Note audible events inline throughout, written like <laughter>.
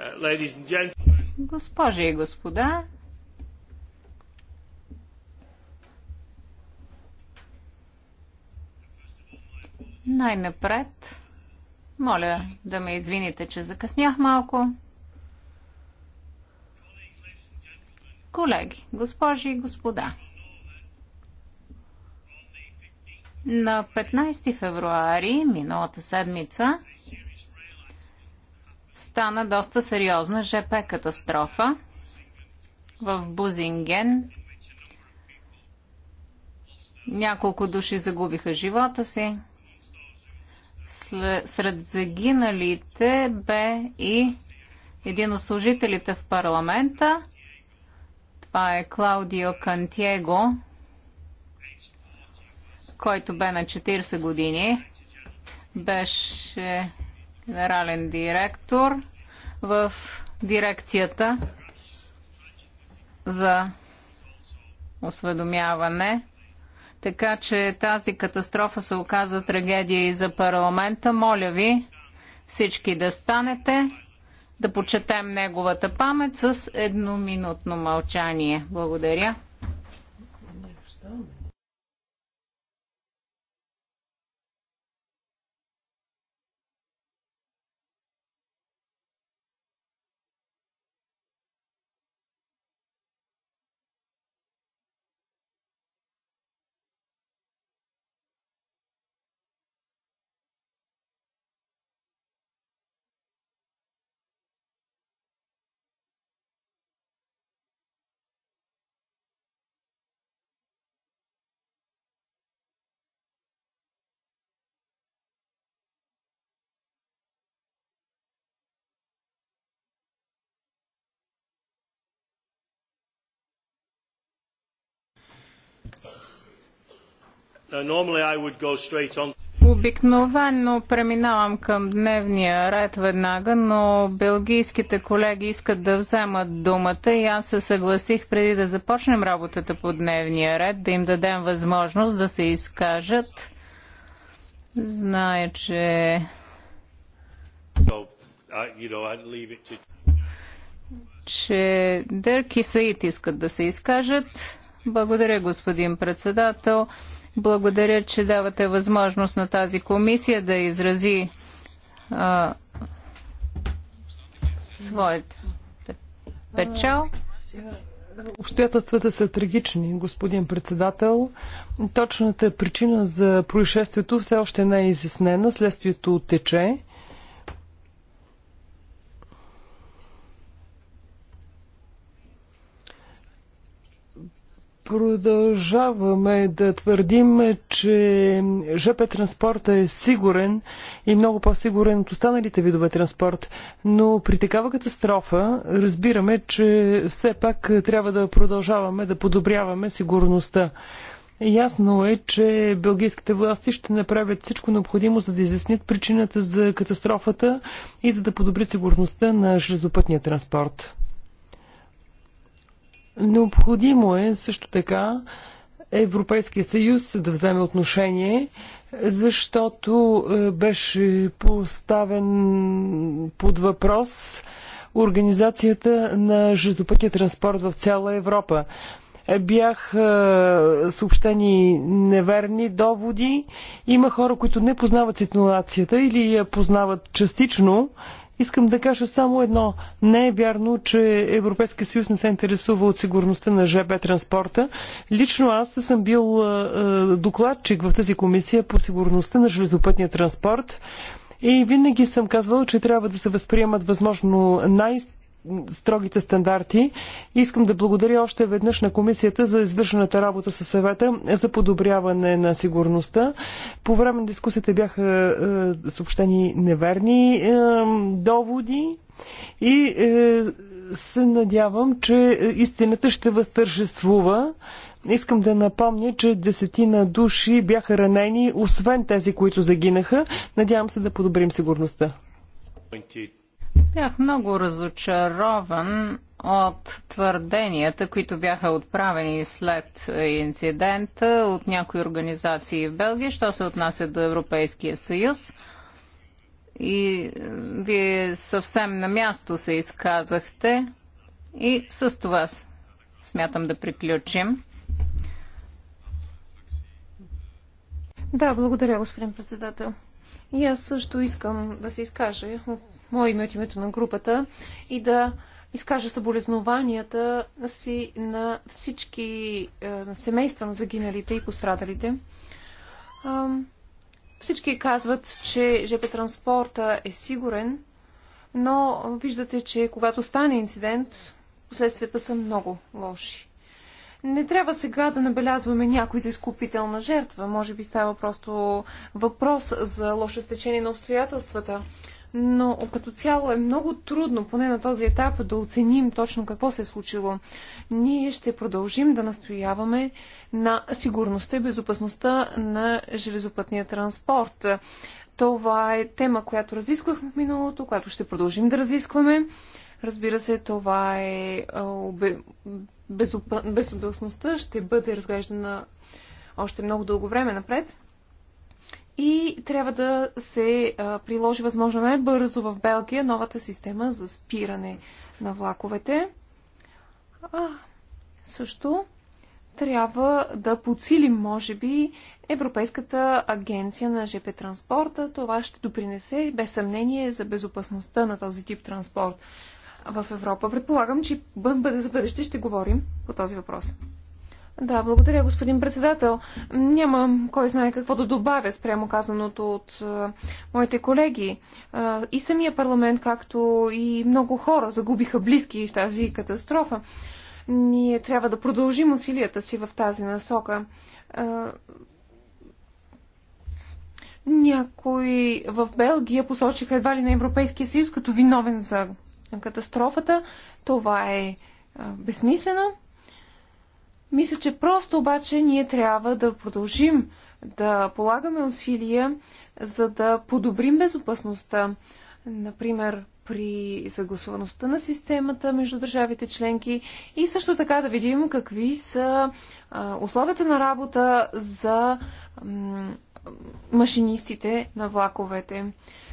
Uh, госпожи и господа, най-напред, моля да ме извините, че закъснях малко. Колеги, госпожи и господа, на 15 февруари миналата седмица стана доста сериозна ЖП катастрофа в Бузинген. Няколко души загубиха живота си. Сред загиналите бе и един от служителите в парламента. Това е Клаудио Кантиего, който бе на 40 години. Беше генерален директор в дирекцията за осведомяване. Така че тази катастрофа се оказа трагедия и за парламента. Моля ви всички да станете, да почетем неговата памет с едноминутно мълчание. Благодаря. Uh, Обикновено преминавам към дневния ред веднага, но белгийските колеги искат да вземат думата и аз се съгласих преди да започнем работата по дневния ред, да им дадем възможност да се изкажат. Знае, че uh, че Дърки Саид искат да се изкажат. Благодаря, господин председател. Благодаря, че давате възможност на тази комисия да изрази а, своят печал. Обстоятелствата са трагични, господин председател. Точната причина за происшествието все още не е изяснена, следствието тече. Продължаваме да твърдим, че ЖП транспорта е сигурен и много по-сигурен от останалите видове транспорт, но при такава катастрофа разбираме, че все пак трябва да продължаваме да подобряваме сигурността. Ясно е, че белгийските власти ще направят всичко необходимо, за да изяснят причината за катастрофата и за да подобрят сигурността на железопътния транспорт. Необходимо е също така Европейския съюз да вземе отношение, защото е, беше поставен под въпрос организацията на железопътния транспорт в цяла Европа. Е, бях е, съобщени неверни доводи. Има хора, които не познават ситуацията или я познават частично. Искам да кажа само едно. Не е вярно, че Европейския съюз не се интересува от сигурността на ЖБ транспорта. Лично аз съм бил докладчик в тази комисия по сигурността на железопътния транспорт. И винаги съм казвала, че трябва да се възприемат възможно най- строгите стандарти. Искам да благодаря още веднъж на комисията за извършената работа със съвета за подобряване на сигурността. По време на дискусията бяха е, съобщени неверни е, доводи и е, се надявам, че истината ще възтържествува. Искам да напомня, че десетина души бяха ранени, освен тези, които загинаха. Надявам се да подобрим сигурността. Бях много разочарован от твърденията, които бяха отправени след инцидента от някои организации в Белгия, що се отнася до Европейския съюз. И е, вие съвсем на място се изказахте и с това смятам да приключим. Да, благодаря, господин председател. И аз също искам да се изкажа от мое име от името на групата и да изкажа съболезнованията си на всички е, на семейства на загиналите и пострадалите. Всички казват, че ЖП транспорта е сигурен, но виждате, че когато стане инцидент, последствията са много лоши. Не трябва сега да набелязваме някой за изкупителна жертва. Може би става просто въпрос за лошо стечение на обстоятелствата но като цяло е много трудно, поне на този етап, да оценим точно какво се е случило. Ние ще продължим да настояваме на сигурността и безопасността на железопътния транспорт. Това е тема, която разисквахме в миналото, която ще продължим да разискваме. Разбира се, това е безопасността ще бъде разглеждана още много дълго време напред и трябва да се приложи възможно най-бързо в Белгия новата система за спиране на влаковете. А, също трябва да подсилим, може би, Европейската агенция на ЖП транспорта. Това ще допринесе, без съмнение, за безопасността на този тип транспорт в Европа. Предполагам, че за бъдеще ще говорим по този въпрос. Да, благодаря, господин председател. Нямам кой знае какво да добавя спрямо казаното от а, е, моите колеги. А, е, и самия парламент, както и много хора загубиха близки в тази катастрофа. Ние трябва да продължим усилията си в тази насока. А, е, някои в Белгия посочиха едва ли на Европейския съюз като виновен за катастрофата. Това е безсмислено. Мисля, че просто обаче ние трябва да продължим да полагаме усилия, за да подобрим безопасността. Например, при съгласуваността на системата между държавите членки и също така да видим какви са условията на работа за машинистите на влаковете.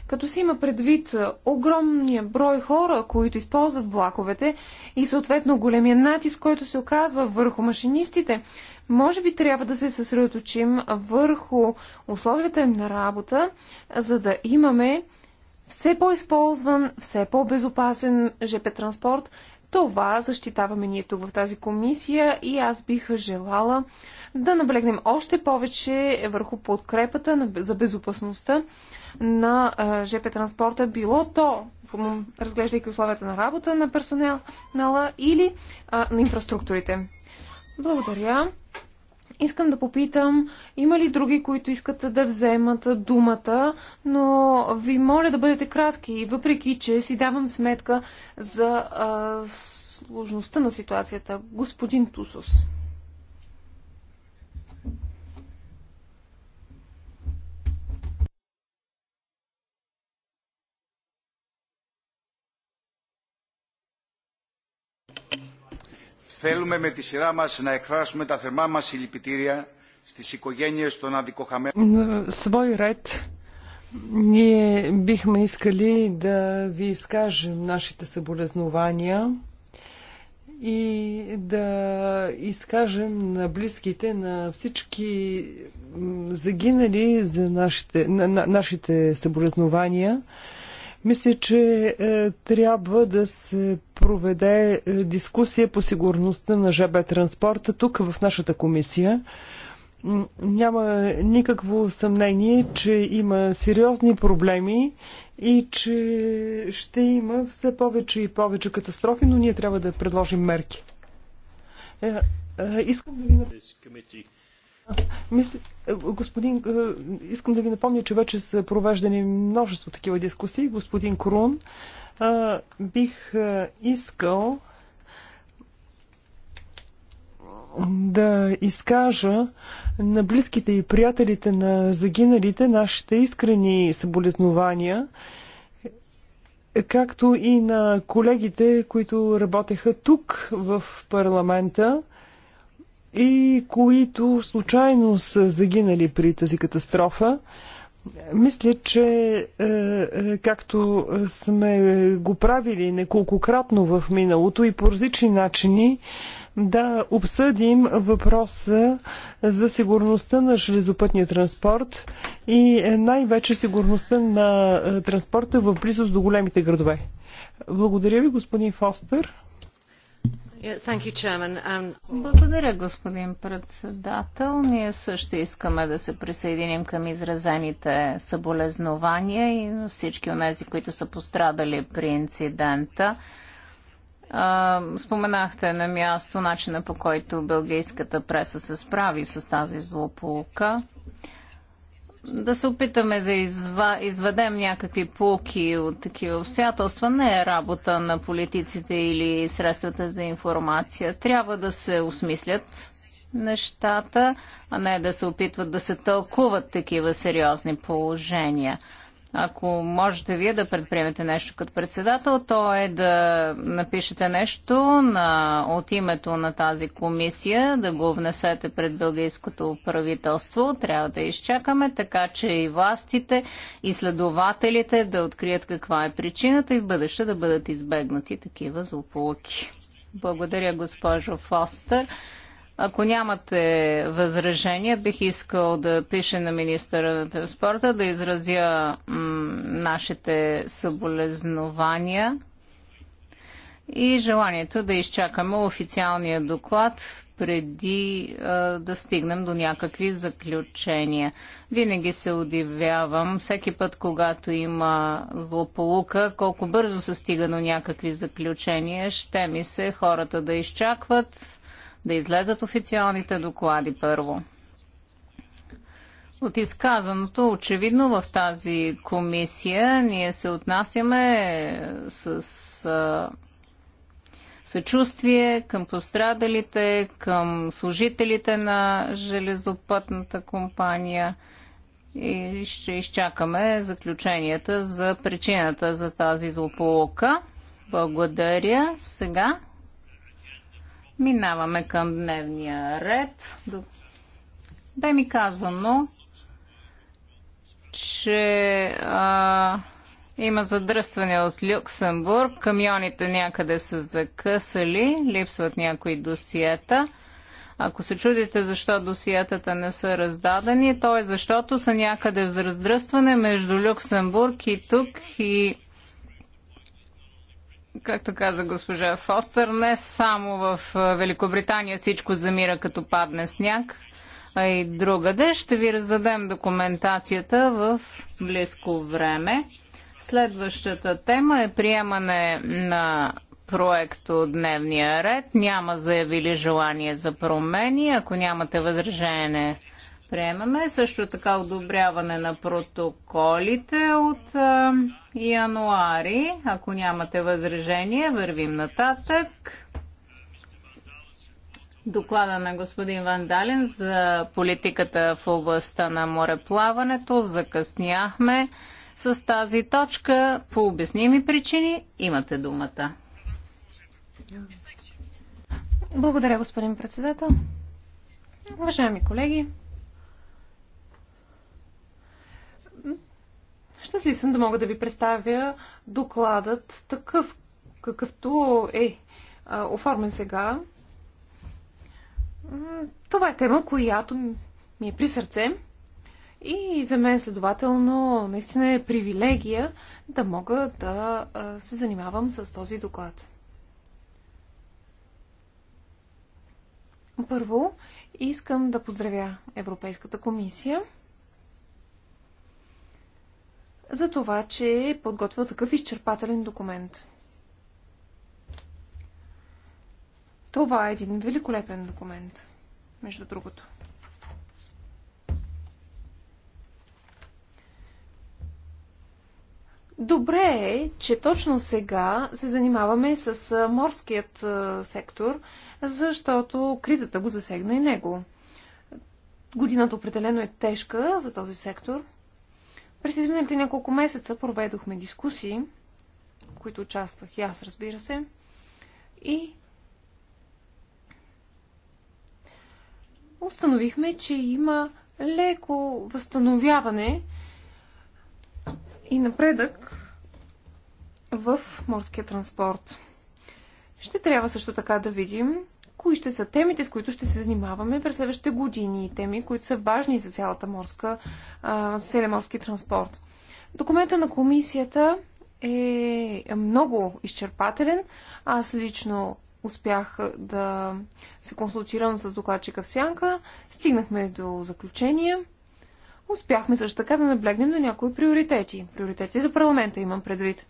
Като се има предвид огромния брой хора, които използват влаковете и съответно големия натиск, който се оказва върху машинистите, може би трябва да се съсредоточим върху условията на работа, за да имаме все по-използван, все по-безопасен ЖП транспорт, това защитаваме ние тук в тази комисия и аз бих желала да наблегнем още повече върху подкрепата за безопасността на ЖП транспорта, било то, разглеждайки условията на работа на персонала или на инфраструктурите. Благодаря. Искам да попитам, има ли други, които искат да вземат думата, но ви моля да бъдете кратки, въпреки че си давам сметка за а, сложността на ситуацията. Господин Тусос. Θέλουμε με τη σειρά μας να εκφράσουμε τα θερμά μας συλληπιτήρια στις οικογένειες των αδικοχαμένων. Свой ред ние бихме искали да ви изкажем нашите съболезнования и да изкажем на близките, на всички загинали за нашите, на, на, нашите съболезнования. Мисля, че е, трябва да се проведе е, дискусия по сигурността на ЖБ транспорта тук в нашата комисия. Няма никакво съмнение, че има сериозни проблеми и че ще има все повече и повече катастрофи, но ние трябва да предложим мерки. Е, е искам да ви мисля, господин, е, искам да ви напомня, че вече са провеждани множество такива дискусии. Господин Крун, е, бих е, искал да изкажа на близките и приятелите на загиналите нашите искрени съболезнования, както и на колегите, които работеха тук в парламента и които случайно са загинали при тази катастрофа. Мисля, че е, е, както сме го правили неколкократно в миналото и по различни начини, да обсъдим въпроса за сигурността на железопътния транспорт и е, най-вече сигурността на транспорта в близост до големите градове. Благодаря ви, господин Фостер. Um, Благодаря, господин председател. Ние също искаме да се присъединим към изразените съболезнования и на всички от тези, които са пострадали при инцидента. Споменахте на място начина по който бългийската преса се справи с тази злополука да се опитаме да изва, изведем някакви полки от такива обстоятелства не е работа на политиците или средствата за информация. Трябва да се осмислят нещата, а не да се опитват да се тълкуват такива сериозни положения. Ако можете вие да предприемете нещо като председател, то е да напишете нещо на, от името на тази комисия, да го внесете пред бългийското правителство. Трябва да изчакаме, така че и властите, и следователите да открият каква е причината и в бъдеще да бъдат избегнати такива злополуки. Благодаря, госпожо Фостер. Ако нямате възражения, бих искал да пише на министъра на транспорта да изразя нашите съболезнования и желанието да изчакаме официалния доклад преди а, да стигнем до някакви заключения. Винаги се удивявам, всеки път, когато има злополука, колко бързо се стига до някакви заключения, ще ми се хората да изчакват, да излезат официалните доклади първо. От изказаното, очевидно в тази комисия ние се отнасяме с а, съчувствие към пострадалите, към служителите на железопътната компания и ще изчакаме заключенията за причината за тази злополука. Благодаря. Сега Минаваме към дневния ред. Бе ми казано, че а, има задръстване от Люксембург, камионите някъде са закъсали, липсват някои досиета. Ако се чудите защо досиетата не са раздадени, то е защото са някъде в раздръстване между Люксембург и тук и Както каза госпожа Фостер, не само в Великобритания всичко замира като падне сняг, а и другаде. Ще ви раздадем документацията в близко време. Следващата тема е приемане на проекто дневния ред. Няма заявили желание за промени. Ако нямате възражение приемаме. Също така одобряване на протоколите от а, януари. Ако нямате възражение, вървим нататък. Доклада на господин Вандален за политиката в областта на мореплаването. Закъсняхме с тази точка. По обясними причини имате думата. Благодаря, господин председател. Уважаеми колеги, Щастлив съм да мога да ви представя докладът такъв, какъвто е оформен сега. Това е тема, която ми е при сърце и за мен следователно наистина е привилегия да мога да се занимавам с този доклад. Първо, искам да поздравя Европейската комисия – за това, че е подготвил такъв изчерпателен документ. Това е един великолепен документ, между другото. Добре е, че точно сега се занимаваме с морският сектор, защото кризата го засегна и него. Годината определено е тежка за този сектор – през изминалите няколко месеца проведохме дискусии, в които участвах и аз, разбира се, и установихме, че има леко възстановяване и напредък в морския транспорт. Ще трябва също така да видим кои ще са темите, с които ще се занимаваме през следващите години, теми, които са важни за цялата морска, селеморски транспорт. Документа на комисията е много изчерпателен. Аз лично успях да се консултирам с докладчика в Сянка. Стигнахме до заключение. Успяхме също така да наблегнем на някои приоритети. Приоритети за парламента имам предвид.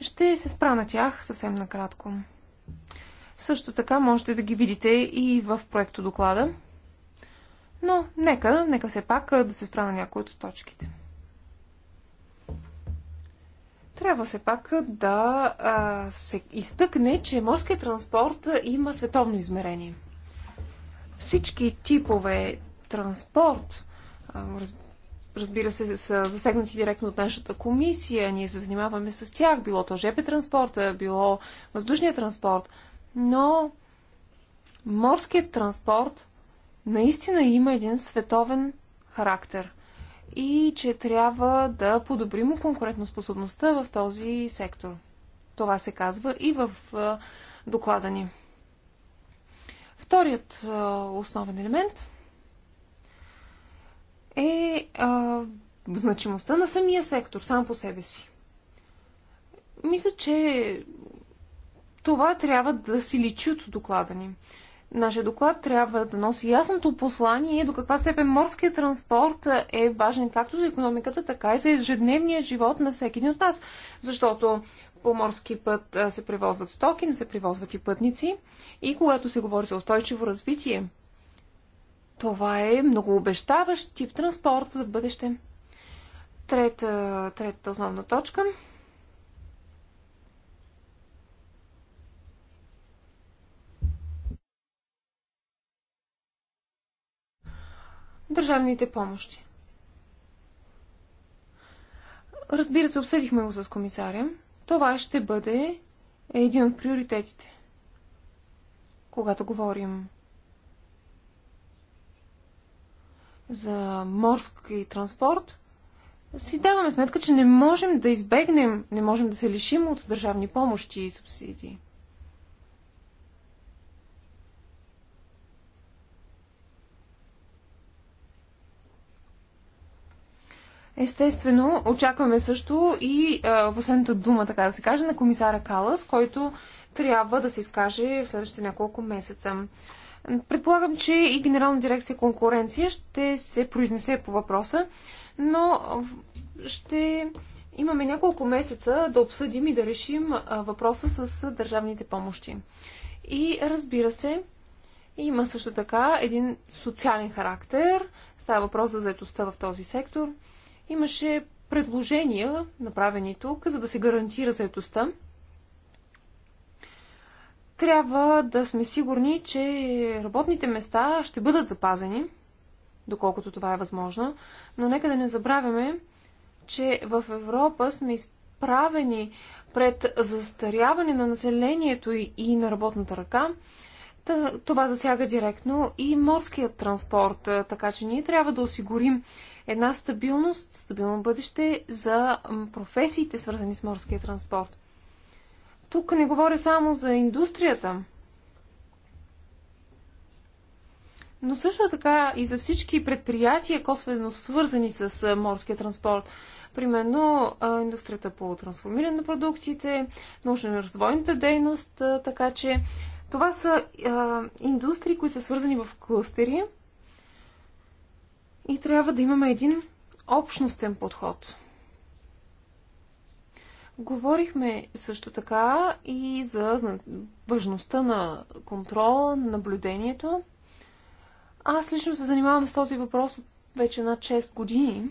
Ще се спра на тях съвсем накратко. Също така можете да ги видите и в проекто доклада. Но нека, нека все пак да се спра на някои от точките. Трябва все пак да а, се изтъкне, че морският транспорт има световно измерение. Всички типове транспорт, а, разбира се, са засегнати директно от нашата комисия. Ние се занимаваме с тях, било то ЖП транспорта, било въздушния транспорт. Но морският транспорт наистина има един световен характер и че трябва да подобрим конкурентоспособността в този сектор. Това се казва и в доклада ни. Вторият основен елемент – е а, значимостта на самия сектор, сам по себе си. Мисля, че това трябва да си личи от доклада ни. Нашия доклад трябва да носи ясното послание до каква степен морският транспорт е важен както за економиката, така и за ежедневния живот на всеки един от нас. Защото по морски път се превозват стоки, не се превозват и пътници. И когато се говори за устойчиво развитие, това е много обещаващ тип транспорт за бъдеще. Трета, третата основна точка. Държавните помощи. Разбира се, обсъдихме го с комисаря. Това ще бъде един от приоритетите, когато говорим за морски транспорт, си даваме сметка, че не можем да избегнем, не можем да се лишим от държавни помощи и субсидии. Естествено, очакваме също и а, е, последната дума, така да се каже, на комисара Калас, който трябва да се изкаже в следващите няколко месеца. Предполагам, че и Генерална дирекция конкуренция ще се произнесе по въпроса, но ще имаме няколко месеца да обсъдим и да решим въпроса с държавните помощи. И разбира се, има също така един социален характер. Става въпрос за заедостта в този сектор. Имаше предложения, направени тук, за да се гарантира заедостта трябва да сме сигурни, че работните места ще бъдат запазени, доколкото това е възможно, но нека да не забравяме, че в Европа сме изправени пред застаряване на населението и на работната ръка. Това засяга директно и морският транспорт, така че ние трябва да осигурим една стабилност, стабилно бъдеще за професиите, свързани с морския транспорт. Тук не говоря само за индустрията, но също така и за всички предприятия, косвено свързани с морския транспорт. Примерно индустрията по трансформиране на продуктите, научно-развойната дейност, така че това са индустрии, които са свързани в клъстери и трябва да имаме един общностен подход – Говорихме също така и за важността на контрола, на наблюдението. Аз лично се занимавам с този въпрос от вече над 6 години.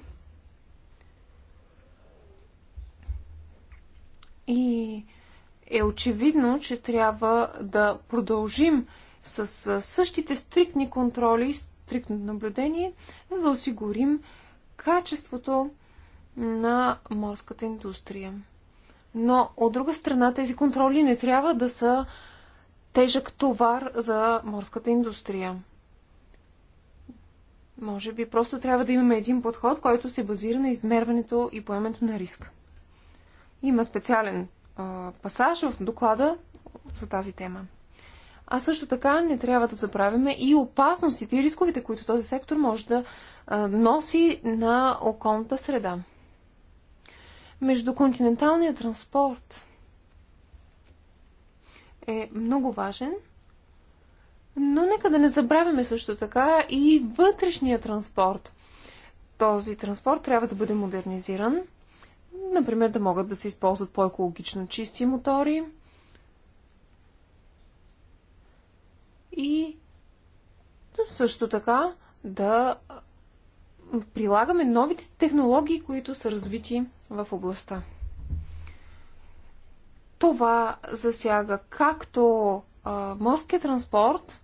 И е очевидно, че трябва да продължим с същите стриктни контроли, стриктно наблюдение, за да осигурим качеството на морската индустрия. Но от друга страна тези контроли не трябва да са тежък товар за морската индустрия. Може би просто трябва да имаме един подход, който се базира на измерването и поемането на риск. Има специален а, пасаж в доклада за тази тема. А също така не трябва да забравяме и опасностите и рисковете, които този сектор може да а, носи на околната среда. Междуконтиненталният транспорт е много важен, но нека да не забравяме също така и вътрешния транспорт. Този транспорт трябва да бъде модернизиран, например да могат да се използват по-екологично чисти мотори и също така да прилагаме новите технологии, които са развити в областта. Това засяга както а, морския транспорт,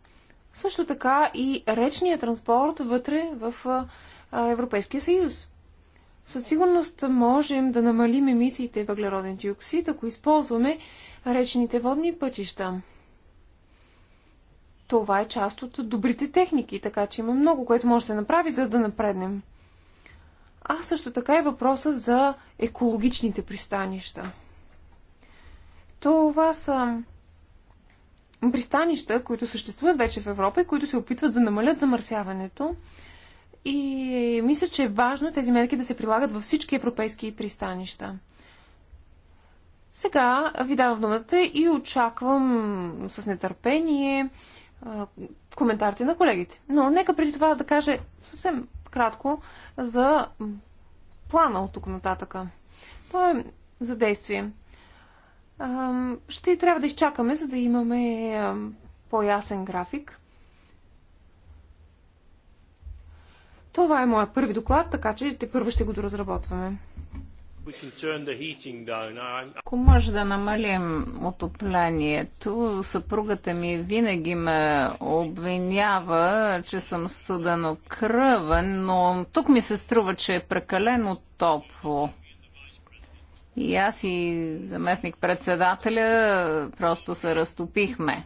също така и речния транспорт вътре в а, Европейския съюз. Със сигурност можем да намалим емисиите въглероден диоксид, ако използваме речните водни пътища това е част от добрите техники, така че има много, което може да се направи, за да напреднем. А също така е въпроса за екологичните пристанища. Това са пристанища, които съществуват вече в Европа и които се опитват да намалят замърсяването. И мисля, че е важно тези мерки да се прилагат във всички европейски пристанища. Сега ви давам думата и очаквам с нетърпение коментарите на колегите. Но нека преди това да кажа съвсем кратко за плана от тук нататъка. Той е за действие. ще трябва да изчакаме, за да имаме по-ясен график. Това е моят първи доклад, така че те първо ще го доразработваме. Ако може да намалим отоплението, съпругата ми винаги ме обвинява, че съм студено кръвен, но тук ми се струва, че е прекалено топло. И аз и заместник председателя просто се разтопихме.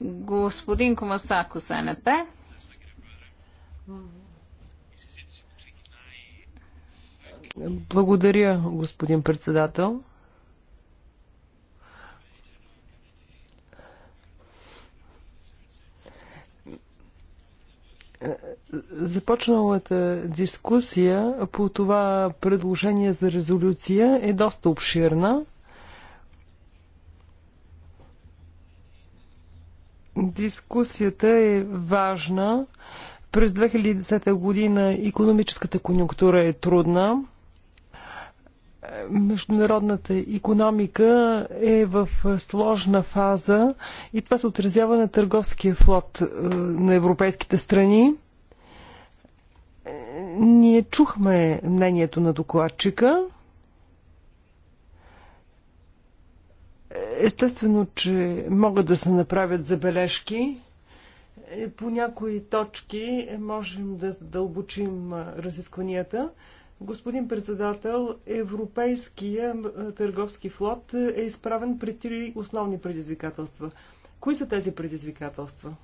Господин Комасако, СНП. Благодаря, господин председател. Започналата дискусия по това предложение за резолюция е доста обширна. Дискусията е важна. През 2010 година економическата конюнктура е трудна. Международната економика е в сложна фаза и това се отразява на търговския флот е, на европейските страни. Ние чухме мнението на докладчика. Естествено, че могат да се направят забележки. Е, по някои точки можем да задълбочим разискванията. Господин председател, Европейския търговски флот е изправен при три основни предизвикателства. Кои са тези предизвикателства?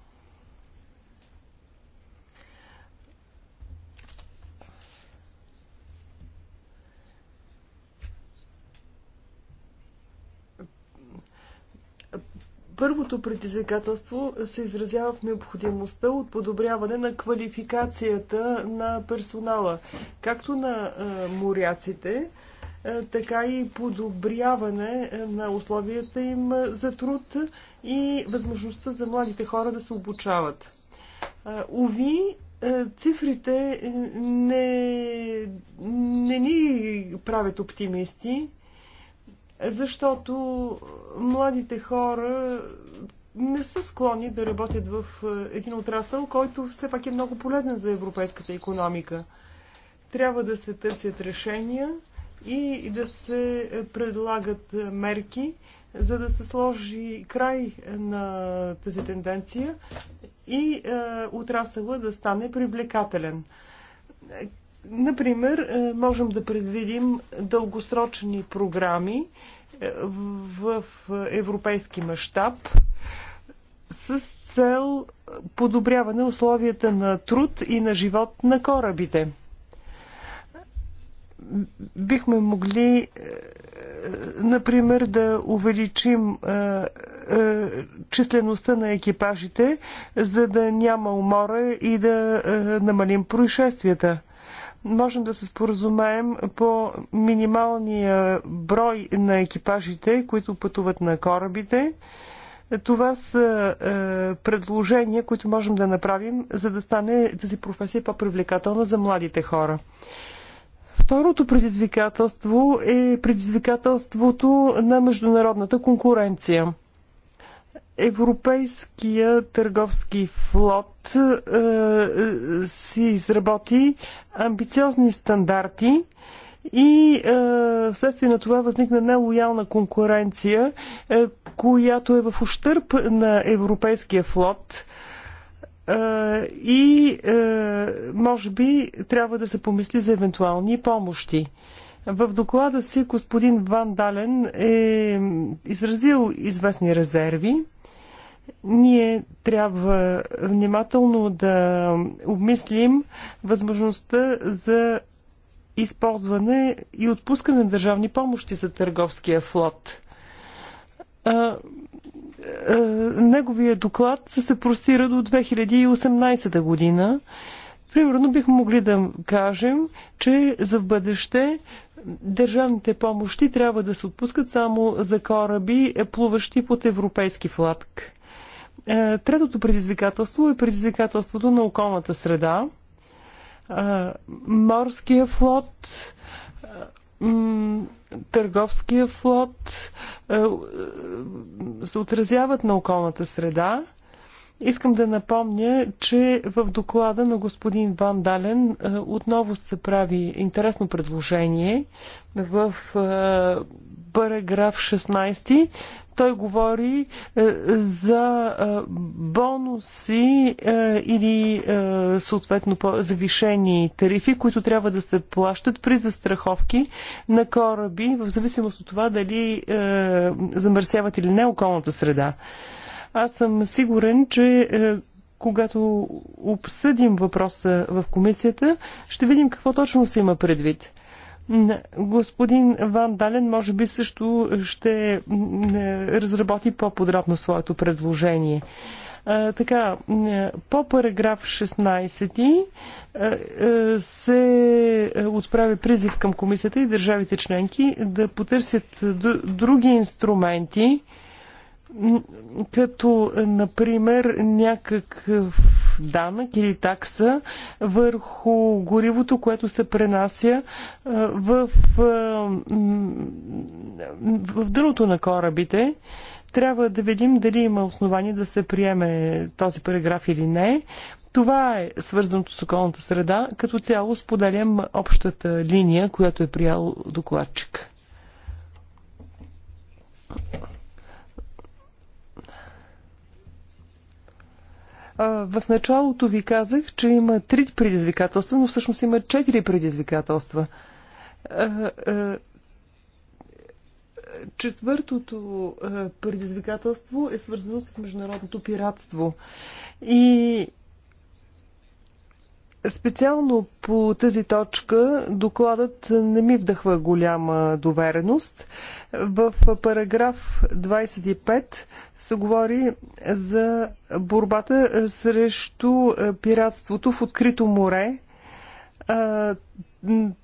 Първото предизвикателство се изразява в необходимостта от подобряване на квалификацията на персонала, както на моряците, така и подобряване на условията им за труд и възможността за младите хора да се обучават. Ови, цифрите не, не ни правят оптимисти защото младите хора не са склонни да работят в е, един отрасъл, който все пак е много полезен за европейската економика. Трябва да се търсят решения и да се предлагат мерки, за да се сложи край на тази тенденция и е, отрасъла да стане привлекателен. Например, е, можем да предвидим дългосрочни програми е, в европейски мащаб с цел подобряване условията на труд и на живот на корабите. Бихме могли, е, например, да увеличим числеността на екипажите, за да няма умора и да намалим происшествията можем да се споразумеем по минималния брой на екипажите, които пътуват на корабите. Това са е, предложения, които можем да направим, за да стане тази професия по-привлекателна за младите хора. Второто предизвикателство е предизвикателството на международната конкуренция. Европейския търговски флот е, си изработи амбициозни стандарти и е, следствие на това възникна нелоялна конкуренция, е, която е в ущърп на европейския флот е, и е, може би трябва да се помисли за евентуални помощи. В доклада си господин Ван Дален е изразил известни резерви ние трябва внимателно да обмислим възможността за използване и отпускане на държавни помощи за търговския флот. Неговия доклад се простира до 2018 година. Примерно бихме могли да кажем, че за в бъдеще държавните помощи трябва да се отпускат само за кораби, плуващи под европейски флаг. Е, третото предизвикателство е предизвикателството на околната среда. Е, морския флот, е, търговския флот се отразяват на околната среда. Искам да напомня, че в доклада на господин Ван Дален е, отново се прави интересно предложение в е, параграф 16. Той говори е, за бонуси или съответно завишени тарифи, които трябва да се плащат при застраховки на кораби, в зависимост от това дали замърсяват или не околната среда. Аз съм сигурен, че е, когато обсъдим въпроса в комисията, ще видим какво точно се има предвид. Господин Ван Дален може би също ще е, разработи по-подробно своето предложение. Е, така, по параграф 16 се отправи призив към комисията и държавите членки да потърсят други инструменти, като, например, някакъв данък или такса върху горивото, което се пренася в, в дъното на корабите. Трябва да видим дали има основание да се приеме този параграф или не. Това е свързаното с околната среда. Като цяло споделям общата линия, която е приял докладчик. В началото ви казах, че има три предизвикателства, но всъщност има четири предизвикателства. Четвъртото предизвикателство е свързано с международното пиратство. И Специално по тази точка докладът не ми вдъхва голяма довереност. В параграф 25 се говори за борбата срещу пиратството в открито море.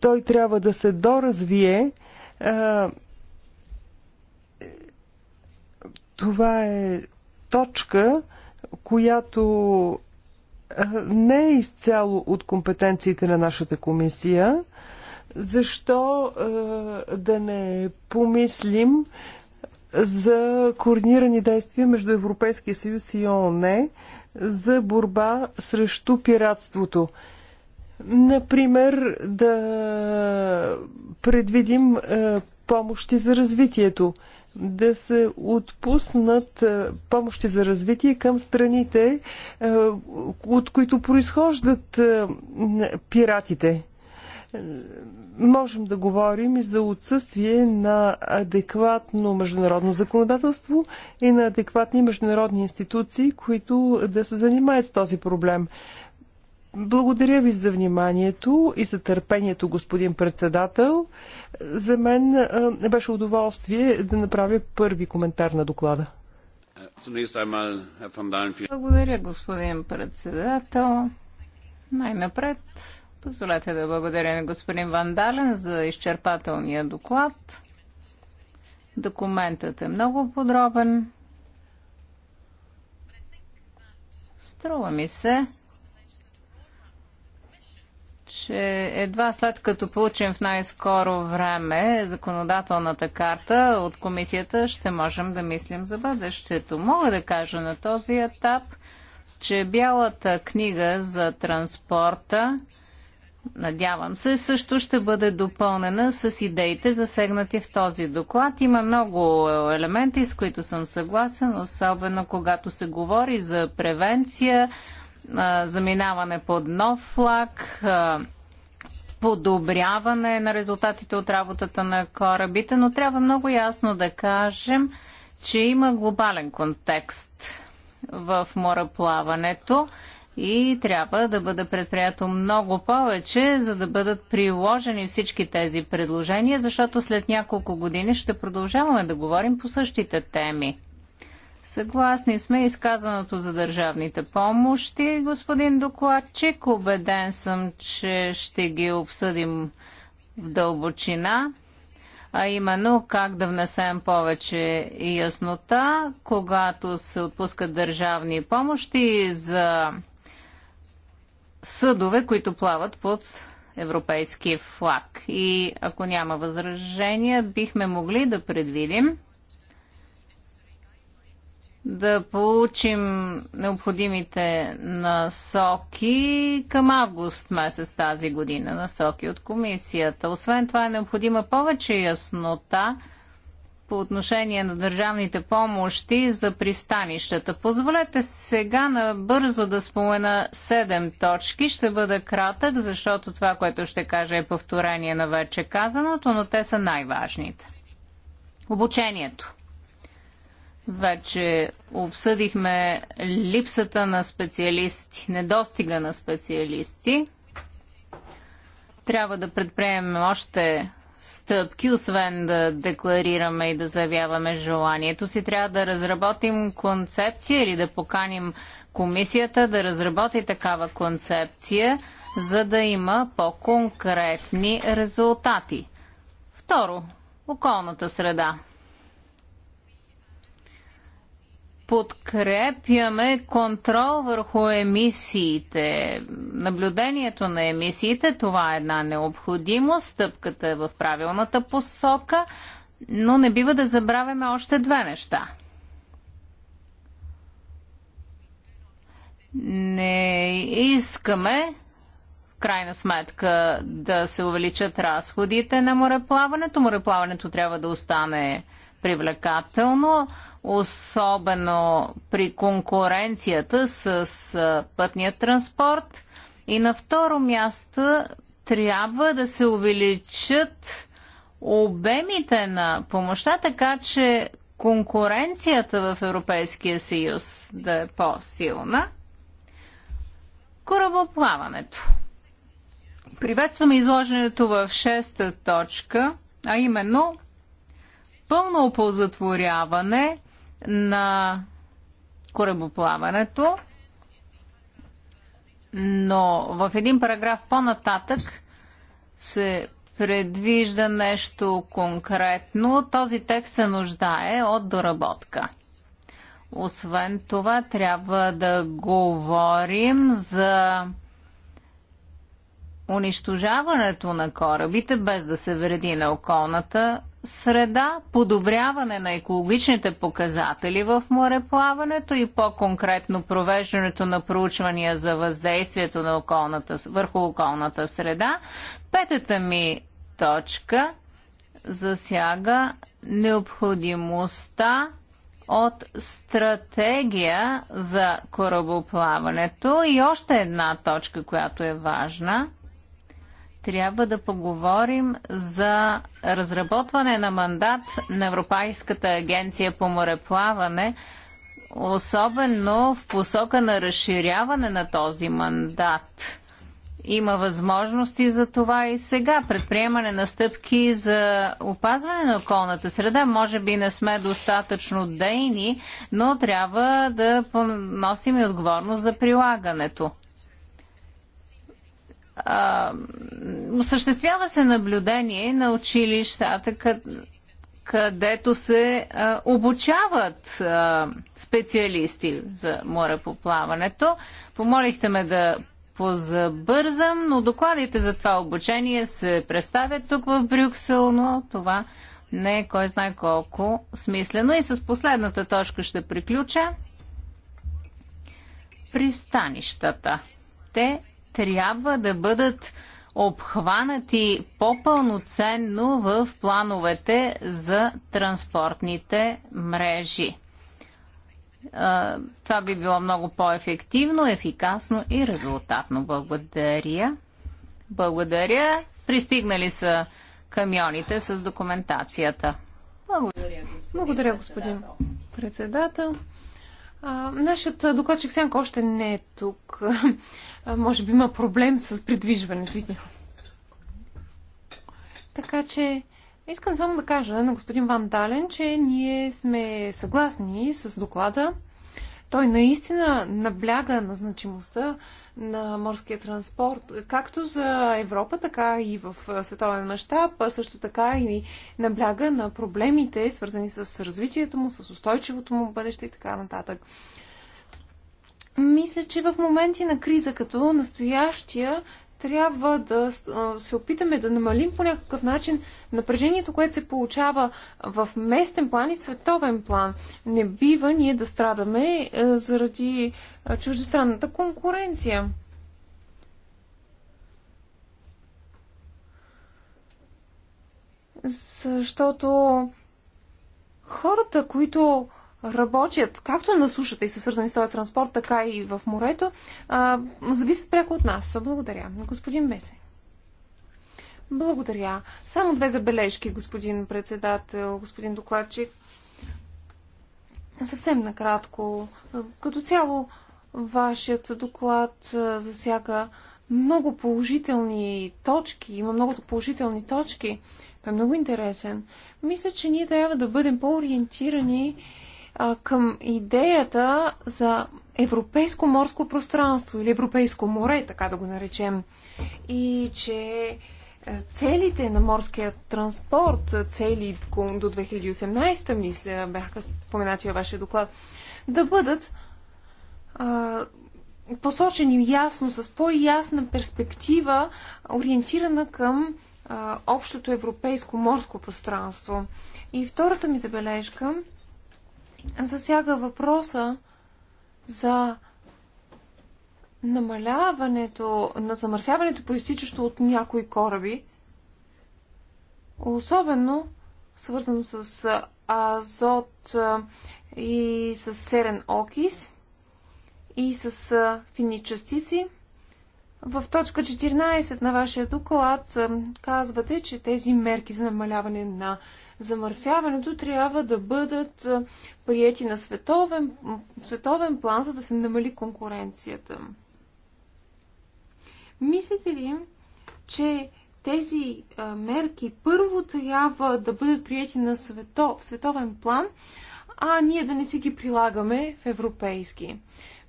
Той трябва да се доразвие. Това е точка, която не е изцяло от компетенциите на нашата комисия. Защо да не помислим за координирани действия между Европейския съюз и ООН за борба срещу пиратството? Например, да предвидим помощи за развитието да се отпуснат е, помощи за развитие към страните, е, от които произхождат е, пиратите. Можем да говорим и за отсъствие на адекватно международно законодателство и на адекватни международни институции, които да се занимаят с този проблем. Благодаря ви за вниманието и за търпението, господин председател. За мен беше удоволствие да направя първи коментар на доклада. Благодаря, господин председател. Най-напред, позволете да благодаря на господин Вандален за изчерпателния доклад. Документът е много подробен. Струва ми се, че едва след като получим в най-скоро време законодателната карта от комисията, ще можем да мислим за бъдещето. Мога да кажа на този етап, че бялата книга за транспорта, надявам се, също ще бъде допълнена с идеите засегнати в този доклад. Има много елементи, с които съм съгласен, особено когато се говори за превенция, заминаване под нов флаг, подобряване на резултатите от работата на корабите, но трябва много ясно да кажем, че има глобален контекст в мореплаването и трябва да бъде предприято много повече, за да бъдат приложени всички тези предложения, защото след няколко години ще продължаваме да говорим по същите теми. Съгласни сме изказаното за държавните помощи, господин докладчик. Обеден съм, че ще ги обсъдим в дълбочина, а именно как да внесем повече яснота, когато се отпускат държавни помощи за съдове, които плават под европейски флаг. И ако няма възражения, бихме могли да предвидим да получим необходимите насоки към август месец тази година, насоки от комисията. Освен това е необходима повече яснота по отношение на държавните помощи за пристанищата. Позволете сега набързо да спомена седем точки. Ще бъда кратък, защото това, което ще кажа е повторение на вече казаното, но те са най-важните. Обучението. Вече обсъдихме липсата на специалисти, недостига на специалисти. Трябва да предприемем още стъпки, освен да декларираме и да заявяваме желанието си, трябва да разработим концепция или да поканим комисията да разработи такава концепция, за да има по-конкретни резултати. Второ, околната среда. подкрепяме контрол върху емисиите. Наблюдението на емисиите, това е една необходимост, стъпката е в правилната посока, но не бива да забравяме още две неща. Не искаме в крайна сметка да се увеличат разходите на мореплаването. Мореплаването трябва да остане привлекателно особено при конкуренцията с пътния транспорт. И на второ място трябва да се увеличат обемите на помощта, така че конкуренцията в Европейския съюз да е по-силна. Корабоплаването. Приветстваме изложението в шеста точка, а именно пълно оползотворяване на корабоплаването, но в един параграф по-нататък се предвижда нещо конкретно. Този текст се нуждае от доработка. Освен това, трябва да говорим за унищожаването на корабите, без да се вреди на околната среда, подобряване на екологичните показатели в мореплаването и по-конкретно провеждането на проучвания за въздействието на околната, върху околната среда. Петата ми точка засяга необходимостта от стратегия за корабоплаването и още една точка, която е важна трябва да поговорим за разработване на мандат на Европейската агенция по мореплаване, особено в посока на разширяване на този мандат. Има възможности за това и сега. Предприемане на стъпки за опазване на околната среда. Може би не сме достатъчно дейни, но трябва да поносим и отговорност за прилагането осъществява се наблюдение на училищата, където се а, обучават а, специалисти за плаването. Помолихте ме да позабързам, но докладите за това обучение се представят тук в Брюксел, но това не е кой знае колко смислено. И с последната точка ще приключа. Пристанищата. Те трябва да бъдат обхванати по-пълноценно в плановете за транспортните мрежи. Това би било много по-ефективно, ефикасно и резултатно. Благодаря. Благодаря. Пристигнали са камионите с документацията. Благодаря, господин Благодаря, господин председател. председател. А, нашият докладчик Сенко още не е тук може би има проблем с придвижването Така че искам само да кажа на господин Ван Дален, че ние сме съгласни с доклада. Той наистина набляга на значимостта на морския транспорт, както за Европа, така и в световен мащаб, също така и набляга на проблемите, свързани с развитието му, с устойчивото му бъдеще и така нататък. Мисля, че в моменти на криза като настоящия трябва да се опитаме да намалим по някакъв начин напрежението, което се получава в местен план и световен план. Не бива ние да страдаме е, заради чуждестранната конкуренция. Защото хората, които работят както на сушата и са свързани с този транспорт, така и в морето, а, зависят пряко от нас. Благодаря. Господин Месе. Благодаря. Само две забележки, господин председател, господин докладчик. Съвсем накратко. Като цяло, вашият доклад засяга много положителни точки. Има много положителни точки. Той е много интересен. Мисля, че ние трябва да бъдем по-ориентирани а, към идеята за европейско морско пространство или европейско море, така да го наречем. И че е, целите на морския транспорт, цели до 2018, мисля, бяха споменати във вашия доклад, да бъдат а, посочени ясно, с по-ясна перспектива, ориентирана към а, общото европейско морско пространство. И втората ми забележка – засяга въпроса за намаляването на замърсяването, проистичащо от някои кораби, особено свързано с азот и с серен окис и с фини частици. В точка 14 на вашия доклад казвате, че тези мерки за намаляване на замърсяването трябва да бъдат приети на световен, световен план, за да се намали конкуренцията. Мислите ли, че тези мерки първо трябва да бъдат прияти на свето, в световен план, а ние да не си ги прилагаме в европейски.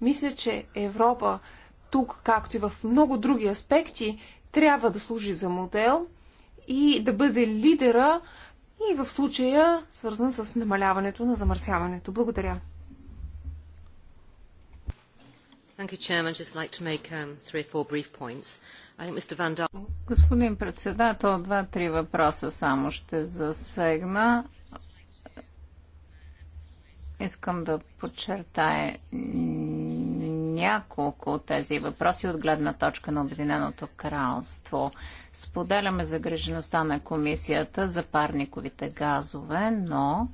Мисля, че Европа тук, както и в много други аспекти, трябва да служи за модел и да бъде лидера и в случая свързан с намаляването на замърсяването. Благодаря. Господин председател, два-три въпроса само ще засегна. Искам да подчертая няколко от тези въпроси от гледна точка на Обединеното кралство. Споделяме загрежеността на комисията за парниковите газове, но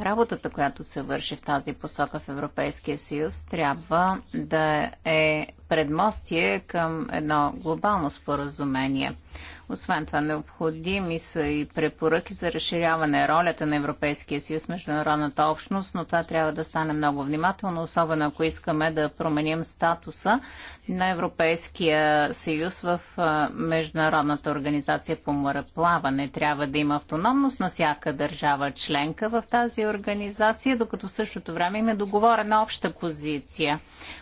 работата, която се върши в тази посока в Европейския съюз, трябва да е предмостие към едно глобално споразумение. Освен това, необходими са и препоръки за разширяване ролята на Европейския съюз, международната общност, но това трябва да стане много внимателно, особено ако искаме да променим статуса на Европейския съюз в Международната организация по мореплаване. Трябва да има автономност на всяка държава членка в тази организация, докато в същото време има е договорена обща позиция.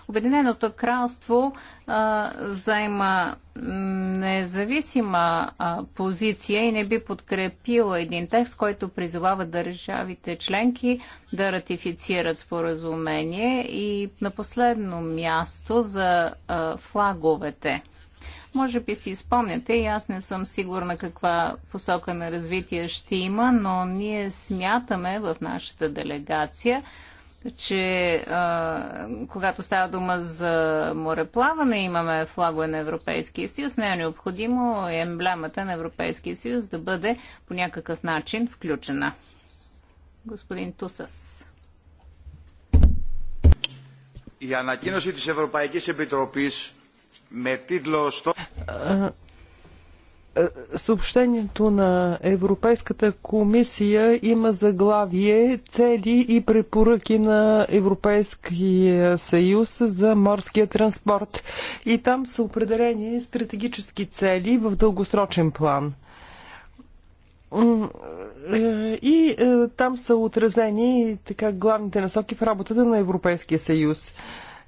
Обединеното кралство а, заема независима а, позиция и не би подкрепила един текст, който призовава държавите членки да ратифицират споразумение и на последно място за а, флаговете. Може би си спомняте, и аз не съм сигурна каква посока на развитие ще има, но ние смятаме в нашата делегация, че а, когато става дума за мореплаване, имаме флагове на Европейския съюз. Не е необходимо емблемата на Европейския съюз да бъде по някакъв начин включена. Господин Тусас. Η ανακοίνωση της Ευρωπαϊκής Επιτροπής με τίτλο «Στο...» Е, съобщението на Европейската комисия има заглавие Цели и препоръки на Европейския съюз за морския транспорт. И там са определени стратегически цели в дългосрочен план. Е, и е, там са отразени така главните насоки в работата на Европейския съюз.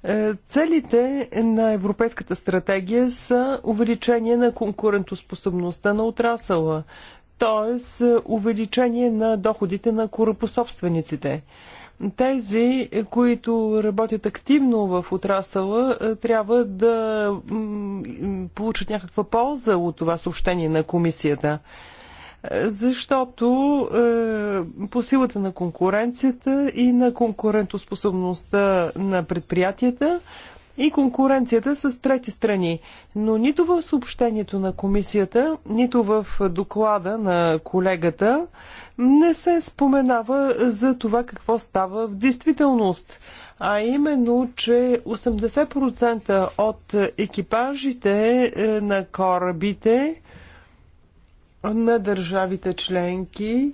Е, целите на Европейската стратегия са увеличение на конкурентоспособността на отрасъла, т.е. увеличение на доходите на корпособствениците. Тези, които работят активно в отрасъла, е, трябва да получат някаква полза от това съобщение на комисията защото е, по силата на конкуренцията и на конкурентоспособността на предприятията и конкуренцията с трети страни. Но нито в съобщението на комисията, нито в доклада на колегата не се споменава за това какво става в действителност а именно, че 80% от екипажите е, на корабите на държавите членки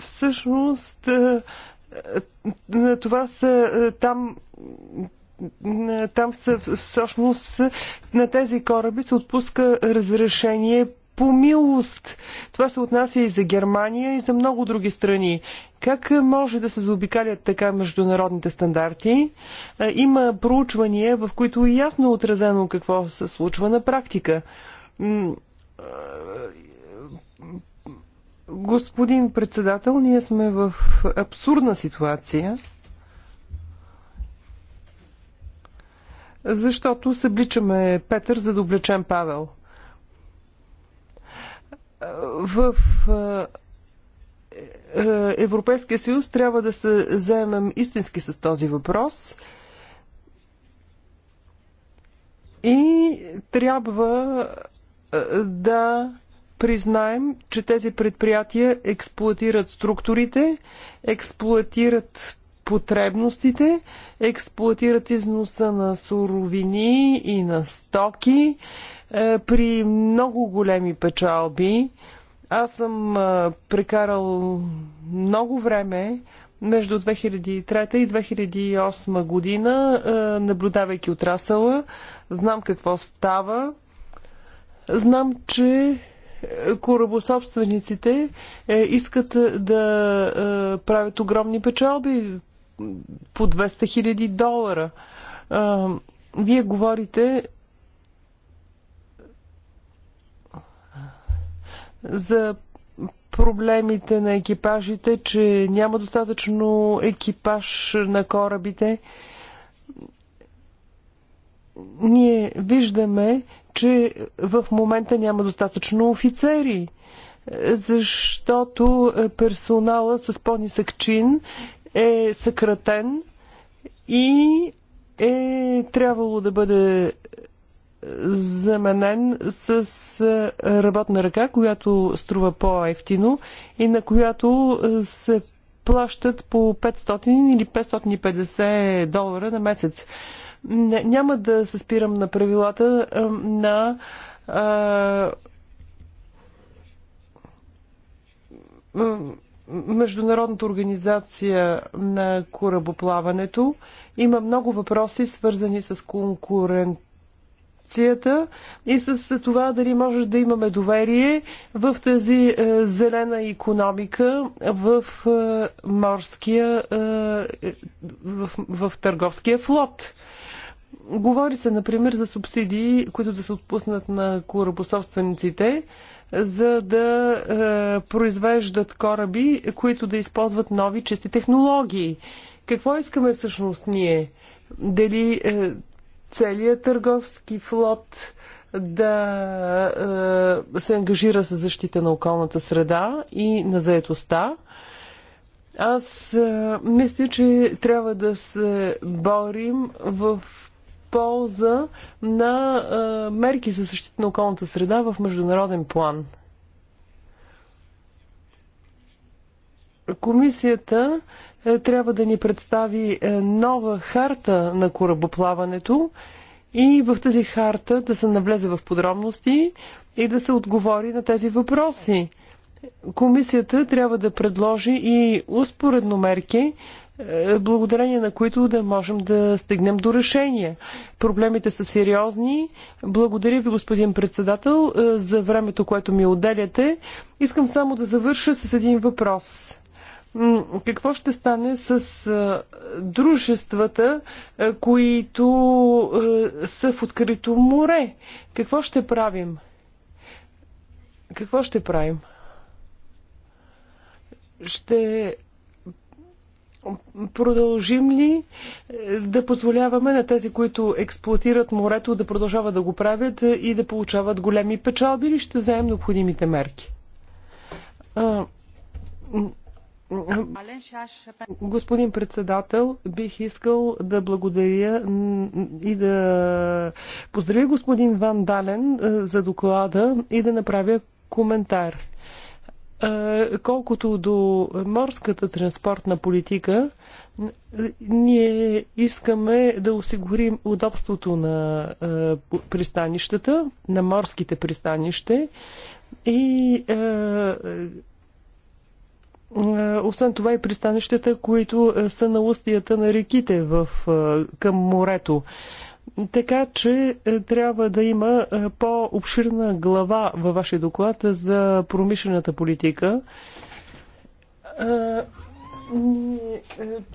всъщност това са там там са всъщност на тези кораби се отпуска разрешение по милост. Това се отнася и за Германия, и за много други страни. Как може да се заобикалят така международните стандарти? Има проучвания, в които е ясно отразено какво се случва на практика. Господин председател, ние сме в абсурдна ситуация, защото събличаме Петър, за да облечем Павел в е, е, Европейския съюз трябва да се заемем истински с този въпрос и трябва е, да признаем, че тези предприятия експлуатират структурите, експлуатират потребностите, експлуатират износа на суровини и на стоки, е, при много големи печалби. Аз съм е, прекарал много време между 2003 и 2008 година, е, наблюдавайки отрасъла. Знам какво става. Знам, че корабособствениците искат да правят огромни печалби по 200 000 долара. Вие говорите за проблемите на екипажите, че няма достатъчно екипаж на корабите. Ние виждаме, че в момента няма достатъчно офицери, защото персонала с по-нисък чин е съкратен и е трябвало да бъде заменен с е, работна ръка, която струва по-ефтино и на която е, се плащат по 500 или 550 долара на месец. Не, няма да се спирам на правилата е, на а, Международната организация на корабоплаването. Има много въпроси, свързани с конкурент корупцията и с това дали може да имаме доверие в тази е, зелена економика в е, морския, е, в, в търговския флот. Говори се, например, за субсидии, които да се отпуснат на корабособствениците, за да е, произвеждат кораби, които да използват нови чисти технологии. Какво искаме всъщност ние? Дали е, целият търговски флот да е, се ангажира с защита на околната среда и на заетостта. Аз е, мисля, че трябва да се борим в полза на е, мерки за защита на околната среда в международен план. Комисията е, трябва да ни представи е, нова харта на корабоплаването и в тази харта да се навлезе в подробности и да се отговори на тези въпроси. Комисията трябва да предложи и успоредно мерки, е, благодарение на които да можем да стигнем до решение. Проблемите са сериозни. Благодаря ви, господин председател, за времето, което ми отделяте. Искам само да завърша с един въпрос какво ще стане с дружествата, които са в открито море? Какво ще правим? Какво ще правим? Ще продължим ли е, да позволяваме на тези, които експлуатират морето, да продължават да го правят е, и да получават големи печалби или ще вземем необходимите мерки? Господин председател, бих искал да благодаря и да поздравя господин Ван Дален е, за доклада и да направя коментар. Е, колкото до морската транспортна политика, ние искаме да осигурим удобството на е, пристанищата, на морските пристанище и е, освен това и пристанищата, които е, са на устията на реките в, е, към морето. Така че трябва да има по-обширна глава във вашия доклад за промишлената политика.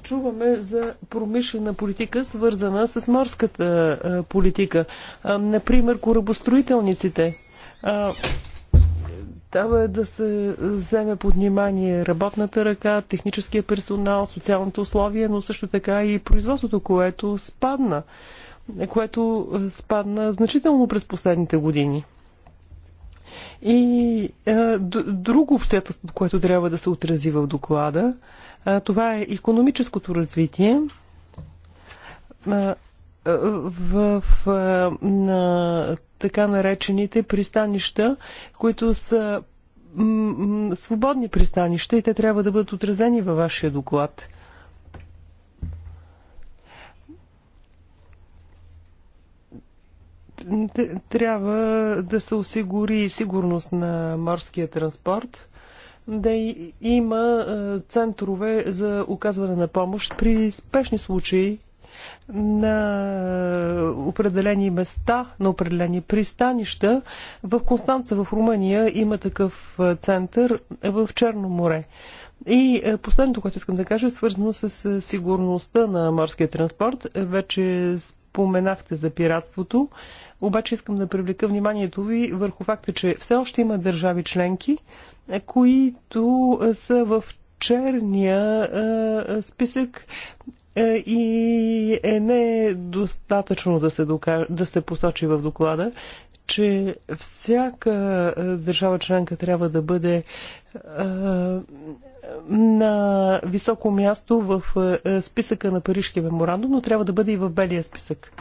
чуваме за промишлена политика, свързана с морската политика. Например, корабостроителниците. Трябва е да се вземе под внимание работната ръка, техническия персонал, социалните условия, но също така и производството, което спадна, което спадна значително през последните години. И е, друго обстоятелство, което трябва да се отрази в доклада, е, това е економическото развитие. Е, в, в е, на така наречените пристанища, които са свободни пристанища и те трябва да бъдат отразени във вашия доклад. Трябва да се осигури сигурност на морския транспорт, да има центрове за оказване на помощ при спешни случаи на определени места, на определени пристанища. В Констанца, в Румъния, има такъв център в Черно море. И последното, което искам да кажа, е свързано с сигурността на морския транспорт. Вече споменахте за пиратството, обаче искам да привлека вниманието ви върху факта, че все още има държави членки, които са в черния списък е, и е недостатъчно да се, докажа, да се посочи в доклада, че всяка е, държава членка трябва да бъде е, на високо място в списъка на Парижския меморандум, но трябва да бъде и в белия списък.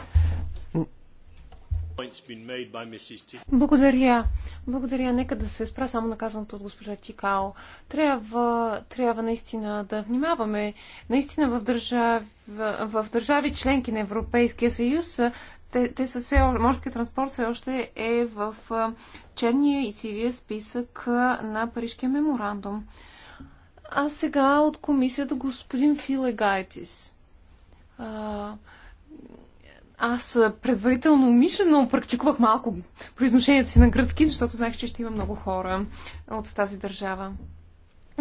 Благодаря. Благодаря. Нека да се спра само наказаното от госпожа Тикао. Трябва, трябва наистина да внимаваме. Наистина в, държав, в държави членки на Европейския съюз те, те са все, морски транспорт все още е в черния и сивия списък на Парижкия меморандум. А сега от комисията господин Филе Гайтис аз предварително умишлено практикувах малко произношението си на гръцки, защото знаех, че ще има много хора от тази държава.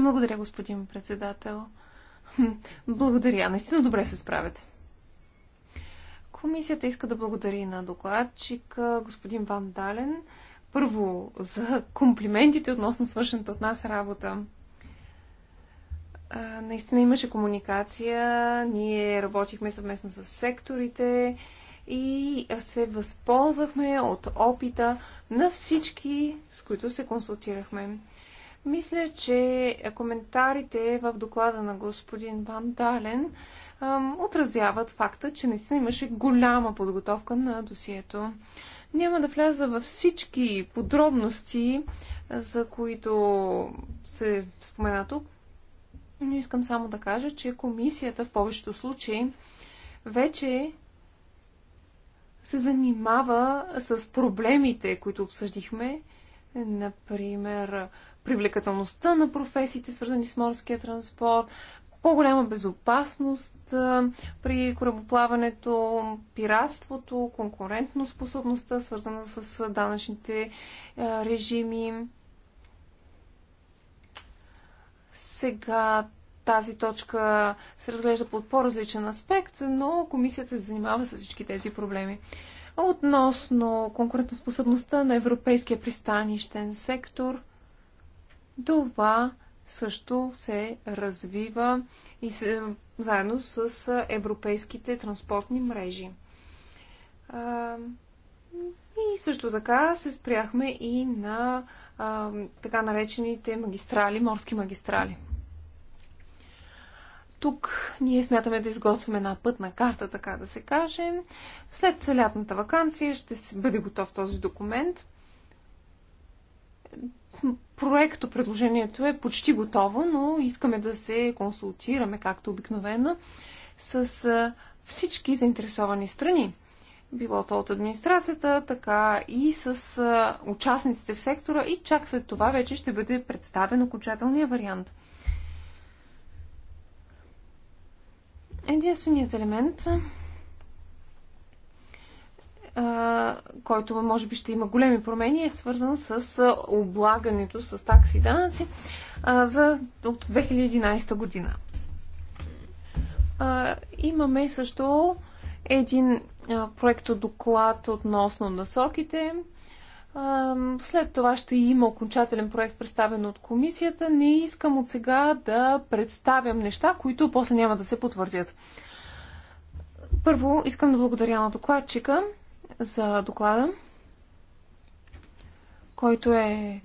Благодаря, господин председател. <laughs> Благодаря. Наистина добре се справяте. Комисията иска да благодари на докладчика, господин Ван Дален, първо за комплиментите относно свършената от нас работа. Наистина имаше комуникация, ние работихме съвместно с секторите, и се възползвахме от опита на всички, с които се консултирахме. Мисля, че коментарите в доклада на господин Ван Дален отразяват факта, че наистина имаше голяма подготовка на досието. Няма да вляза във всички подробности, за които се спомена тук, но искам само да кажа, че комисията в повечето случаи вече се занимава с проблемите, които обсъдихме, например привлекателността на професиите, свързани с морския транспорт, по-голяма безопасност при корабоплаването, пиратството, конкурентно способността, свързана с данъчните режими. Сега тази точка се разглежда под по-различен аспект, но комисията се занимава с всички тези проблеми. Относно конкурентоспособността на европейския пристанищен сектор, това също се развива и се, заедно с европейските транспортни мрежи. и също така се спряхме и на а, така наречените магистрали, морски магистрали. Тук ние смятаме да изготвим една пътна карта, така да се каже. След лятната вакансия ще бъде готов този документ. Проекто предложението е почти готово, но искаме да се консултираме, както обикновено, с всички заинтересовани страни. Било то от администрацията, така и с участниците в сектора и чак след това вече ще бъде представен окончателния вариант – Единственият елемент, който може би ще има големи промени, е свързан с облагането с такси и данъци за от 2011 година. Имаме също един проектодоклад относно насоките след това ще има окончателен проект, представен от комисията. Не искам от сега да представям неща, които после няма да се потвърдят. Първо, искам да благодаря на докладчика за доклада, който е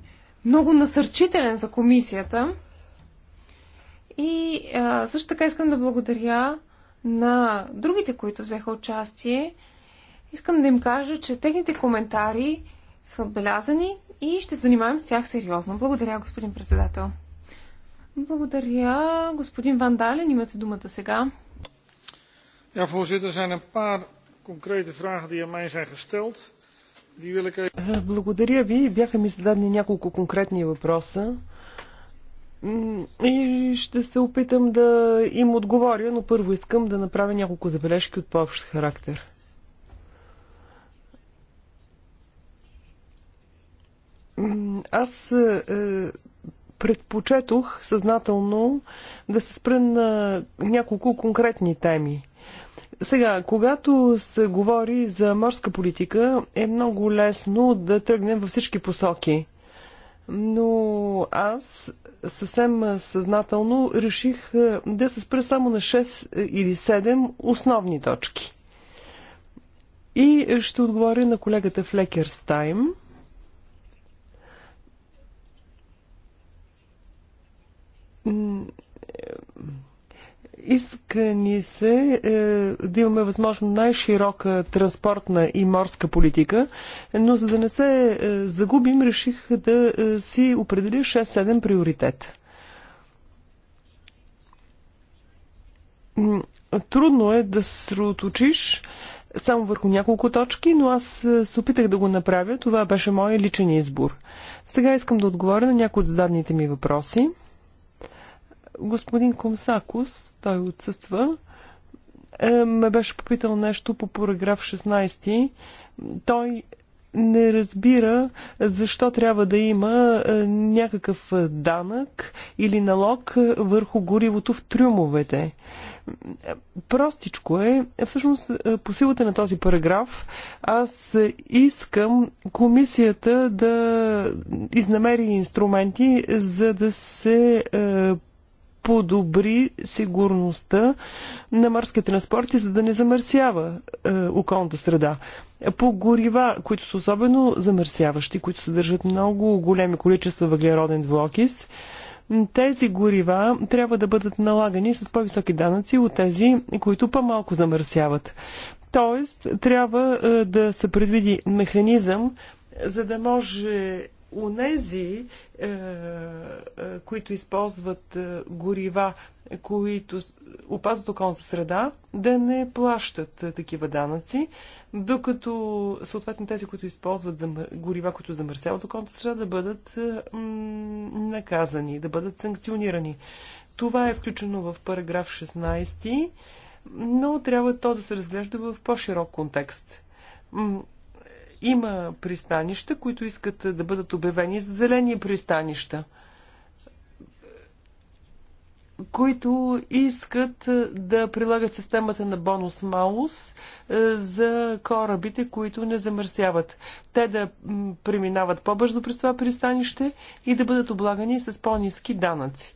много насърчителен за комисията. И а, също така искам да благодаря на другите, които взеха участие. Искам да им кажа, че техните коментари са отбелязани и ще занимавам с тях сериозно. Благодаря, господин председател. Благодаря. Господин Вандален, имате думата сега. Ja, voorzitter, er zijn een paar concrete vragen die aan mij zijn gesteld. Die wil ik even... Е, благодаря ви. Бяха ми зададени няколко конкретни въпроса. И ще се опитам да им отговоря, но първо искам да направя няколко забележки от по-общ характер. Аз е, е, предпочетох съзнателно да се спра на няколко конкретни теми. Сега, когато се говори за морска политика, е много лесно да тръгнем във всички посоки. Но аз съвсем съзнателно реших е, да се спра само на 6 или 7 основни точки. И ще отговоря на колегата Флекерстайм. Тайм Искани се е, да имаме възможно най-широка транспортна и морска политика, но за да не се е, загубим, реших да е, си определя 6-7 приоритет. Трудно е да сроточиш само върху няколко точки, но аз е, се опитах да го направя. Това беше мой личен избор. Сега искам да отговоря на някои от зададните ми въпроси. Господин Комсакус, той отсъства, е, ме беше попитал нещо по параграф 16. Той не разбира защо трябва да има е, някакъв данък или налог върху горивото в трюмовете. Простичко е. Всъщност, е, по силата на този параграф, аз искам комисията да изнамери инструменти, за да се подобри сигурността на морския транспорт и за да не замърсява е, околната среда. По горива, които са особено замърсяващи, които съдържат много големи количества въглероден двуокис, тези горива трябва да бъдат налагани с по-високи данъци от тези, които по-малко замърсяват. Тоест, трябва е, да се предвиди механизъм, за да може унези, е, е, които използват е, горива, които опазват околната среда, да не плащат такива данъци, докато съответно тези, които използват горива, които замърсяват околната среда, да бъдат наказани, да бъдат санкционирани. Това е включено в параграф 16, но трябва то да се разглежда в по-широк контекст. Има пристанища, които искат да бъдат обявени за зелени пристанища, които искат да прилагат системата на бонус-малус е, за корабите, които не замърсяват. Те да преминават по-бързо през това пристанище и да бъдат облагани с по-низки данъци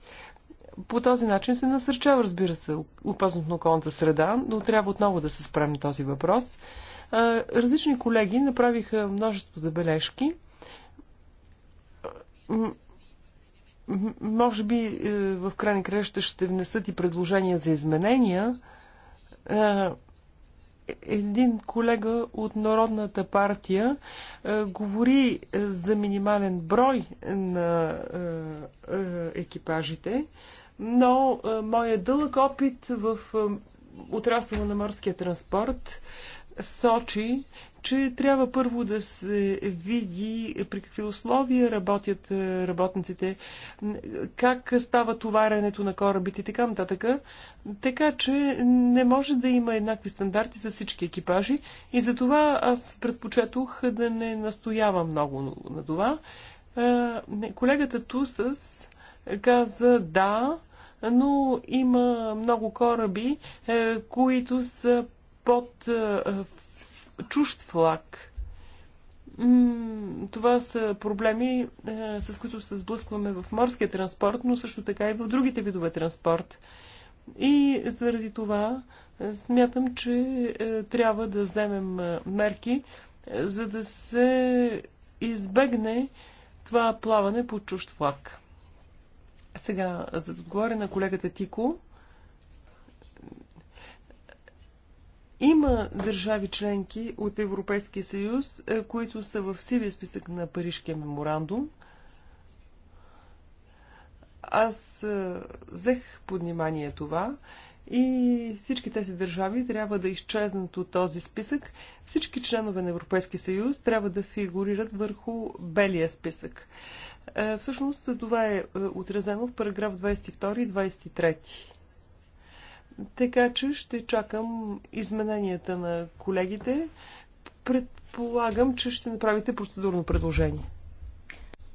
по този начин се насърчава, разбира се, опазното на околната среда, но трябва отново да се спрем на този въпрос. Различни колеги направиха множество забележки. Може би е, в крайна краща ще внесат и предложения за изменения. Е, един колега от Народната партия е, говори за минимален брой на екипажите, но моя дълъг опит в отрасъла на морския транспорт сочи, че трябва първо да се види при какви условия работят е, работниците, как става товарянето на корабите и така нататък. Така че не може да има еднакви стандарти за всички екипажи и за това аз предпочетох да не настоявам много на това. Е, колегата Тусас каза да, но има много кораби, е, които са под чужд флаг. Това са проблеми, с които се сблъскваме в морския транспорт, но също така и в другите видове транспорт. И заради това смятам, че трябва да вземем мерки, за да се избегне това плаване по чужд флаг. Сега, за да отговоря на колегата Тико, Има държави членки от Европейския съюз, е, които са в сивия списък на Парижкия меморандум. Аз е, взех под внимание това и всички тези държави трябва да изчезнат от този списък. Всички членове на Европейския съюз трябва да фигурират върху белия списък. Е, всъщност това е отразено в параграф 22 и 23. Така че ще чакам измененията на колегите. Предполагам, че ще направите процедурно предложение.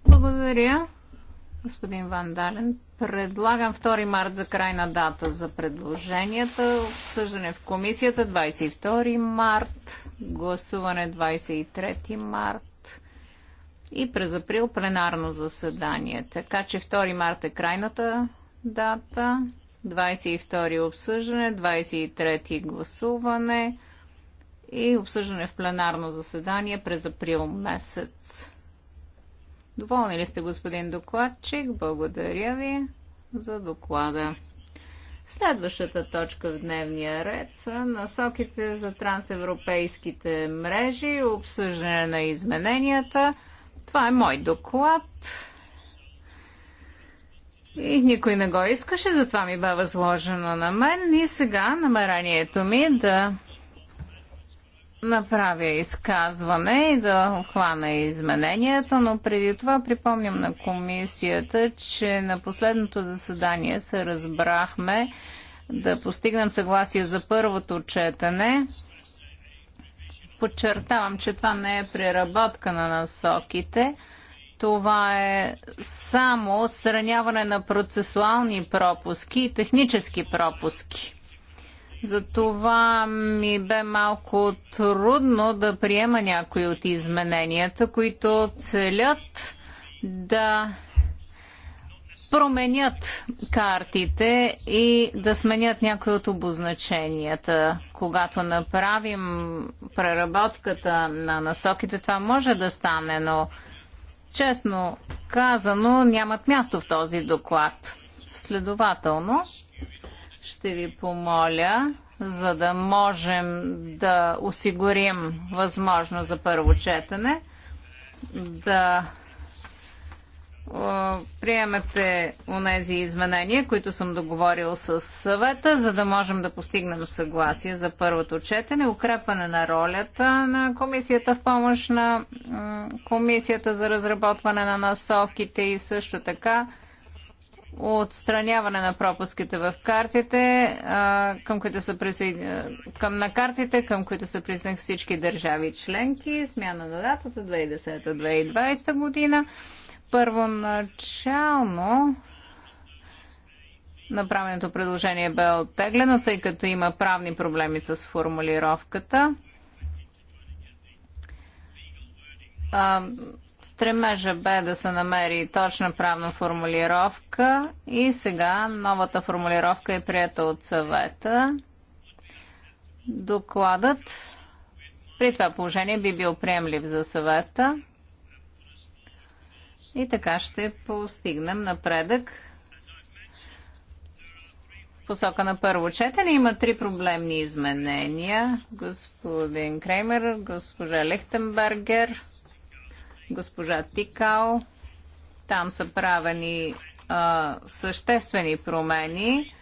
Благодаря, господин Ван Дален. Предлагам 2 март за крайна дата за предложенията. Обсъждане в комисията 22 март, гласуване 23 март и през април пленарно заседание. Така че 2 март е крайната дата. 22 обсъждане, 23 гласуване и обсъждане в пленарно заседание през април месец. Доволни ли сте, господин докладчик? Благодаря ви за доклада. Следващата точка в дневния ред са насоките за трансевропейските мрежи, обсъждане на измененията. Това е мой доклад. И никой не го искаше, затова ми бе възложено на мен. И сега намерението ми е да направя изказване и да хвана измененията, но преди това припомням на комисията, че на последното заседание се разбрахме да постигнем съгласие за първото четене. Подчертавам, че това не е преработка на насоките, това е само отстраняване на процесуални пропуски и технически пропуски. Затова ми бе малко трудно да приема някои от измененията, които целят да променят картите и да сменят някои от обозначенията. Когато направим преработката на насоките, това може да стане, но честно казано, нямат място в този доклад. Следователно, ще ви помоля, за да можем да осигурим възможност за първо четене, да е, приемете онези изменения, които съм договорил с съвета, за да можем да постигнем съгласие за първото четене, укрепване на ролята на комисията в помощ на комисията за разработване на насоките и също така отстраняване на пропуските в картите, е, към които са присъедин... към на картите, към които са присъединени всички държави членки, смяна на датата 2010-2020 година. Първоначално направеното предложение бе оттеглено, тъй като има правни проблеми с формулировката. А, стремежа бе да се намери точна правна формулировка и сега новата формулировка е прията от съвета. Докладът при това положение би бил приемлив за съвета и така ще постигнем напредък В посока на първо четене. Има три проблемни изменения. Господин Креймер, госпожа Лихтенбергер, госпожа Тикао. Там са правени а, съществени промени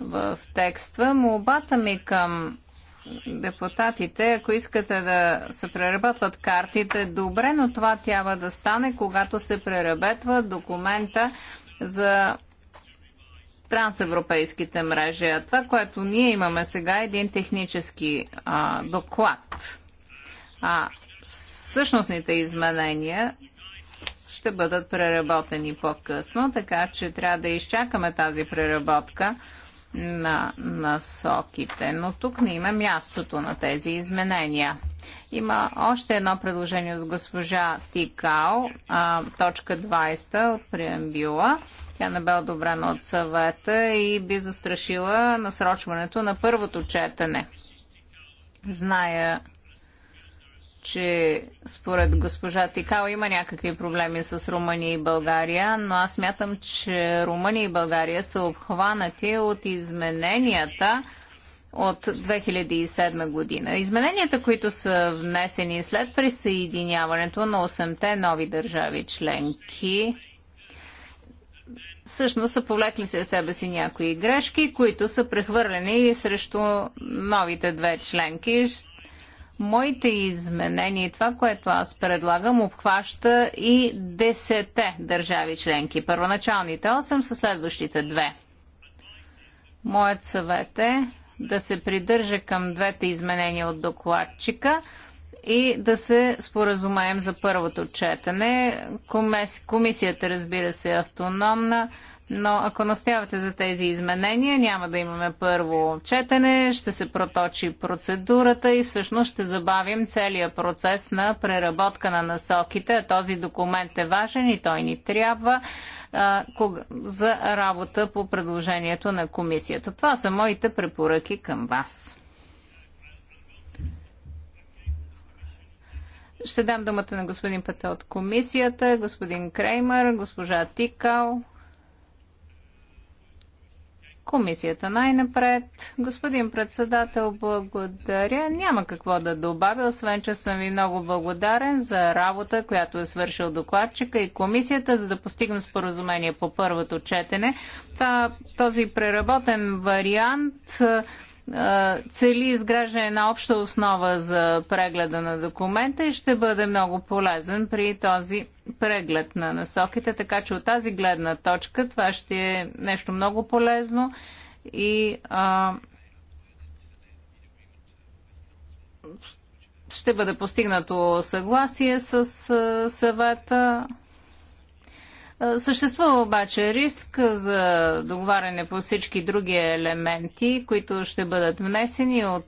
в текста. Молбата ми към депутатите, ако искате да се преработват картите, добре, но това трябва да стане, когато се преработва документа за трансевропейските мрежи. А това, което ние имаме сега е един технически а, доклад. А същностните изменения ще бъдат преработени по-късно, така че трябва да изчакаме тази преработка на насоките. Но тук не има мястото на тези изменения. Има още едно предложение от госпожа Тикао, а, точка 20 от преамбюла. Тя не бе одобрена от съвета и би застрашила насрочването на първото четене. Зная, че според госпожа Тикал има някакви проблеми с Румъния и България, но аз мятам, че Румъния и България са обхванати от измененията от 2007 година. Измененията, които са внесени след присъединяването на 8-те нови държави членки, всъщност са повлекли след себе си някои грешки, които са прехвърлени срещу новите две членки. Моите изменения и това, което аз предлагам, обхваща и десете държави членки. Първоначалните 8 са следващите две. Моят съвет е да се придържа към двете изменения от докладчика и да се споразумеем за първото четене. Комисията, разбира се, е автономна но ако настоявате за тези изменения, няма да имаме първо четене, ще се проточи процедурата и всъщност ще забавим целият процес на преработка на насоките. Този документ е важен и той ни трябва а, за работа по предложението на комисията. Това са моите препоръки към вас. Ще дам думата на господин Пета от комисията, господин Креймер, госпожа Тикал. Комисията най-напред. Господин председател, благодаря. Няма какво да добавя, освен че съм ви много благодарен за работа, която е свършил докладчика и комисията, за да постигна споразумение по първото четене. Това, този преработен вариант цели изграждане на обща основа за прегледа на документа и ще бъде много полезен при този преглед на насоките, така че от тази гледна точка това ще е нещо много полезно и а, ще бъде постигнато съгласие с съвета Съществува обаче риск за договаряне по всички други елементи, които ще бъдат внесени от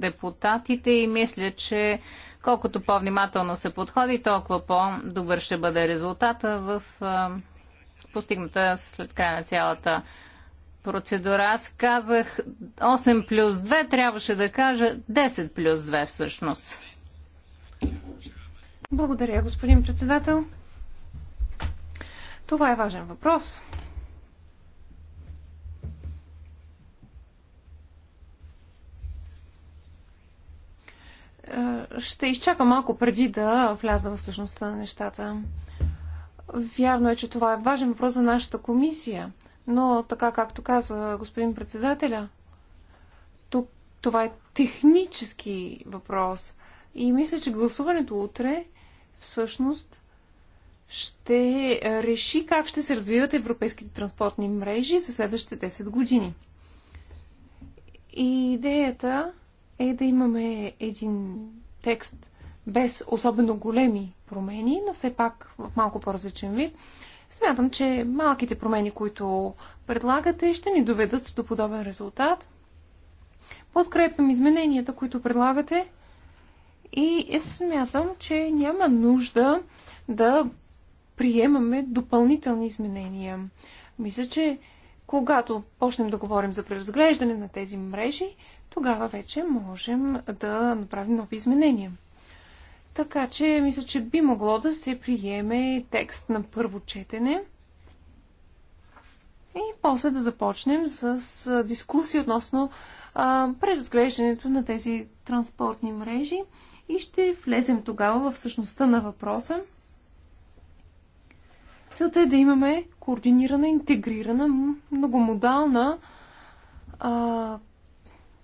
депутатите и мисля, че колкото по-внимателно се подходи, толкова по-добър ще бъде резултата в постигната след края на цялата процедура. Аз казах 8 плюс 2, трябваше да кажа 10 плюс 2 всъщност. Благодаря, господин председател. Това е важен въпрос. Е, ще изчака малко преди да вляза в същността на нещата. Вярно е, че това е важен въпрос за нашата комисия, но така както каза господин председателя, тук това е технически въпрос. И мисля, че гласуването утре всъщност ще е, реши как ще се развиват европейските транспортни мрежи за следващите 10 години. И идеята е да имаме един текст без особено големи промени, но все пак в малко по-различен вид. Смятам, че малките промени, които предлагате, ще ни доведат до подобен резултат. Подкрепям измененията, които предлагате и смятам, че няма нужда да приемаме допълнителни изменения. Мисля, че когато почнем да говорим за преразглеждане на тези мрежи, тогава вече можем да направим нови изменения. Така че, мисля, че би могло да се приеме текст на първо четене и после да започнем с дискусия относно а, преразглеждането на тези транспортни мрежи и ще влезем тогава в същността на въпроса. Целта е да имаме координирана, интегрирана, многомодална а,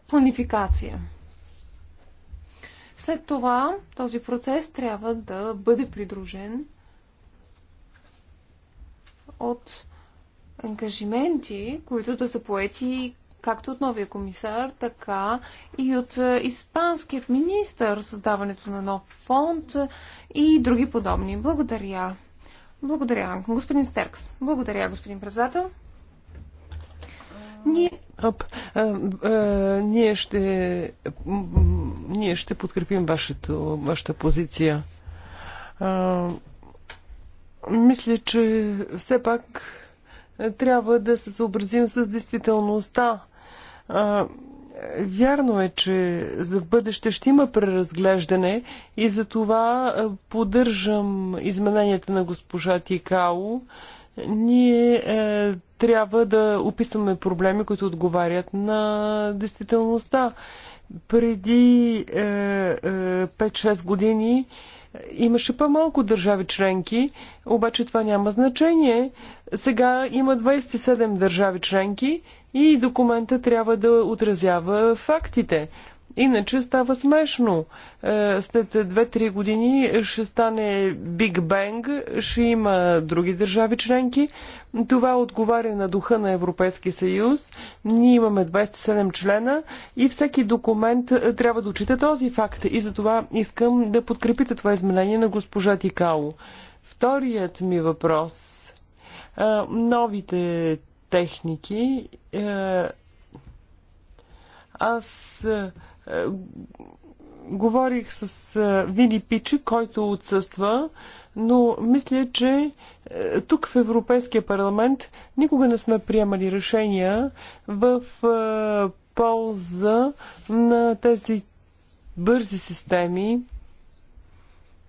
планификация. След това този процес трябва да бъде придружен от ангажименти, които да са поети както от новия комисар, така и от испанският министр, създаването на нов фонд и други подобни. Благодаря. Благодаря, господин Стеркс. Благодаря, господин председател. Ние... а, а, ние, ще, ние ще подкрепим вашето, вашата позиция. А, мисля, че все пак трябва да се съобразим с действителността. А, Вярно е, че за в бъдеще ще има преразглеждане и за това поддържам измененията на госпожа Тикао. Ние е, трябва да описваме проблеми, които отговарят на действителността. Преди е, е, 5-6 години е, Имаше по-малко държави членки, обаче това няма значение. Сега има 27 държави членки и документа трябва да отразява фактите. Иначе става смешно. Е, след 2-3 години ще стане Биг Бенг, ще има други държави членки. Това отговаря на духа на Европейски съюз. Ние имаме 27 члена и всеки документ е, трябва да учите този факт. И затова искам да подкрепите това изменение на госпожа Тикао. Вторият ми въпрос. Е, новите техники. Е, аз е, е, говорих с Вили Пичи, който отсъства, но мисля, че тук в Европейския парламент никога не сме приемали решения в полза на тези бързи системи.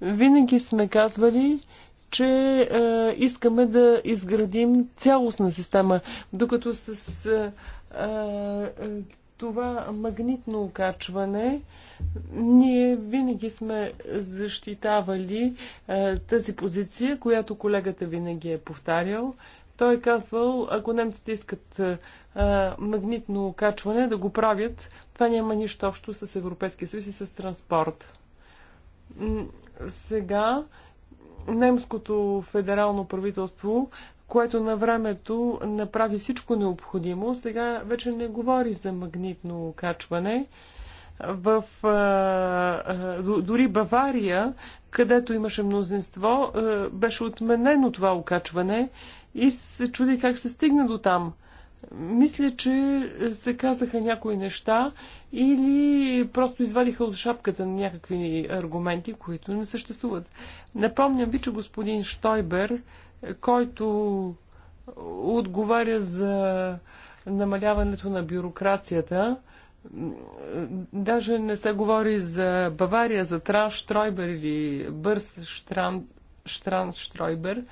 Винаги сме казвали, че е, искаме да изградим цялостна система, докато с е, е, е, това магнитно окачване ние винаги сме защитавали е, тази позиция, която колегата винаги е повтарял. Той е казвал, ако немците искат е, е магнитно окачване да го правят, това няма нищо общо с Европейския съюз и с транспорт. Сега немското федерално правителство, което на времето направи всичко необходимо, сега вече не говори за магнитно качване. В, дори Бавария, където имаше мнозинство, беше отменено това окачване и се чуди как се стигна до там. Мисля, че се казаха някои неща или просто извадиха от шапката на някакви аргументи, които не съществуват. Напомням ви, че господин Штойбер, който отговаря за намаляването на бюрокрацията, даже не се говори за Бавария, за Транш Штройбер или Бърс Штран, Штройбер,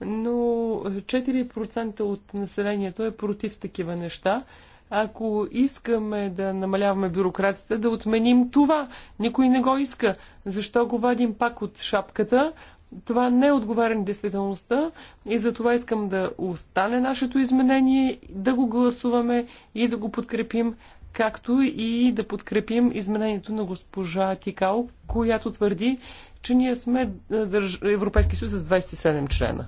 но 4% от населението е против такива неща ако искаме да намаляваме бюрокрацията, да отменим това. Никой не го иска. Защо го вадим пак от шапката? Това не е отговаря на действителността и за това искам да остане нашето изменение, да го гласуваме и да го подкрепим, както и да подкрепим изменението на госпожа Тикал, която твърди, че ние сме Европейски съюз с 27 члена.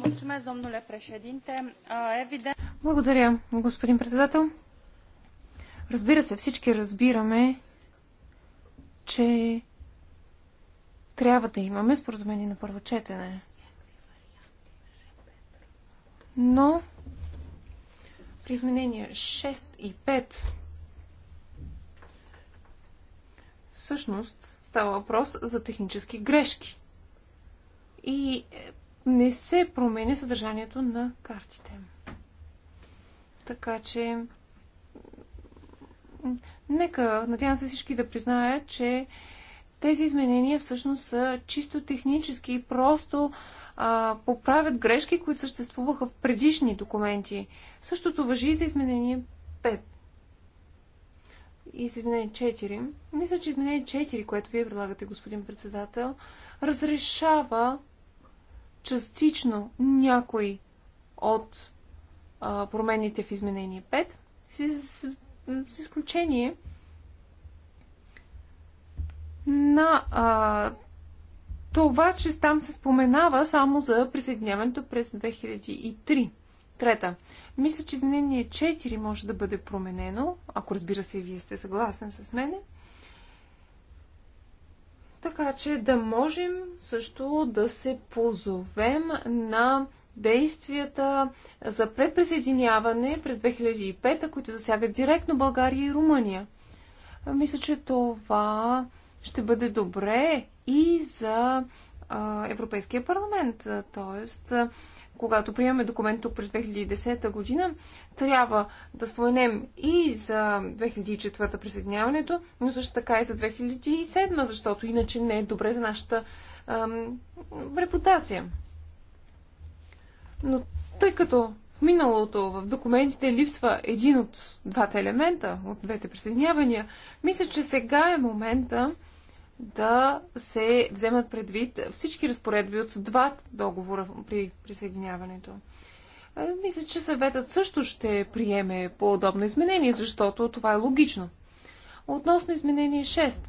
Mulțumesc, domnule președinte. Evident... Благодаря, господин председател. Разбира се, всички разбираме, че трябва да имаме споразумение на първо четене. Но при изменения 6 и 5 всъщност става въпрос за технически грешки. И не се променя съдържанието на картите. Така че, нека, надявам се всички да признаят, че тези изменения всъщност са чисто технически и просто а, поправят грешки, които съществуваха в предишни документи. Същото въжи и за изменение 5 и за изменение 4. Мисля, че изменение 4, което вие предлагате, господин председател, разрешава частично някои от промените в изменение 5, с, с изключение на а, това, че там се споменава само за присъединяването през 2003. Трета. Мисля, че изменение 4 може да бъде променено, ако разбира се и вие сте съгласен с мене. Така че да можем също да се позовем на действията за предприсъединяване през 2005, които засягат директно България и Румъния. Мисля, че това ще бъде добре и за Европейския парламент. Тоест, когато приемаме документ тук през 2010 година, трябва да споменем и за 2004 присъединяването, но също така и за 2007, защото иначе не е добре за нашата ам, репутация. Но тъй като в миналото в документите липсва един от двата елемента, от двете присъединявания, мисля, че сега е момента да се вземат предвид всички разпоредби от двата договора при присъединяването. Е, мисля, че съветът също ще приеме по-удобно изменение, защото това е логично. Относно изменение 6.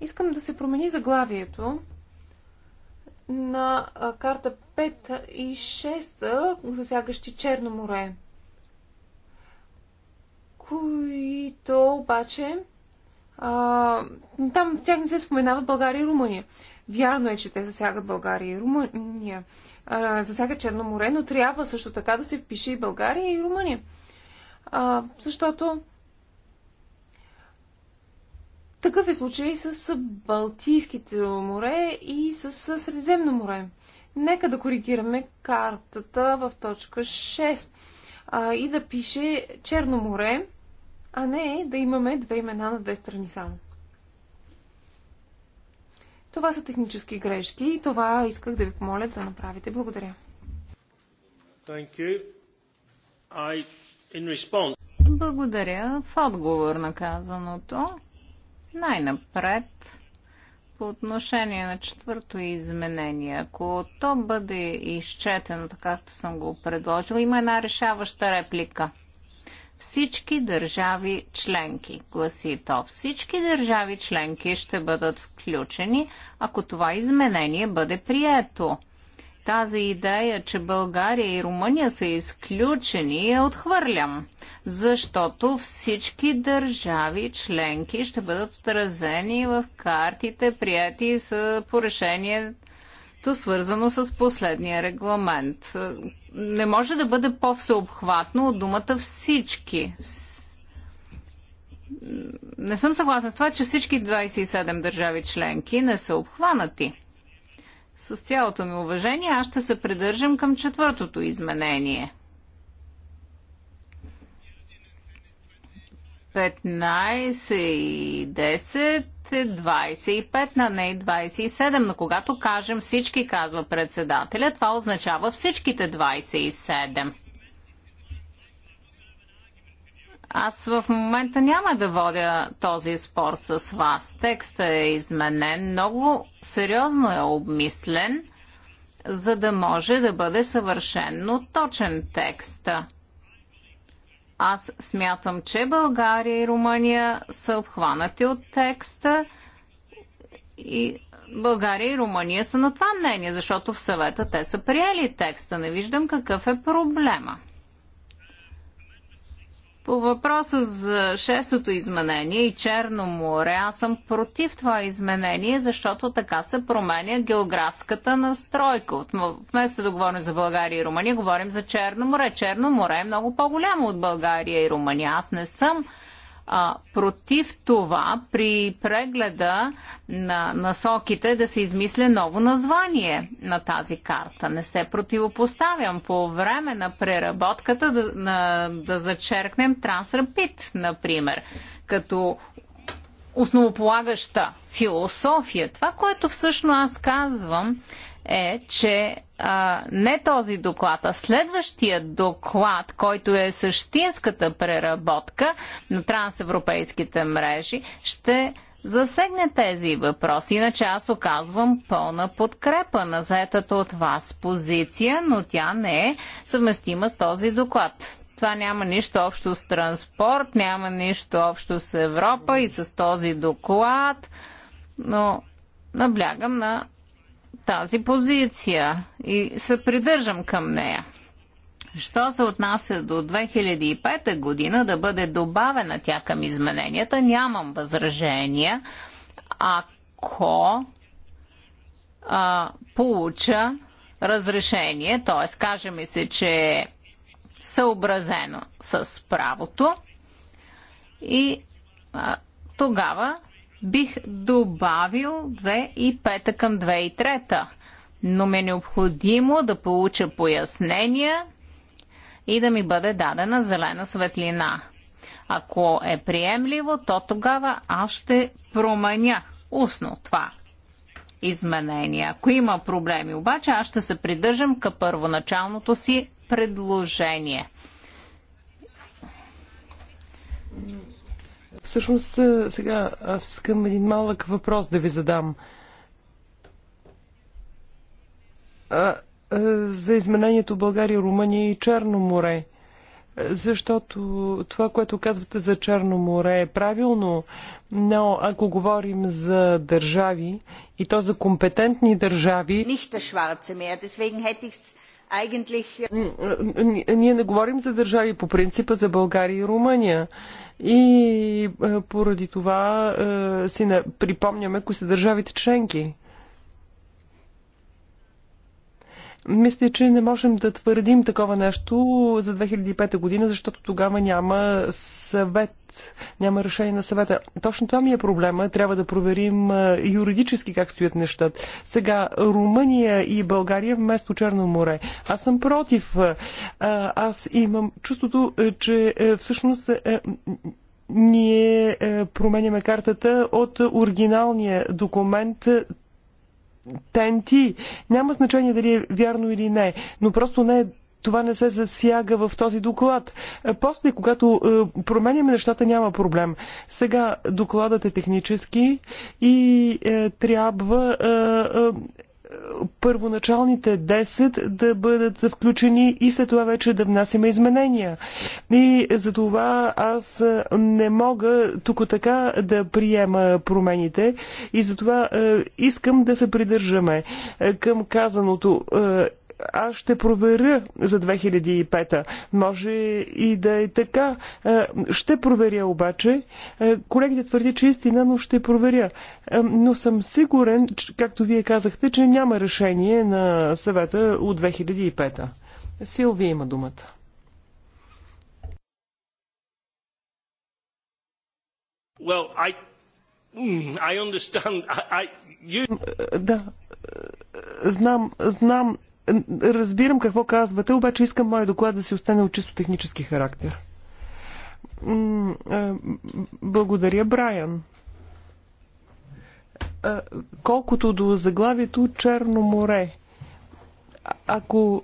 Искам да се промени заглавието на карта 5 и 6, засягащи Черно море, които обаче а, там тях не се споменават България и Румъния. Вярно е, че те засягат България и Румъния. А, засягат Черно море, но трябва също така да се впише и България и Румъния. А, защото такъв е случай с Балтийските море и с Средиземно море. Нека да коригираме картата в точка 6 а, и да пише Черно море, а не да имаме две имена на две страни само. Това са технически грешки и това исках да ви помоля да направите. Благодаря. I, response... Благодаря. В отговор на казаното, най-напред по отношение на четвърто изменение, ако то бъде изчетено, както съм го предложил, има една решаваща реплика. Всички държави членки, гласи то. Всички държави членки ще бъдат включени, ако това изменение бъде прието. Тази идея, че България и Румъния са изключени, я отхвърлям, защото всички държави членки ще бъдат отразени в картите, прияти са по нещо свързано с последния регламент. Не може да бъде по-всеобхватно от думата всички. Не съм съгласна с това, че всички 27 държави членки не са обхванати. С цялото ми уважение, аз ще се придържам към четвъртото изменение. 15 и 10 25 на не 27, но когато кажем всички, казва председателя, това означава всичките 27. Аз в момента няма да водя този спор с вас. Текстът е изменен, много сериозно е обмислен, за да може да бъде съвършенно точен текста. Аз смятам, че България и Румъния са обхванати от текста и България и Румъния са на това мнение, защото в съвета те са приели текста. Не виждам какъв е проблема. По въпроса за шестото изменение и Черно море, аз съм против това изменение, защото така се променя географската настройка. Вместо да говорим за България и Румъния, говорим за Черно море. Черно море е много по-голямо от България и Румъния. Аз не съм а, против това при прегледа на насоките да се измисля ново название на тази карта. Не се противопоставям по време на преработката да, на, да зачеркнем трансрапит, например, като основополагаща философия. Това, което всъщност аз казвам, е, че а, не този доклад, а следващия доклад, който е същинската преработка на трансевропейските мрежи, ще засегне тези въпроси. Иначе аз оказвам пълна подкрепа на заетата от вас позиция, но тя не е съвместима с този доклад. Това няма нищо общо с транспорт, няма нищо общо с Европа и с този доклад, но наблягам на тази позиция и се придържам към нея. Що се отнася до 2005 година да бъде добавена тя към измененията, нямам възражения, ако а, получа разрешение, т.е. каже ми се, че е съобразено с правото и а, тогава бих добавил 5 към 2 и 3, но ми е необходимо да получа пояснения и да ми бъде дадена зелена светлина. Ако е приемливо, то тогава аз ще променя устно това изменение. Ако има проблеми, обаче аз ще се придържам към първоначалното си предложение. Всъщност, сега аз искам един малък въпрос да ви задам. А, за изменението България, Румъния и Черно море. Защото това, което казвате за Черно море е правилно, но ако говорим за държави и то за компетентни държави... Ние не говорим за държави по принципа за България и Румъния. И поради това си припомняме кои са държавите членки. Мисля, че не можем да твърдим такова нещо за 2005 година, защото тогава няма съвет, няма решение на съвета. Точно това ми е проблема. Трябва да проверим юридически как стоят нещата. Сега, Румъния и България вместо Черно море. Аз съм против. Аз имам чувството, е, че е, всъщност е, ние е, променяме картата от оригиналния документ е, ТНТ. Няма значение дали е вярно или не, но просто не е това не се засяга в този доклад. Е, после, когато е, променяме нещата, няма проблем. Сега докладът е технически и е, трябва първоначалните 10 да бъдат включени и след това вече да внасяме изменения. И за това аз не мога тук така да приема промените и за това е, искам да се придържаме е, към казаното е, аз ще проверя за 2005. Може и да е така. Е, ще проверя обаче. Е, колегите твърди, че е истина, но ще проверя. Но съм сигурен, както вие казахте, че няма решение на съвета от 2005. Силвия има думата. Well, I, I understand. I, you... Да, знам, знам Разбирам какво казвате, обаче искам моя доклад да си остане от чисто технически характер. Благодаря, Брайан. Колкото до заглавието Черно море, ако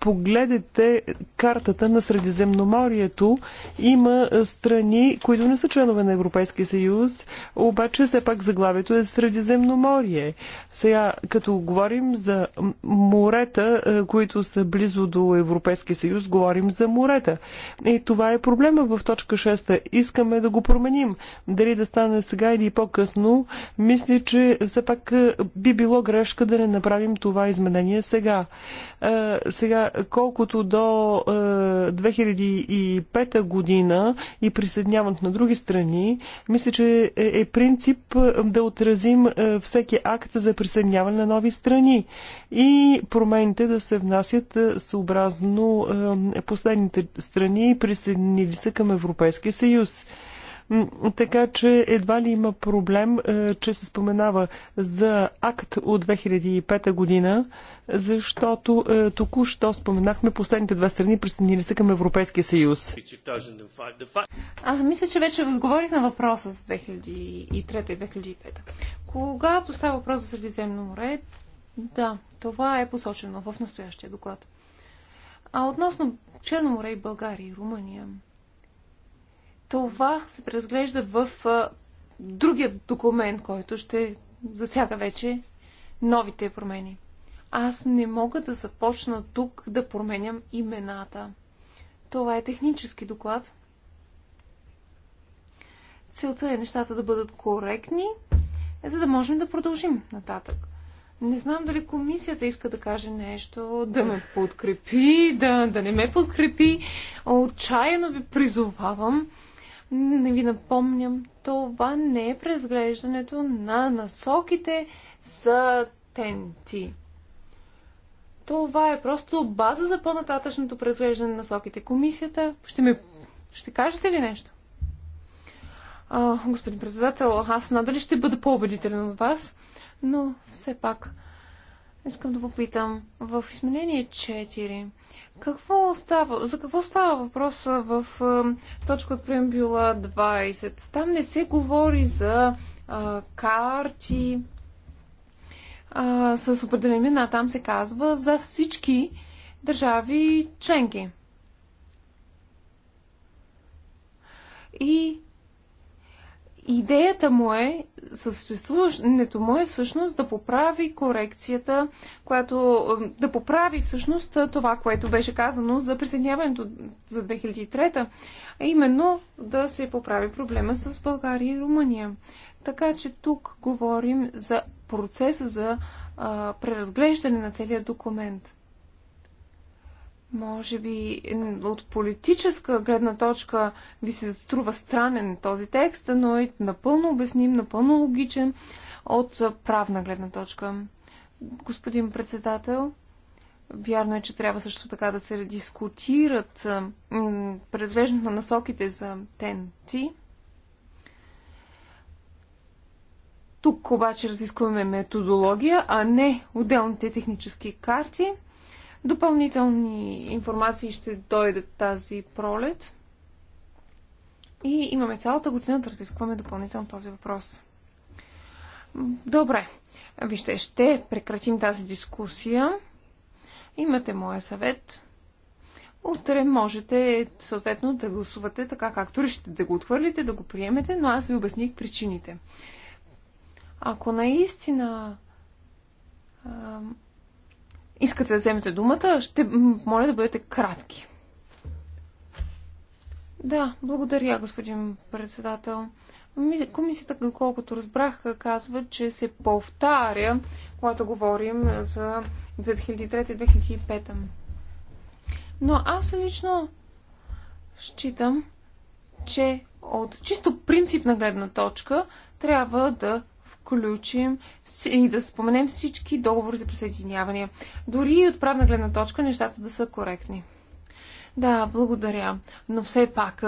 погледнете картата на Средиземноморието, има е, страни, които не са членове на Европейския съюз, обаче все пак заглавието е Средиземноморие. Сега, като говорим за морета, е, които са близо до Европейския съюз, говорим за морета. И това е проблема в точка 6. Искаме да го променим. Дали да стане сега или по-късно, мисля, че все пак е, би било грешка да не направим това изменение сега. Сега колкото до 2005 е, година и присъединяването на други страни, мисля, че е, е принцип е, да отразим всеки акт за присъединяване на нови страни и промените да се внасят съобразно последните страни, присъединили се към Европейския съюз. Така че едва ли има проблем, че се споменава за акт от 2005 година, защото е, току-що споменахме последните две страни, присъединили се към Европейския съюз. А, мисля, че вече отговорих на въпроса за 2003 и 2005. Когато става въпрос за Средиземно море, да, това е посочено в настоящия доклад. А относно Черно море и България и Румъния, това се преразглежда в а, другия документ, който ще засяга вече новите промени аз не мога да започна тук да променям имената. Това е технически доклад. Целта е нещата да бъдат коректни, за да можем да продължим нататък. Не знам дали комисията иска да каже нещо, да ме подкрепи, да, да не ме подкрепи. Отчаяно ви призовавам. Не ви напомням, това не е преразглеждането на насоките за тенти. Това е просто база за по-нататъчното презглеждане на Соките. Комисията, ще ми... Ще кажете ли нещо? А, господин председател, аз надали ще бъда по-убедителен от вас, но все пак искам да попитам. В изменение 4, какво става, за какво става въпрос в точка от преамбюла 20? Там не се говори за а, карти, а, с определени имена. Там се казва за всички държави членки. И идеята му е, съществуването му е всъщност да поправи корекцията, която да поправи всъщност това, което беше казано за присъединяването за 2003, а именно да се поправи проблема с България и Румъния. Така че тук говорим за процеса за а, преразглеждане на целият документ. Може би от политическа гледна точка ви се струва странен този текст, но е напълно обясним, напълно логичен от правна гледна точка. Господин председател, вярно е, че трябва също така да се дискутират преразглеждането на насоките за ТНТ. Тук обаче разискваме методология, а не отделните технически карти. Допълнителни информации ще дойдат тази пролет. И имаме цялата година да разискваме допълнително този въпрос. Добре. Вижте, ще прекратим тази дискусия. Имате моя съвет. Утре можете съответно да гласувате така както решите да го отхвърлите, да го приемете, но аз ви обясних причините. Ако наистина а, искате да вземете думата, ще моля да бъдете кратки. Да, благодаря, господин председател. Комисията, колкото разбрах, казва, че се повтаря, когато говорим за 2003-2005. Но аз лично считам, че от чисто принципна гледна точка трябва да включим и да споменем всички договори за присъединяване. Дори и от правна гледна точка нещата да са коректни. Да, благодаря. Но все пак,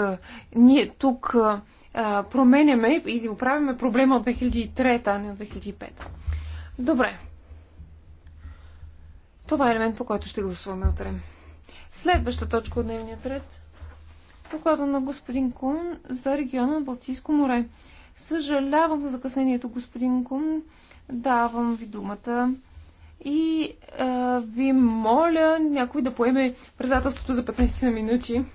ние тук променяме и оправяме проблема от 2003, а не от 2005. Добре. Това е елемент, по който ще гласуваме утре. Следваща точка от дневния ред. Доклада на господин Кун за региона на Балтийско море. Съжалявам за закъснението, господин Кум, Давам ви думата. И а, ви моля някой да поеме предателството за 15 на минути.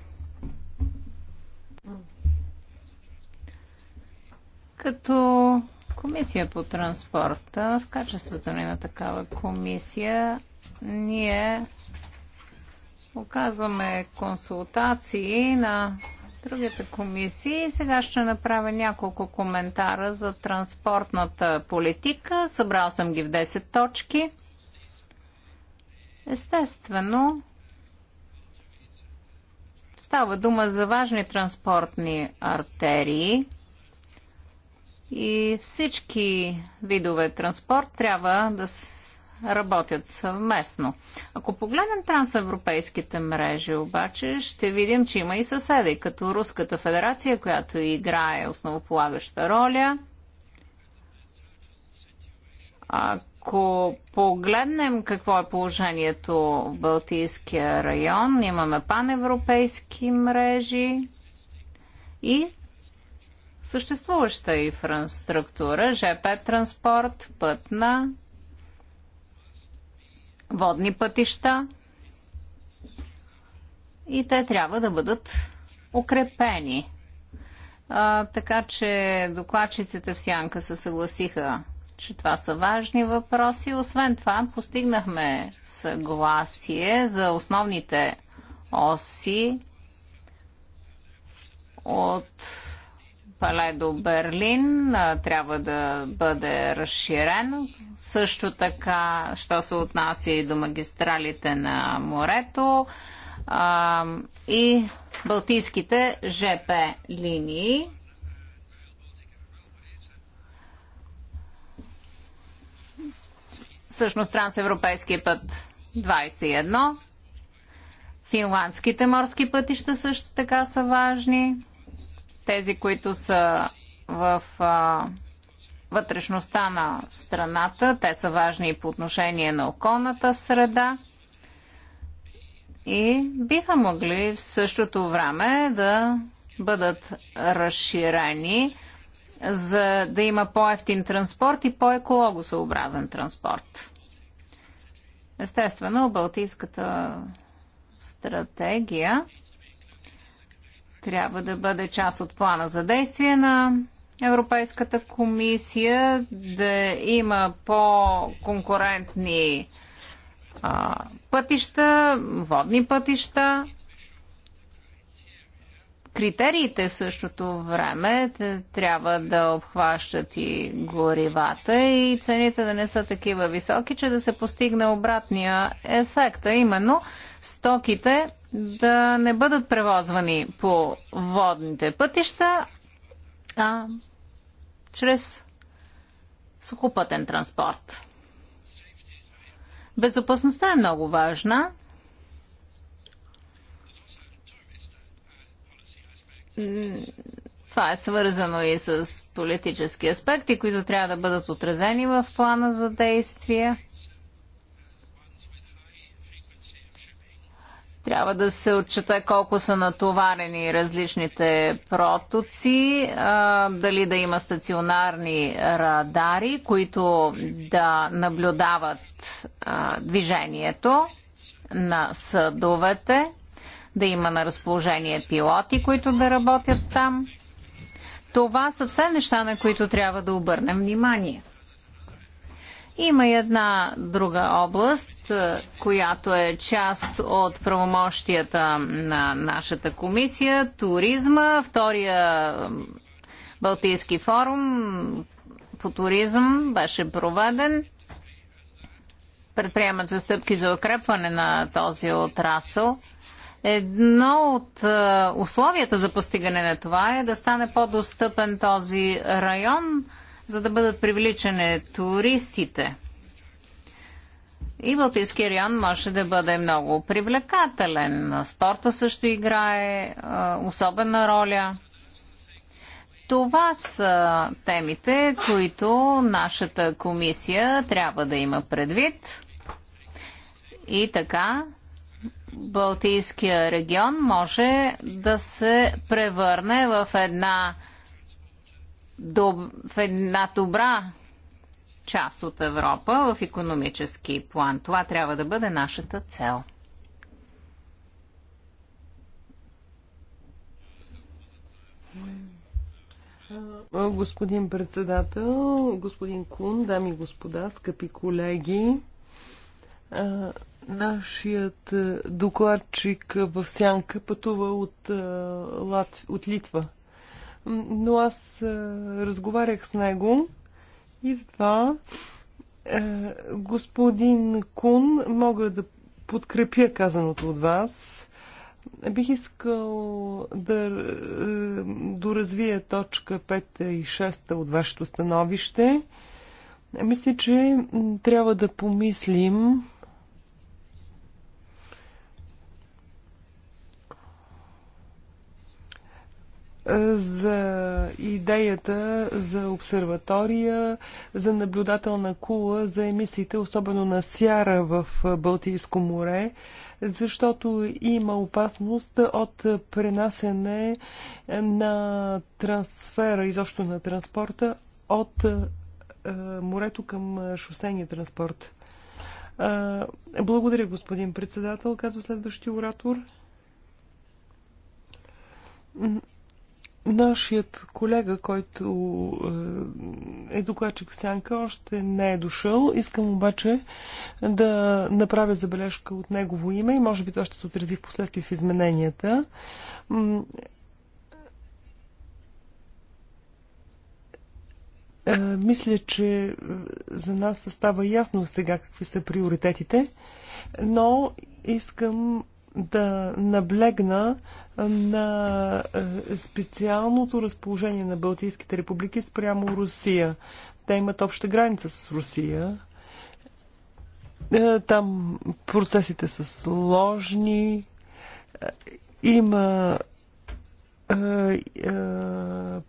Като комисия по транспорта, в качеството ни на такава комисия, ние оказваме консултации на другите комисии. Сега ще направя няколко коментара за транспортната политика. Събрал съм ги в 10 точки. Естествено, става дума за важни транспортни артерии и всички видове транспорт трябва да работят съвместно. Ако погледнем трансевропейските мрежи, обаче, ще видим, че има и съседи, като Руската федерация, която играе основополагаща роля. Ако погледнем какво е положението в Балтийския район, имаме паневропейски мрежи и съществуваща инфраструктура, ЖП транспорт, пътна, водни пътища и те трябва да бъдат укрепени. А, така че докладчиците в Сянка се съгласиха, че това са важни въпроси. Освен това, постигнахме съгласие за основните оси от Пале до Берлин трябва да бъде разширено. Също така, що се отнася и до магистралите на морето а, и балтийските ЖП линии. Всъщност трансевропейския път 21. Финландските морски пътища също така са важни тези, които са в а, вътрешността на страната. Те са важни и по отношение на околната среда. И биха могли в същото време да бъдат разширени, за да има по-ефтин транспорт и по-екологосъобразен транспорт. Естествено, Балтийската стратегия трябва да бъде част от плана за действие на Европейската комисия, да има по-конкурентни пътища, водни пътища Критериите в същото време трябва да обхващат и горивата и цените да не са такива високи, че да се постигне обратния ефект, а именно стоките да не бъдат превозвани по водните пътища, а чрез сухопътен транспорт. Безопасността е много важна това е свързано и с политически аспекти, които трябва да бъдат отразени в плана за действие. Трябва да се отчета колко са натоварени различните протоци, дали да има стационарни радари, които да наблюдават движението на съдовете да има на разположение пилоти, които да работят там. Това са все неща, на които трябва да обърнем внимание. Има и една друга област, е, която е част от правомощията на нашата комисия туризма. Втория Балтийски форум по туризъм беше проведен. Предприемат се стъпки за укрепване на този отрасъл. Едно от е, условията за постигане на това е да стане по-достъпен този район, за да бъдат привличани туристите. И Балтийския район може да бъде много привлекателен. Спорта също играе е, особена роля. Това са темите, които нашата комисия трябва да има предвид. И така, Балтийския регион може да се превърне в една, доб... в една добра част от Европа в економически план. Това трябва да бъде нашата цел. Господин председател, господин Кун, дами и господа, скъпи колеги, Нашият е, докладчик в Сянка пътува от, е, Лат... от Литва. Но аз е, разговарях с него и затова господин Кун мога да подкрепя казаното от вас. Бих искал да доразвия точка 5 и 6 от вашето становище. Мисля, че трябва да помислим за идеята за обсерватория, за наблюдателна кула, за емисиите, особено на сяра в Балтийско море, защото има опасност от пренасене на трансфера, изобщо на транспорта, от е, морето към шосения транспорт. Е, благодаря, господин председател, казва следващия оратор. Нашият колега, който е, е докладчик в Сянка, още не е дошъл. Искам обаче да направя забележка от негово име и може би това ще се отрази в последствие в измененията. Е, мисля, че е, за нас става ясно сега какви са приоритетите, но искам да наблегна на специалното разположение на Балтийските републики спрямо Русия. Те имат обща граница с Русия. Там процесите са сложни. Има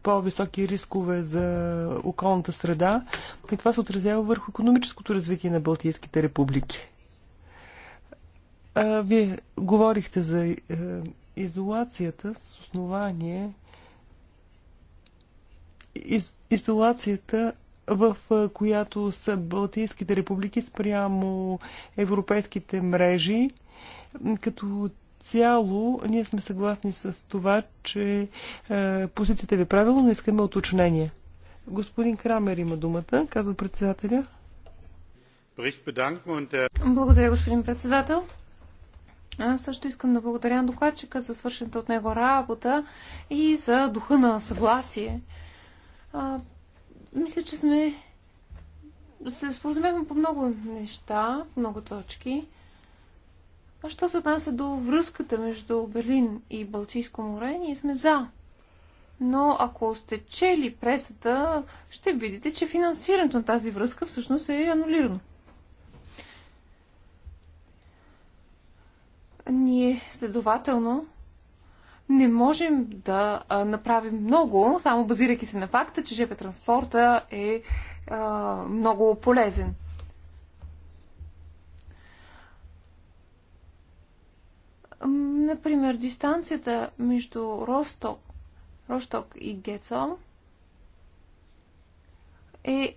по-високи рискове за околната среда. И това се отразява върху економическото развитие на Балтийските републики. Вие говорихте за е, изолацията с основание. Из, изолацията в е, която са Балтийските републики спрямо европейските мрежи. Като цяло, ние сме съгласни с това, че е, позицията ви е но искаме уточнение. Господин Крамер има думата, казва председателя. Е, Благодаря, господин председател. Аз също искам да благодаря на докладчика за свършената от него работа и за духа на съгласие. А, мисля, че сме се споразумяваме по много неща, много точки. А що се отнася до връзката между Берлин и Балтийско море, ние сме за. Но ако сте чели пресата, ще видите, че финансирането на тази връзка всъщност е анулирано. ние следователно не можем да направим много, само базирайки се на факта, че ЖП транспорта е много полезен. Например, дистанцията между Росток, Росток и Гецо е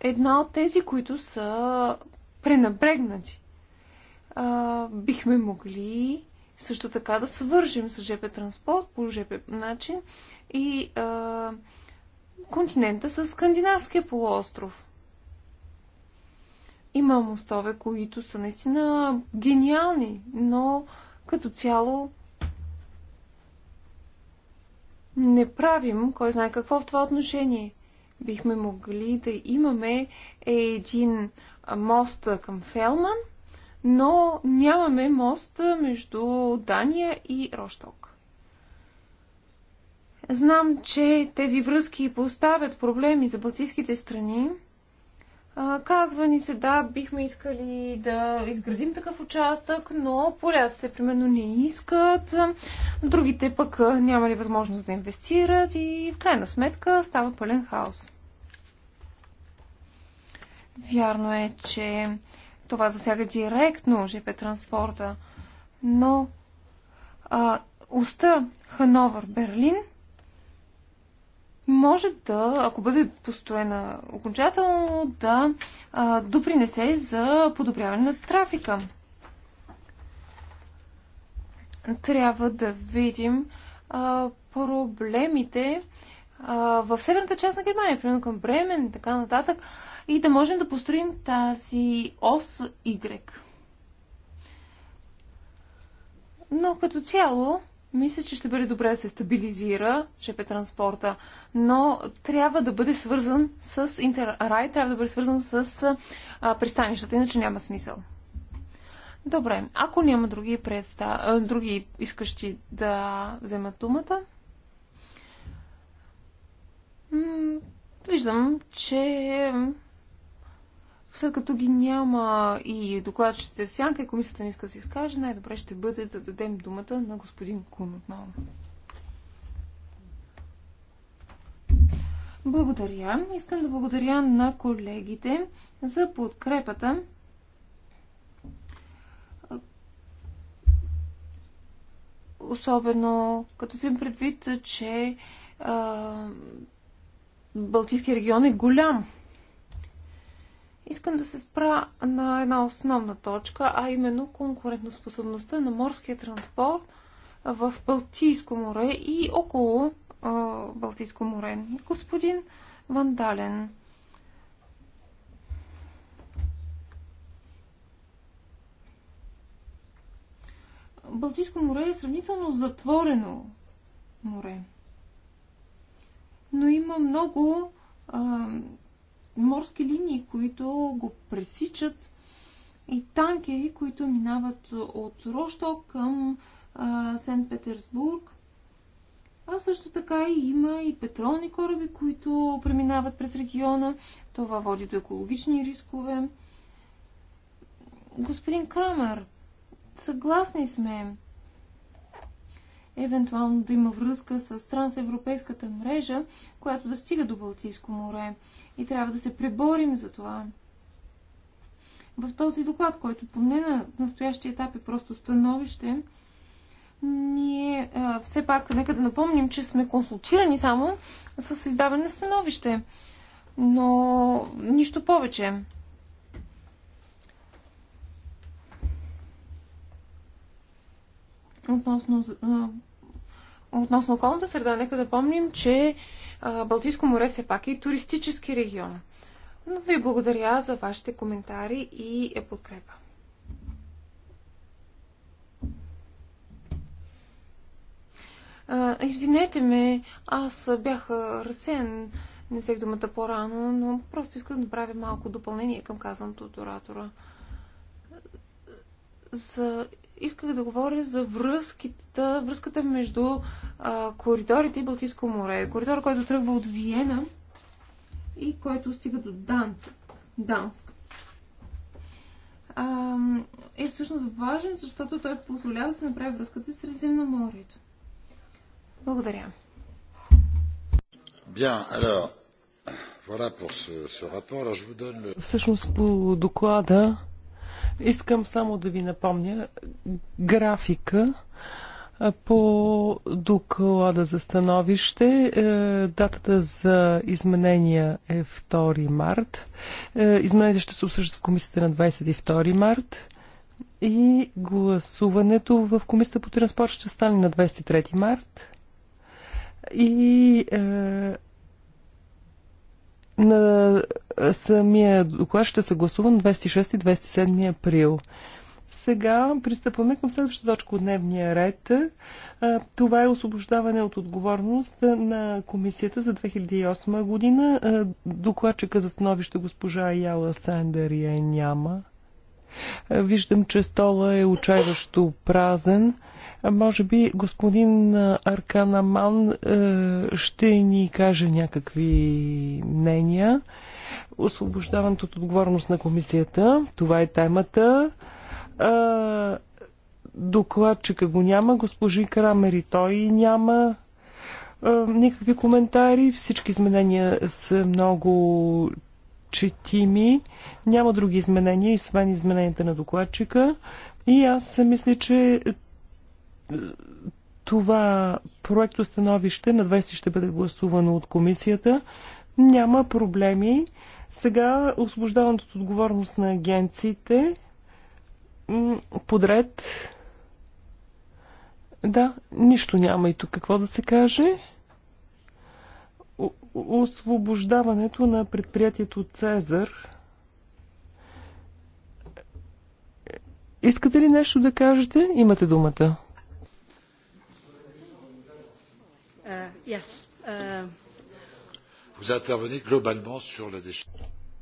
една от тези, които са пренабрегнати а, бихме могли също така да свържем с ЖП транспорт по ЖП начин и а, континента с Скандинавския полуостров. Има мостове, които са наистина гениални, но като цяло не правим кой знае какво в това отношение. Бихме могли да имаме един мост към Фелман – но нямаме мост между Дания и Рошток. Знам, че тези връзки поставят проблеми за балтийските страни. Казва ни се, да, бихме искали да изградим такъв участък, но поляците примерно не искат, другите пък няма ли възможност да инвестират и в крайна сметка става пълен хаос. Вярно е, че това засяга директно ЖП транспорта, но а, уста Хановър-Берлин може да, ако бъде построена окончателно, да а, допринесе за подобряване на трафика. Трябва да видим а, проблемите а, в северната част на Германия, примерно към Бремен и така нататък. А, и да можем да построим тази ос Y. Но като цяло, мисля, че ще бъде добре да се стабилизира ЖП транспорта, но трябва да бъде свързан с Интеррай, трябва да бъде свързан с а, пристанищата, иначе няма смисъл. Добре, ако няма други, предста... други искащи да вземат думата, виждам, че след като ги няма и докладчите в сянка и комисията не иска да се изкаже, най-добре ще бъде да дадем думата на господин Кун отново. Благодаря. Искам да благодаря на колегите за подкрепата. Особено като си предвид, че а, Балтийския регион е голям Искам да се спра на една основна точка, а именно конкурентоспособността на морския транспорт в Балтийско море и около а, Балтийско море. Господин Вандален. Балтийско море е сравнително затворено море. Но има много а, морски линии, които го пресичат и танкери, които минават от Рошток към Сент-Петербург. А също така и има и петролни кораби, които преминават през региона. Това води до екологични рискове. Господин Крамер, съгласни сме евентуално да има връзка с трансевропейската мрежа, която да стига до Балтийско море. И трябва да се преборим за това. В този доклад, който поне на настоящия етап е просто становище, ние а, все пак нека да напомним, че сме консултирани само с издаване на становище. Но нищо повече. Относно, относно околната среда, нека да помним, че Балтийско море все пак е туристически регион. Но ви благодаря за вашите коментари и е подкрепа. Извинете ме, аз бях разсеян, не взех думата по-рано, но просто искам да правя малко допълнение към казаното от оратора. За исках да говоря за връзката, връзката между а, коридорите и Балтийско море. Коридор, който тръгва от Виена и който стига до Данцик, Данск. е всъщност важен, защото той позволява да се направи връзката с Средиземноморието. Благодаря. Bien, alors, voilà pour ce, ce rapport. Alors, je vous donne le... Всъщност по доклада Искам само да ви напомня графика по доклада за становище. Е, датата за изменения е 2 март. Е, измененията ще се обсъждат в комисията на 22 март. И гласуването в комисията по транспорт ще стане на 23 март. И е, на самия доклад ще се гласува на 26 и 27 април. Сега пристъпваме към следващата точка от дневния ред. Това е освобождаване от отговорност на комисията за 2008 година. Докладчика за становище госпожа Яла Сандър я няма. Виждам, че стола е очайващо празен. Може би господин Арканаман ще ни каже някакви мнения. Освобождаването от отговорност на комисията. Това е темата. Докладчика го няма. Госпожи Крамери той няма никакви коментари. Всички изменения са много четими. Няма други изменения, освен измененията на докладчика. И аз мисля, че това проекто становище на 20 ще бъде гласувано от комисията. Няма проблеми. Сега освобождаването от отговорност на агенциите подред. Да, нищо няма и тук какво да се каже. Освобождаването на предприятието Цезар. Искате ли нещо да кажете? Имате думата. Euh, euh. Vous intervenez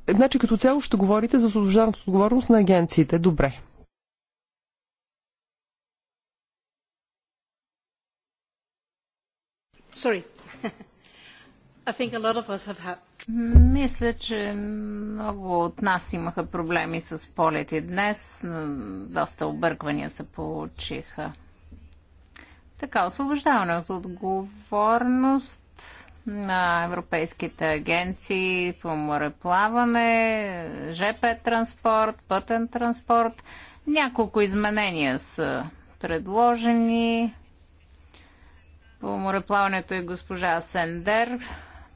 е, Значи като цяло ще говорите за освобождаването отговорност на агенциите. Добре. Sorry. <laughs> Have... Мисля, че много от нас имаха проблеми с полети днес. Доста обърквания се получиха. Така, освобождаване от отговорност на европейските агенции по мореплаване, ЖП транспорт, пътен транспорт. Няколко изменения са предложени. По мореплаването и е госпожа Сендер.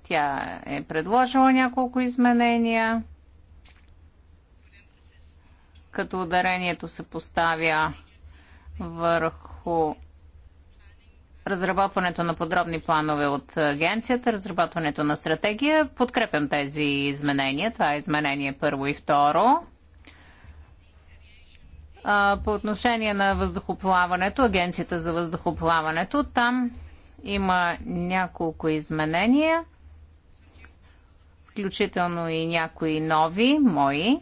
Тя е предложила няколко изменения. Като ударението се поставя върху разработването на подробни планове от агенцията, разработването на стратегия. Подкрепям тези изменения. Това е изменение първо и второ. По отношение на въздухоплаването, агенцията за въздухоплаването, там има няколко изменения, включително и някои нови, мои.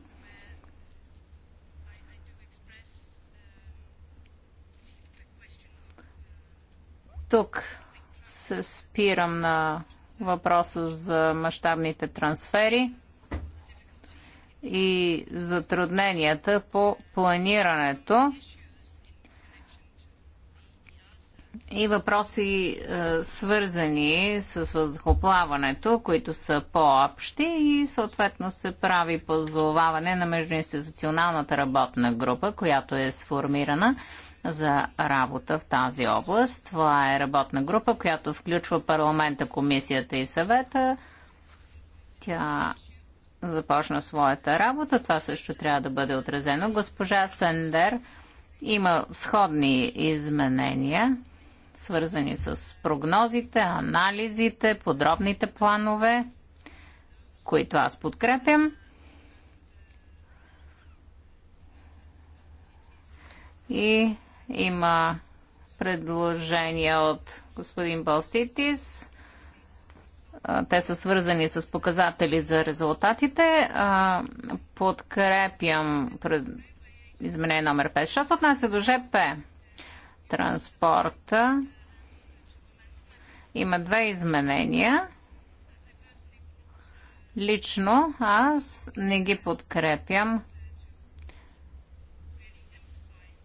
Тук се спирам на въпроса за мащабните трансфери и затрудненията по планирането и въпроси е, свързани с въздухоплаването, които са по-общи и съответно се прави позоваване на междуинституционалната работна група, която е сформирана за работа в тази област. Това е работна група, която включва парламента, комисията и съвета. Тя започна своята работа. Това също трябва да бъде отразено. Госпожа Сендер има сходни изменения, свързани с прогнозите, анализите, подробните планове, които аз подкрепям. И има предложения от господин Балститис. Те са свързани с показатели за резултатите. Подкрепям пред... изменение номер 5. Що се отнася до ЖП транспорта? Има две изменения. Лично аз не ги подкрепям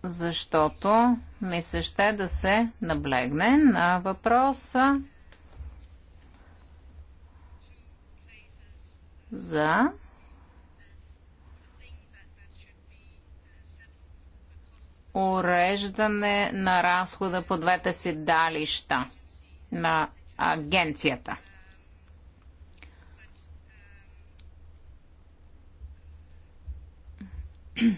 защото ми се ще да се наблегне на въпроса за уреждане на разхода по двете седалища на агенцията. Mm-hmm.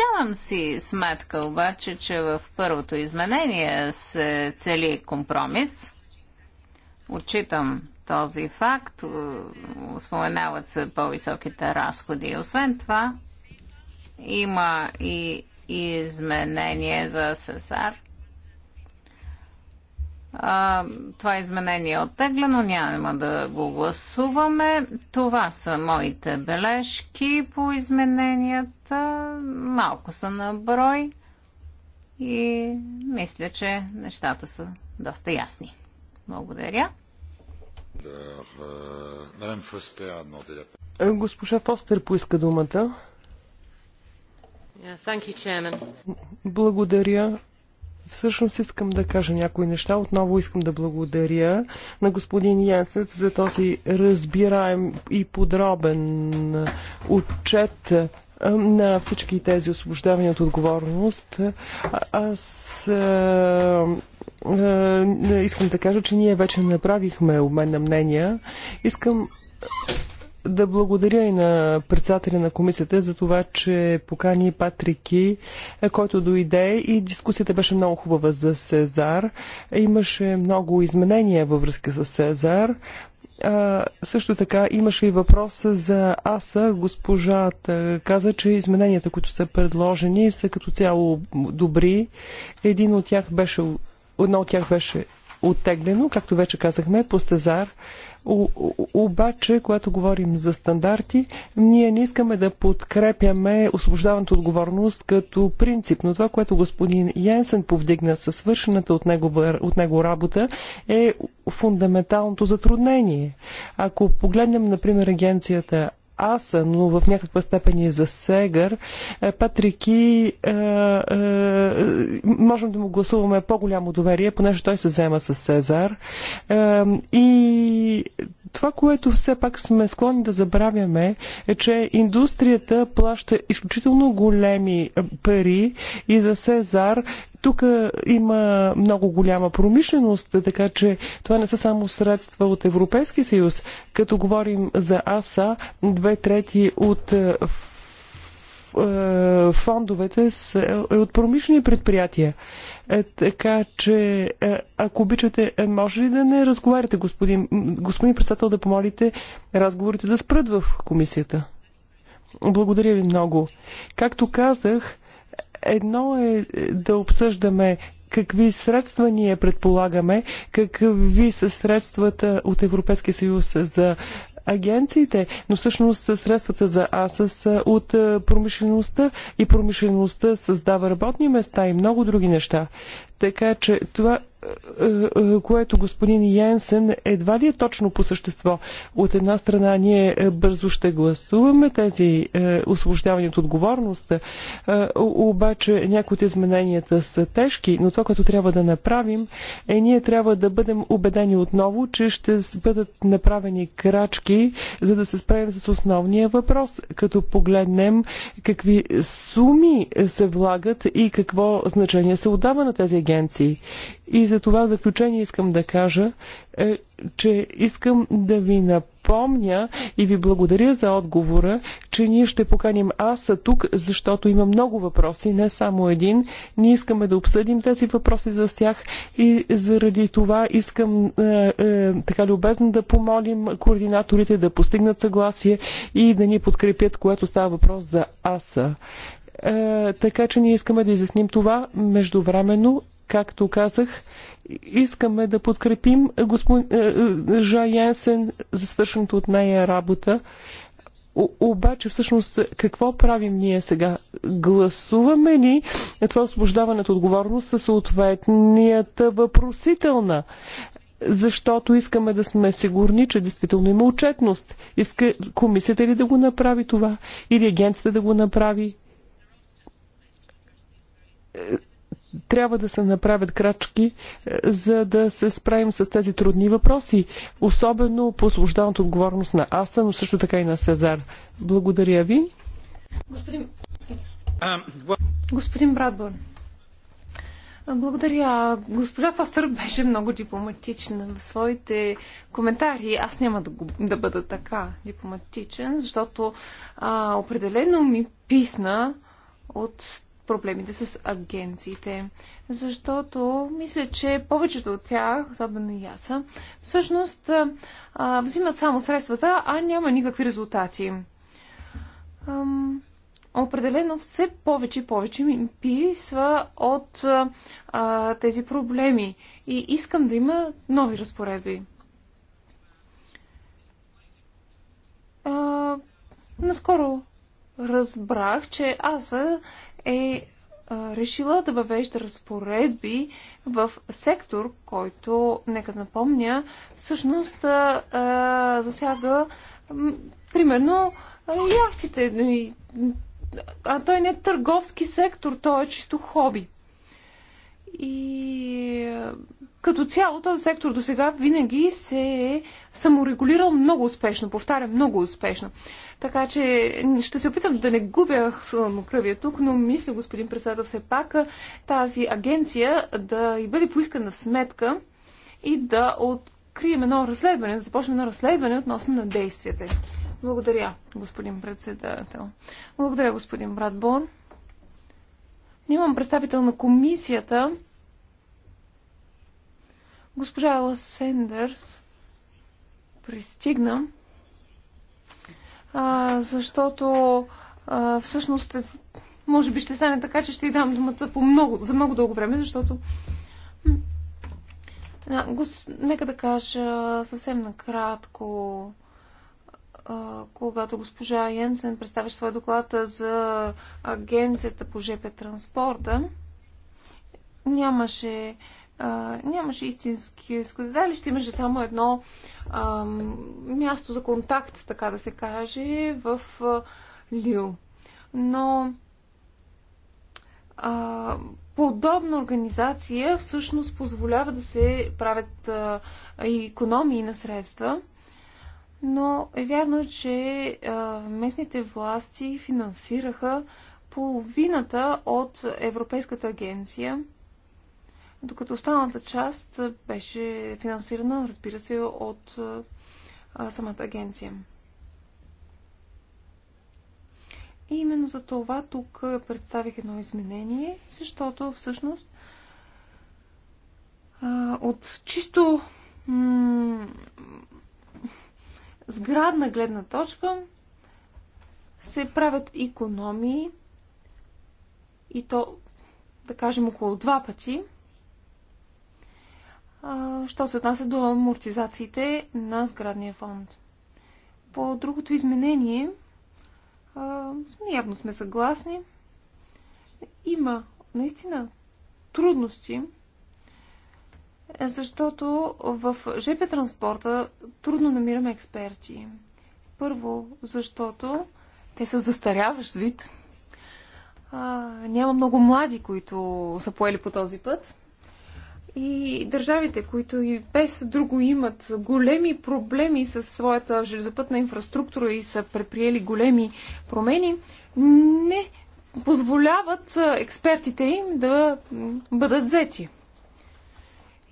Давам си сметка обаче, че в първото изменение се цели компромис. Отчитам този факт. Споменават се по-високите разходи. Освен това, има и изменение за Сесар – а, това е изменение е оттеглено, няма да го гласуваме. Това са моите бележки по измененията. Малко са на брой и мисля, че нещата са доста ясни. Благодаря. Госпожа Фостер поиска думата. Благодаря. Всъщност искам да кажа някои неща. Отново искам да благодаря на господин Янсев за този разбираем и подробен отчет на всички тези освобождавания от отговорност. Аз а, а, искам да кажа, че ние вече направихме обмен на мнения. Искам да благодаря и на председателя на комисията за това, че покани Патрики, е, който дойде и дискусията беше много хубава за Сезар. Имаше много изменения във връзка с Сезар. А, също така имаше и въпрос за АСА. Госпожата каза, че измененията, които са предложени, са като цяло добри. Един от тях беше, едно от тях беше оттеглено, както вече казахме, по Сезар. Обаче, когато говорим за стандарти, ние не искаме да подкрепяме освобождаването отговорност като принцип. Но това, което господин Йенсен повдигна със свършената от него, от него работа, е фундаменталното затруднение. Ако погледнем, например, агенцията аса, но в някаква степен и за Сегър. Е, Патрики е, е, можем да му гласуваме по-голямо доверие, понеже той се взема с Сезар. Е, и това, което все пак сме склонни да забравяме, е, че индустрията плаща изключително големи е, пари и за Сезар. Тук е, има много голяма промишленост, така че това не са само средства от Европейски съюз. Като говорим за АСА, две трети от е, фондовете са от промишлени предприятия. Е, така че, е, ако обичате, е, може ли да не разговаряте, господин, господин председател, да помолите разговорите да спрат в комисията? Благодаря ви много. Както казах, едно е, е да обсъждаме какви средства ние предполагаме, какви са средствата от Европейския съюз за агенциите, но всъщност средствата за АСА са от промишлеността и промишлеността създава работни места и много други неща. Така че това е, е, което господин Йенсен едва ли е точно по същество. От една страна ние е, бързо ще гласуваме тези освобождавания от отговорност, обаче някои от измененията са тежки, но това, което трябва да направим е ние трябва да бъдем убедени отново, че ще бъдат направени крачки, за да се справим с основния въпрос, като погледнем какви суми се влагат и какво значение се отдава на тези агенции. И за това в заключение искам да кажа, е, че искам да ви напомня и ви благодаря за отговора, че ние ще поканим Аса тук, защото има много въпроси, не само един. Ние искаме да обсъдим тези въпроси за тях и заради това искам е, е, така любезно да помолим координаторите да постигнат съгласие и да ни подкрепят, което става въпрос за Аса е, така че ние искаме да изясним това. Междувременно както казах, искаме да подкрепим госпожа е, е, Янсен за свършената от нея работа. Обаче, всъщност, какво правим ние сега? Гласуваме ли това освобождаване от отговорност със съответнията въпросителна? Защото искаме да сме сигурни, че действително има отчетност. Иска комисията ли да го направи това? Или агенцията да го направи? Е, трябва да се направят крачки, е, за да се справим с тези трудни въпроси, особено по освобожданата отговорност на АСА, но също така и на Сезар. Благодаря ви. Господин, Господин благодаря. Госпожа Фостър беше много дипломатична в своите коментари. Аз няма да, го, да бъда така дипломатичен, защото а, определено ми писна от проблемите с агенциите, защото мисля, че повечето от тях, особено и аз, всъщност а, взимат само средствата, а няма никакви резултати. Ам, определено все повече и повече ми писва от а, тези проблеми и искам да има нови разпоредби. А, наскоро разбрах, че аз е решила да въвежда разпоредби в сектор, който, нека напомня, всъщност а, засяга примерно яхтите. А той не е търговски сектор, той е чисто хоби. И като цяло този сектор до сега винаги се е саморегулирал много успешно, повтарям, много успешно. Така че ще се опитам да не губя кръвия тук, но мисля, господин председател, все пак тази агенция да и бъде поискана сметка и да открием едно разследване, да започнем едно разследване относно на действията. Благодаря, господин председател. Благодаря, господин Борн. Нямам представител на комисията. Госпожа Ела Сендърс пристигна, а, защото а, всъщност е, може би ще стане така, че ще й дам думата по много, за много дълго време, защото гос... Нека да кажа съвсем накратко, когато госпожа Йенсен представяше своя доклад за агенцията по ЖП транспорта, нямаше нямаше истински складалище, имаше само едно а, място за контакт, така да се каже, в а, Лил. Но а, подобна организация всъщност позволява да се правят а, економии на средства, но е вярно, че а, местните власти финансираха половината от Европейската агенция докато останалата част беше финансирана, разбира се, от самата агенция. И именно за това тук представих едно изменение, защото всъщност от чисто сградна гледна точка се правят економии и то, да кажем, около два пъти – що се отнася до амортизациите на сградния фонд. По другото изменение, явно сме съгласни, има наистина трудности, е, защото в ЖП транспорта трудно намираме експерти. Първо, защото те са застаряващ вид. А, няма много млади, които са поели по този път. И държавите, които и без друго имат големи проблеми с своята железопътна инфраструктура и са предприели големи промени, не позволяват експертите им да бъдат взети.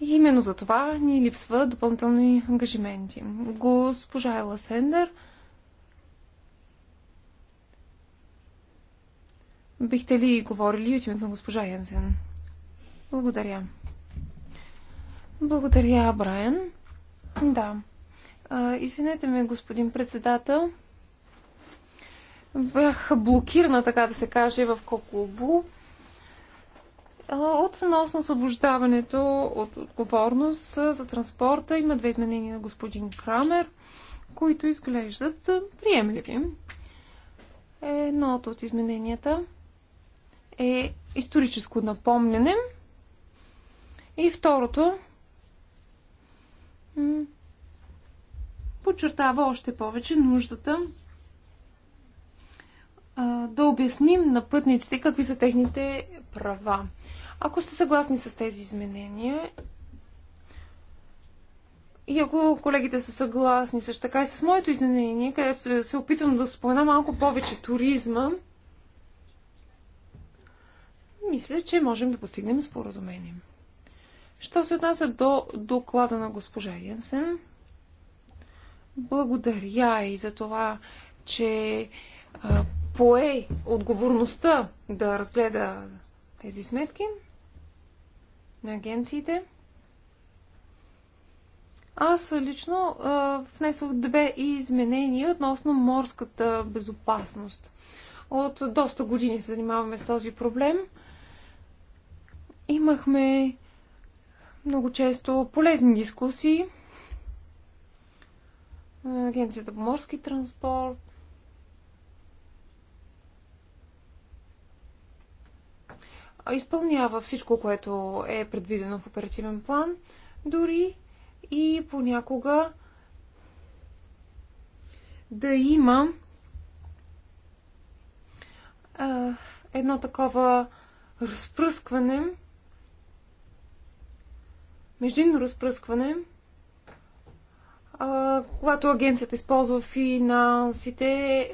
И именно за това ни липсва допълнителни ангажименти. Госпожа Ела Сендър, бихте ли говорили от името на госпожа Янсен? Благодаря. Благодаря, Брайан. Да. Извинете ме, господин председател. Бях блокирана, така да се каже, в Коклубу. Относно освобождаването от отговорност за транспорта има две изменения на господин Крамер, които изглеждат приемливи. Едното от измененията е историческо напомнене и второто подчертава още повече нуждата да обясним на пътниците какви са техните права. Ако сте съгласни с тези изменения и ако колегите са съгласни също така и с моето изменение, където се опитвам да спомена малко повече туризма, мисля, че можем да постигнем споразумение. Що се отнася до доклада на госпожа Янсен, благодаря и за това, че а, пое отговорността да разгледа тези сметки на агенциите. Аз лично а, внесох две изменения относно морската безопасност. От доста години се занимаваме с този проблем. Имахме много често полезни дискусии. Агенцията по морски транспорт. Изпълнява всичко, което е предвидено в оперативен план, дори и понякога да има едно такова разпръскване междинно разпръскване, когато агенцията използва финансите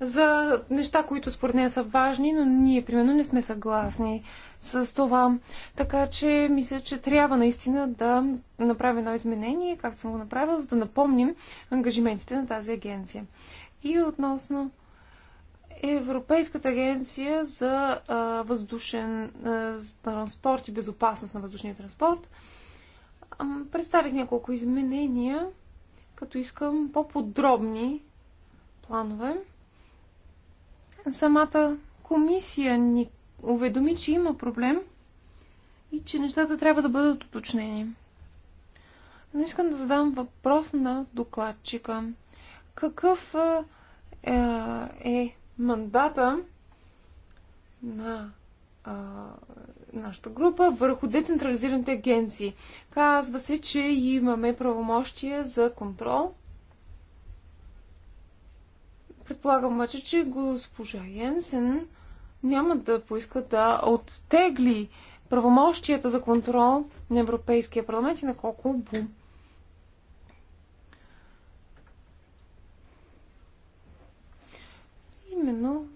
за неща, които според нея са важни, но ние, примерно, не сме съгласни с това. Така че, мисля, че трябва наистина да направим едно изменение, както съм го направила, за да напомним ангажиментите на тази агенция. И относно Европейската агенция за въздушен транспорт и безопасност на въздушния транспорт представих няколко изменения, като искам по-подробни планове. Самата комисия ни уведоми, че има проблем и че нещата трябва да бъдат уточнени. Но искам да задам въпрос на докладчика. Какъв е, е мандата на нашата група върху децентрализираните агенции. Казва се, че имаме правомощие за контрол. Предполагам обаче, че госпожа Йенсен няма да поиска да оттегли правомощията за контрол на Европейския парламент и на колко бум. Именно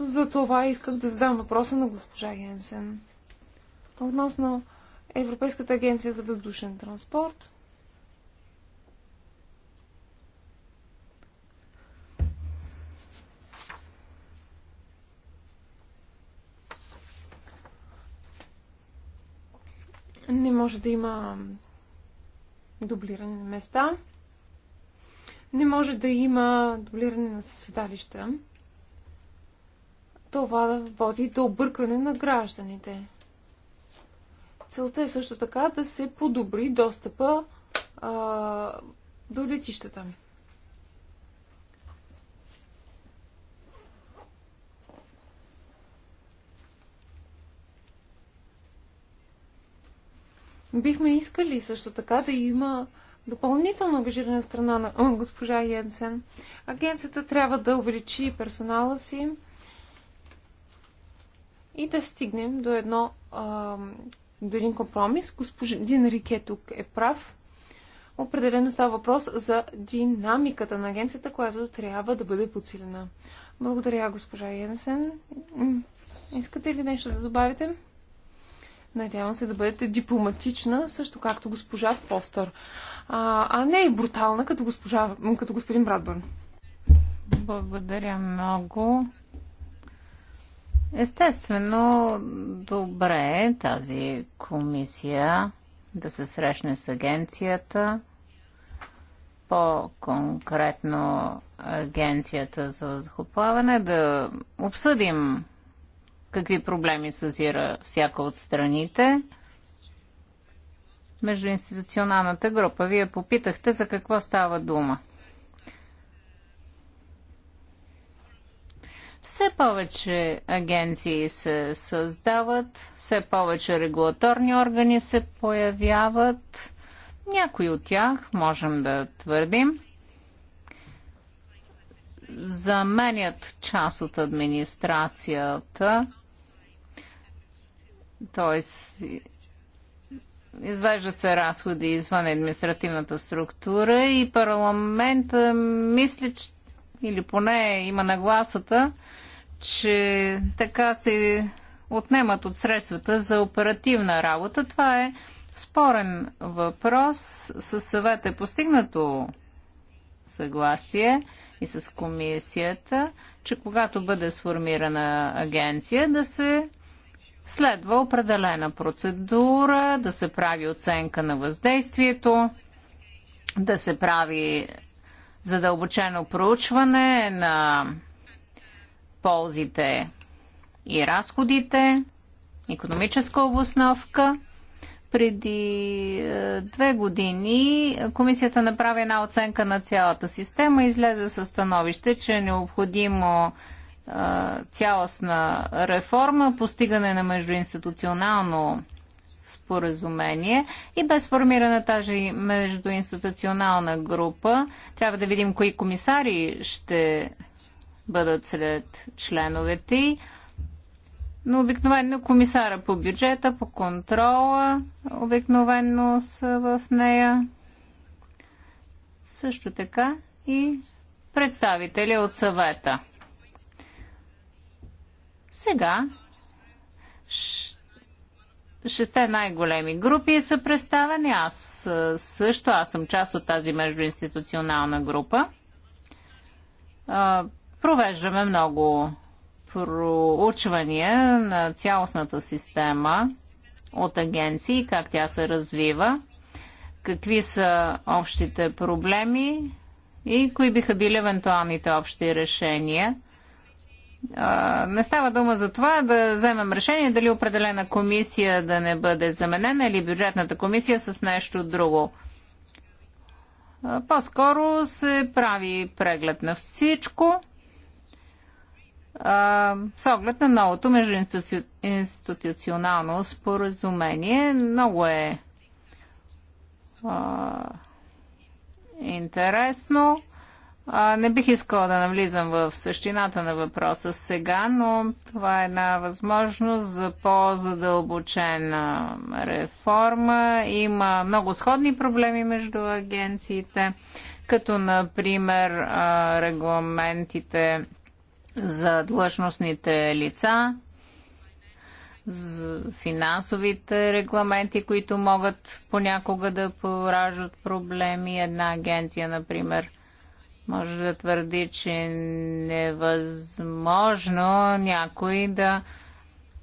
затова исках да задам въпроса на госпожа Йенсен. Относно Европейската агенция за въздушен транспорт, не може да има дублиране на места, не може да има дублиране на съседалища това да води до объркване на гражданите. Целта е също така да се подобри достъпа а, до летищата. Бихме искали също така да има допълнително ангажиране на страна на госпожа Йенсен. Агенцията трябва да увеличи персонала си, и да стигнем до, едно, до един компромис. Господин Рике тук е прав. Определено става въпрос за динамиката на агенцията, която трябва да бъде подсилена. Благодаря, госпожа Йенсен. Искате ли нещо да добавите? Надявам се да бъдете дипломатична, също както госпожа Фостър. А, а не брутална, като, госпожа, като господин Брадбърн. Благодаря много. Естествено, добре е тази комисия да се срещне с агенцията, по-конкретно агенцията за захоплаване, да обсъдим какви проблеми съзира всяка от страните. Между институционалната група, вие попитахте за какво става дума. Все повече агенции се създават, все повече регулаторни органи се появяват. Някои от тях, можем да твърдим, заменят част от администрацията, т.е. извеждат се разходи извън административната структура и парламента мисли, че или поне има нагласата, че така се отнемат от средствата за оперативна работа. Това е спорен въпрос. Със съвет е постигнато съгласие и с комисията, че когато бъде сформирана агенция, да се следва определена процедура, да се прави оценка на въздействието, да се прави задълбочено проучване на ползите и разходите, економическа обосновка. Преди е, две години комисията направи една оценка на цялата система и излезе със становище, че е необходимо е, цялостна реформа, постигане на междуинституционално споразумение и без формирана тази междуинституционална група. Трябва да видим кои комисари ще бъдат сред членовете Но обикновено комисара по бюджета, по контрола, обикновено са в нея. Също така и представители от съвета. Сега ще шесте най-големи групи са представени. Аз също, аз съм част от тази междуинституционална група. Провеждаме много проучвания на цялостната система от агенции, как тя се развива, какви са общите проблеми и кои биха били евентуалните общи решения – не става дума за това да вземем решение дали определена комисия да не бъде заменена или бюджетната комисия с нещо друго. По-скоро се прави преглед на всичко с оглед на новото междуинституционално споразумение. Много е интересно. Не бих искала да навлизам в същината на въпроса сега, но това е една възможност за по-задълбочена реформа. Има много сходни проблеми между агенциите, като например регламентите за длъжностните лица, финансовите регламенти, които могат понякога да поражат проблеми. Една агенция, например, може да твърди, че е невъзможно някой да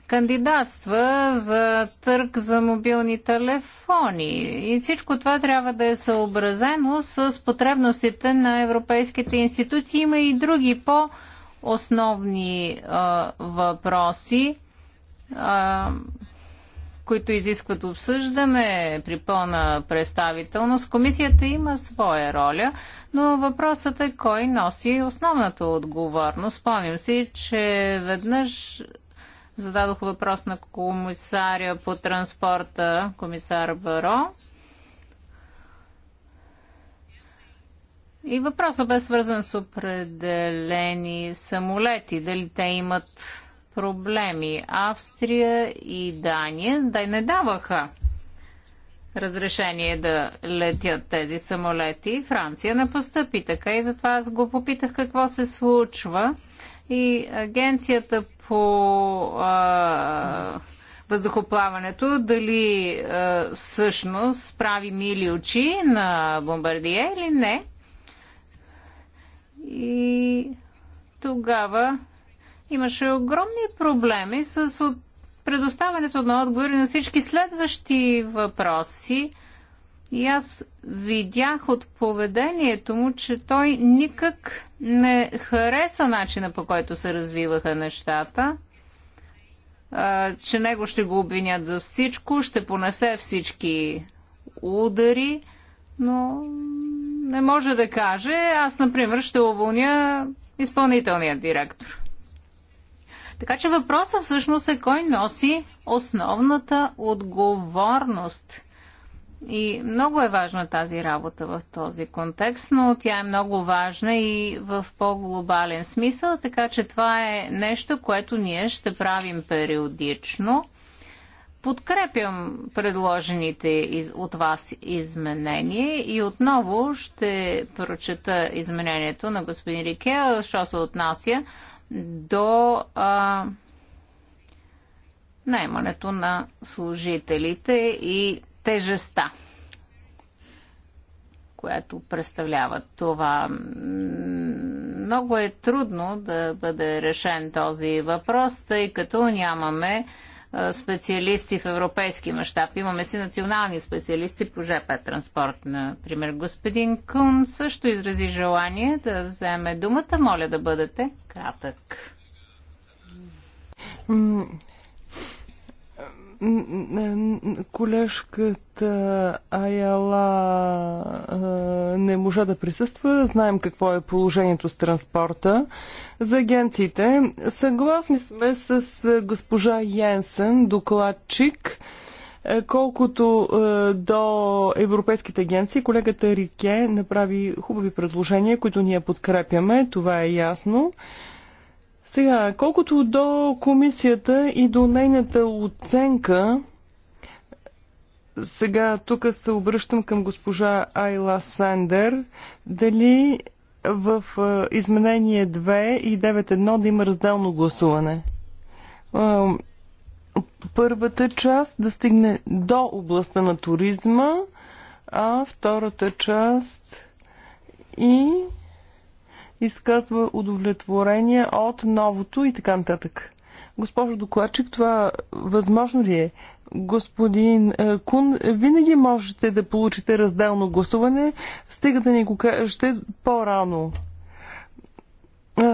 кандидатства за търг за мобилни телефони. И всичко това трябва да е съобразено с потребностите на европейските институции. Има и други по-основни въпроси. А, които изискват обсъждане при пълна представителност. Комисията има своя роля, но въпросът е кой носи основната отговорност. Спомням си, че веднъж зададох въпрос на комисаря по транспорта, комисар Баро. И въпросът бе свързан с определени самолети. Дали те имат проблеми. Австрия и Дания да не даваха разрешение да летят тези самолети. Франция не постъпи така и затова аз го попитах какво се случва. И агенцията по а, въздухоплаването дали а, всъщност прави мили очи на бомбардие или не. И тогава Имаше огромни проблеми с от предоставянето на отговори на всички следващи въпроси. И аз видях от поведението му, че той никак не хареса начина по който се развиваха нещата, а, че него ще го обвинят за всичко, ще понесе всички удари, но не може да каже. Аз, например, ще уволня изпълнителният директор. Така че въпросът всъщност е кой носи основната отговорност. И много е важна тази работа в този контекст, но тя е много важна и в по-глобален смисъл, така че това е нещо, което ние ще правим периодично. Подкрепям предложените от вас изменения и отново ще прочета изменението на господин Рикел, що се отнася до а, наймането на служителите и тежеста, която представляват това. Много е трудно да бъде решен този въпрос, тъй като нямаме специалисти в европейски мащаб. Имаме си национални специалисти по ЖП транспорт, например. Господин Кун също изрази желание да вземе думата. Моля да бъдете кратък. Колежката Аяла не можа да присъства. Знаем какво е положението с транспорта. За агенциите съгласни сме с госпожа Йенсен, докладчик. Е, колкото до европейските агенции, колегата Рике направи хубави предложения, които ние подкрепяме. Това е ясно. Сега, колкото до комисията и до нейната оценка, сега тук се обръщам към госпожа Айла Сандер. Дали в изменение 2 и 9.1 да има разделно гласуване? Първата част да стигне до областта на туризма, а втората част и изказва удовлетворение от новото и така нататък. Госпожо докладчик, това възможно ли е? Господин е, Кун, винаги можете да получите разделно гласуване, стига да ни го кажете по-рано. Е,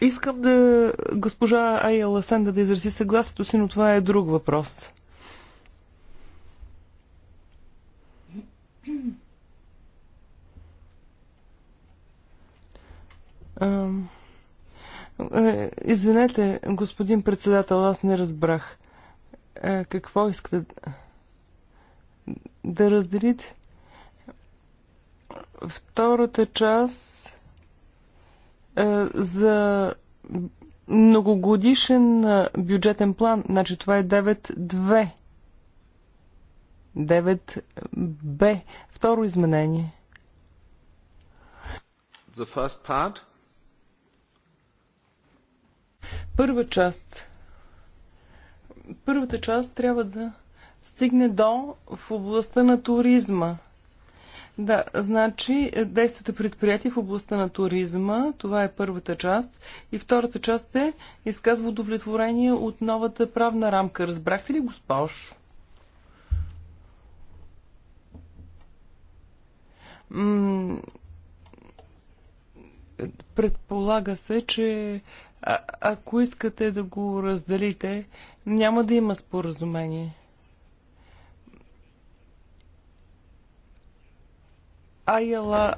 искам да госпожа Айя Сенда да изрази съгласието си, но това е друг въпрос. Mm-hmm. Е, извинете, господин председател, аз не разбрах. Е, какво искате да разделите? Втората част е, за многогодишен бюджетен план, значи това е 9.2. 9.b. Второ изменение. The first part Първа част. Първата част трябва да стигне до в областта на туризма. Да, значи действата предприятия в областта на туризма, това е първата част. И втората част е изказва удовлетворение от новата правна рамка. Разбрахте ли, госпож? М- предполага се, че а, ако искате да го разделите, няма да има споразумение. Айела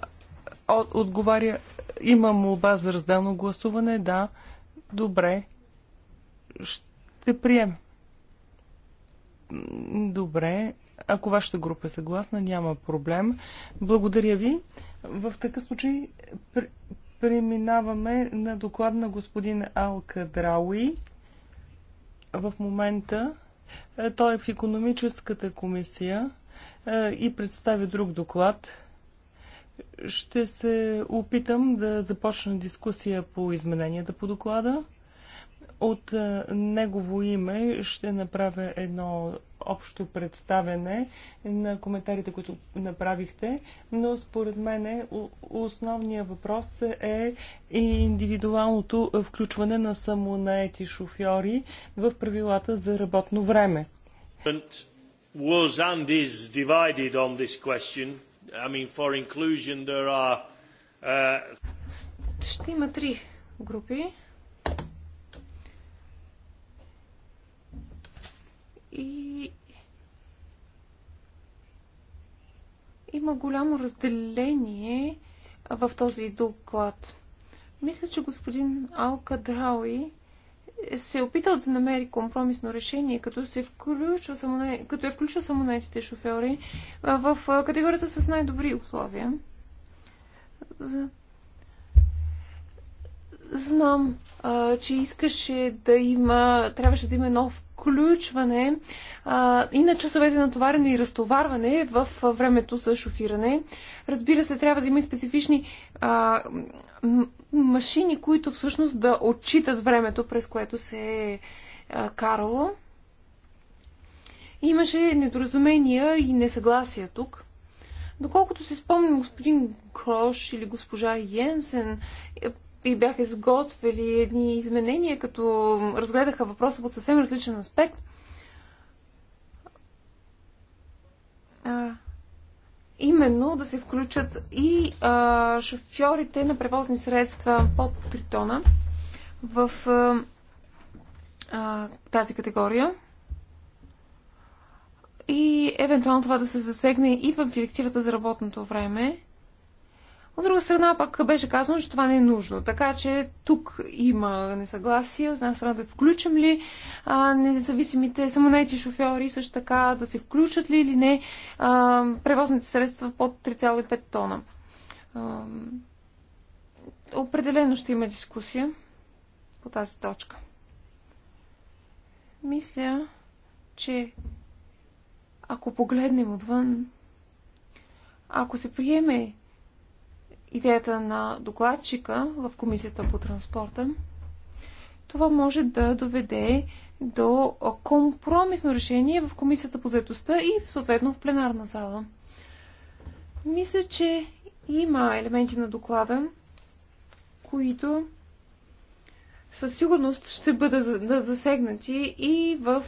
от, отговаря, има молба за разделно гласуване, да, добре, ще прием. Добре, ако вашата група е съгласна, няма проблем. Благодаря ви. В такъв случай Преминаваме на доклад на господин Алка Драуи. В момента е, той е в економическата комисия е, и представи друг доклад. Ще се опитам да започна дискусия по измененията по доклада. От е, негово име ще направя едно общо представене на коментарите, които направихте, но според мен основният въпрос е индивидуалното включване на самонаети шофьори в правилата за работно време. Was and is divided on this question. I mean, for inclusion there are uh... Ще има три групи. И Има голямо разделение в този доклад. Мисля, че господин Алка Драуи се е опитал да намери компромисно решение, като, се включва самона... като е включил самонетите шофьори в категорията с най-добри условия. За... Знам, а, че искаше да има, трябваше да има нов включване а, и на часовете на товарене и разтоварване в времето за шофиране. Разбира се, трябва да има и специфични а, машини, които всъщност да отчитат времето, през което се е а, карало. Имаше недоразумения и несъгласия тук. Доколкото си спомням, господин Крош или госпожа Йенсен е, и бяха изготвили едни изменения, като разгледаха въпроса под съвсем различен аспект. А, именно да се включат и а, шофьорите на превозни средства под 3 тона в а, а, тази категория. И евентуално това да се засегне и в директивата за работното време. От друга страна пък беше казано, че това не е нужно. Така че тук има несъгласие. От една страна да включим ли а, независимите самонети шофьори, също така да се включат ли или не а, превозните средства под 3,5 тона. А, определено ще има дискусия по тази точка. Мисля, че ако погледнем отвън, ако се приеме идеята на докладчика в Комисията по транспорта, това може да доведе до компромисно решение в Комисията по заедостта и съответно в пленарна зала. Мисля, че има елементи на доклада, които със сигурност ще бъдат засегнати и в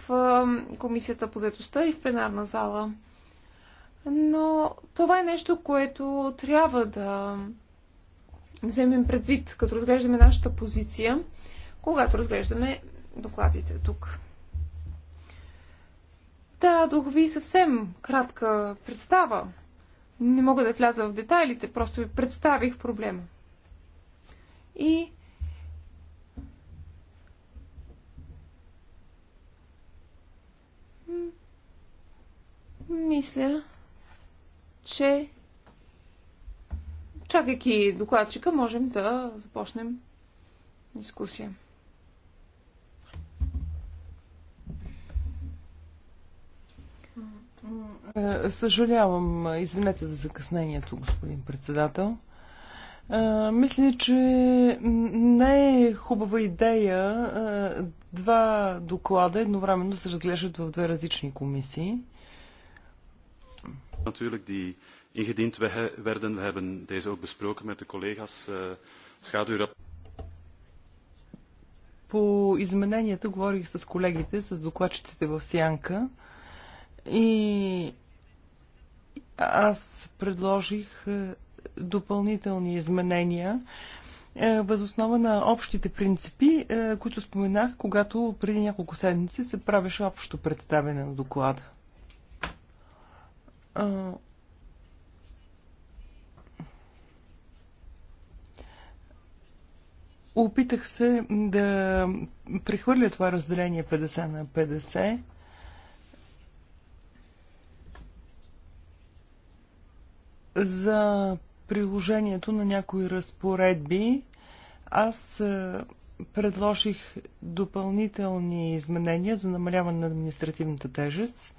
Комисията по заедостта и в пленарна зала. Но това е нещо, което трябва да вземем предвид, като разглеждаме нашата позиция, когато разглеждаме докладите тук. Да, дох ви съвсем кратка представа. Не мога да вляза в детайлите, просто ви представих проблема. И мисля, че чакайки докладчика, можем да започнем дискусия. Е, съжалявам, извинете за закъснението, господин председател. Е, мисля, че не е хубава идея е, два доклада едновременно се разглеждат в две различни комисии natuurlijk die ingediend werden. We hebben deze ook besproken met de collega's. Eh, Schaduwrap... По измененията говорих с колегите, с докладчиците в Сянка и аз предложих е, допълнителни изменения е, възоснова на общите принципи, е, които споменах, когато преди няколко седмици се правеше общо представяне на доклада. Опитах се да прехвърля това разделение 50 на 50. за приложението на някои разпоредби. Аз предложих допълнителни изменения за намаляване на административната тежест.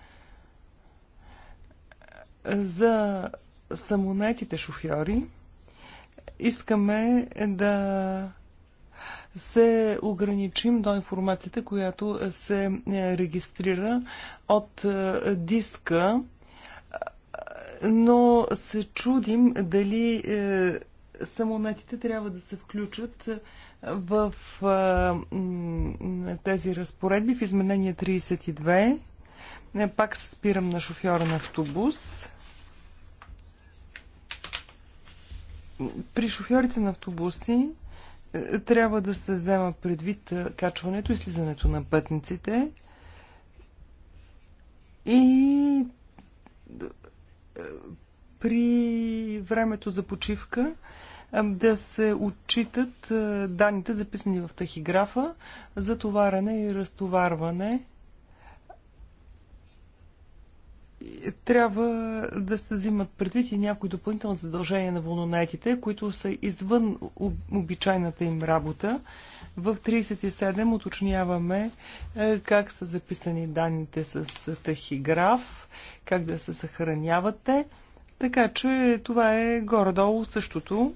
За самонетите шофьори искаме да се ограничим до информацията, която се е, регистрира от е, диска, е, но се чудим дали самонетите трябва да се включат в тези разпоредби в изменение 32. Не, пак спирам на шофьора на автобус. При шофьорите на автобуси е, трябва да се взема предвид е, качването и слизането на пътниците. И е, при времето за почивка да се отчитат данните, записани в тахиграфа, за товаране и разтоварване трябва да се взимат предвид и някои допълнителни задължения на волнонаетите, които са извън обичайната им работа. В 37 уточняваме е, как са записани данните с тахиграф, как да се съхраняват те. Така че това е горе-долу същото.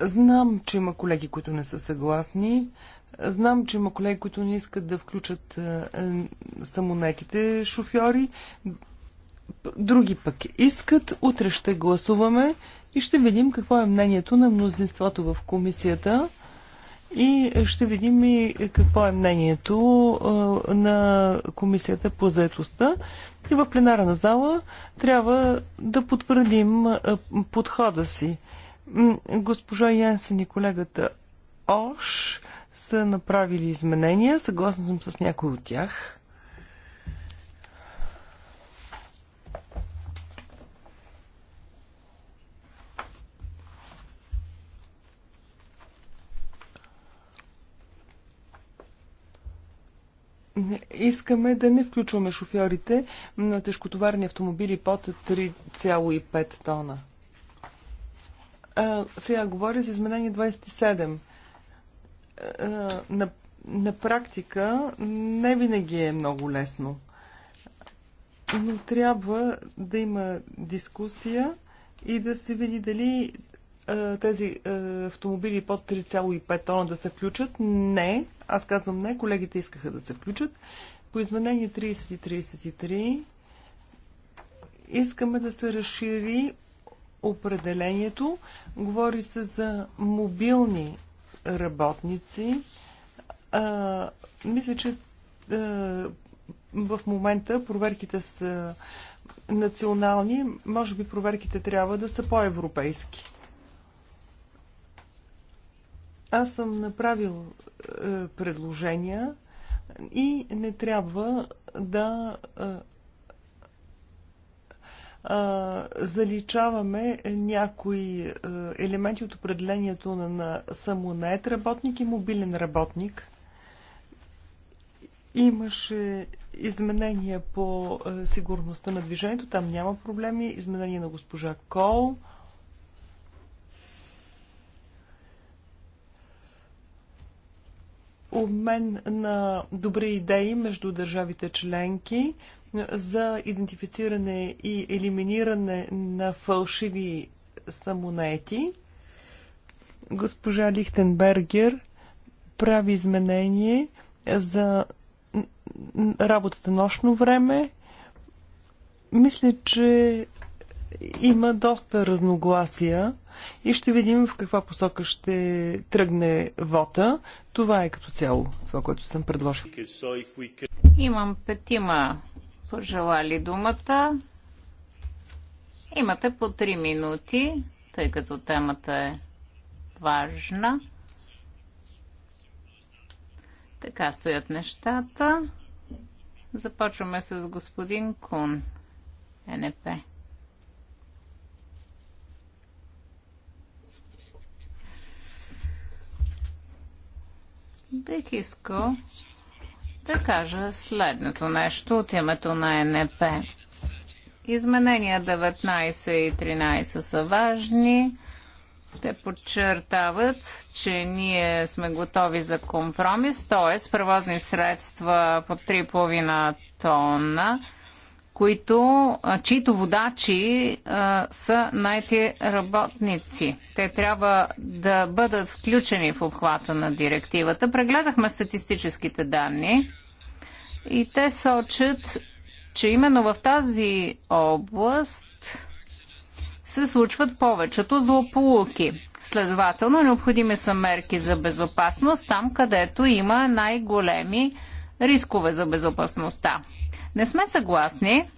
Знам, че има колеги, които не са съгласни. Знам, че има колеги, които не искат да включат е, самонетите шофьори. Други пък искат. Утре ще гласуваме и ще видим какво е мнението на мнозинството в комисията. И ще видим и какво е мнението е, на комисията по заетостта. И в пленарна зала трябва да потвърдим е, подхода си. Госпожа Янсен и колегата Ош са направили изменения. Съгласна съм с някой от тях. искаме да не включваме шофьорите на тежкотоварни автомобили под 3,5 тона. А, сега говоря за изменение 27. Е, на, на практика не винаги е много лесно. Но трябва да има дискусия и да се види дали е, тези е, автомобили под 3,5 тона да се включат. Не, аз казвам не, колегите искаха да се включат. По изменение 30 и 33 искаме да се разшири определението. Говори се за мобилни работници. А, мисля, че а, в момента проверките са национални, може би проверките трябва да са по-европейски. Аз съм направил а, е, предложения и не трябва да А, е, заличаваме някои елементи от определението на, на самонает работник и мобилен работник. Имаше изменения по сигурността на движението, там няма проблеми. Изменения на госпожа Кол. Обмен на добри идеи между държавите членки за идентифициране и елиминиране на фалшиви самонети. Госпожа Лихтенбергер прави изменение за работата нощно време. Мисля, че има доста разногласия и ще видим в каква посока ще тръгне вота. Това е като цяло това, което съм предложил. Имам петима пожелали думата. Имате по 3 минути, тъй като темата е важна. Така стоят нещата. Започваме с господин Кун, НП. Бих искал да кажа следното нещо от името на НП. Изменения 19 и 13 са важни. Те подчертават, че ние сме готови за компромис, т.е. превозни средства по 3,5 тона които, чието водачи а, са найти работници. Те трябва да бъдат включени в обхвата на директивата. Прегледахме статистическите данни и те сочат, че именно в тази област се случват повечето злополуки. Следователно, необходими са мерки за безопасност там, където има най-големи рискове за безопасността. Не сме съгласни,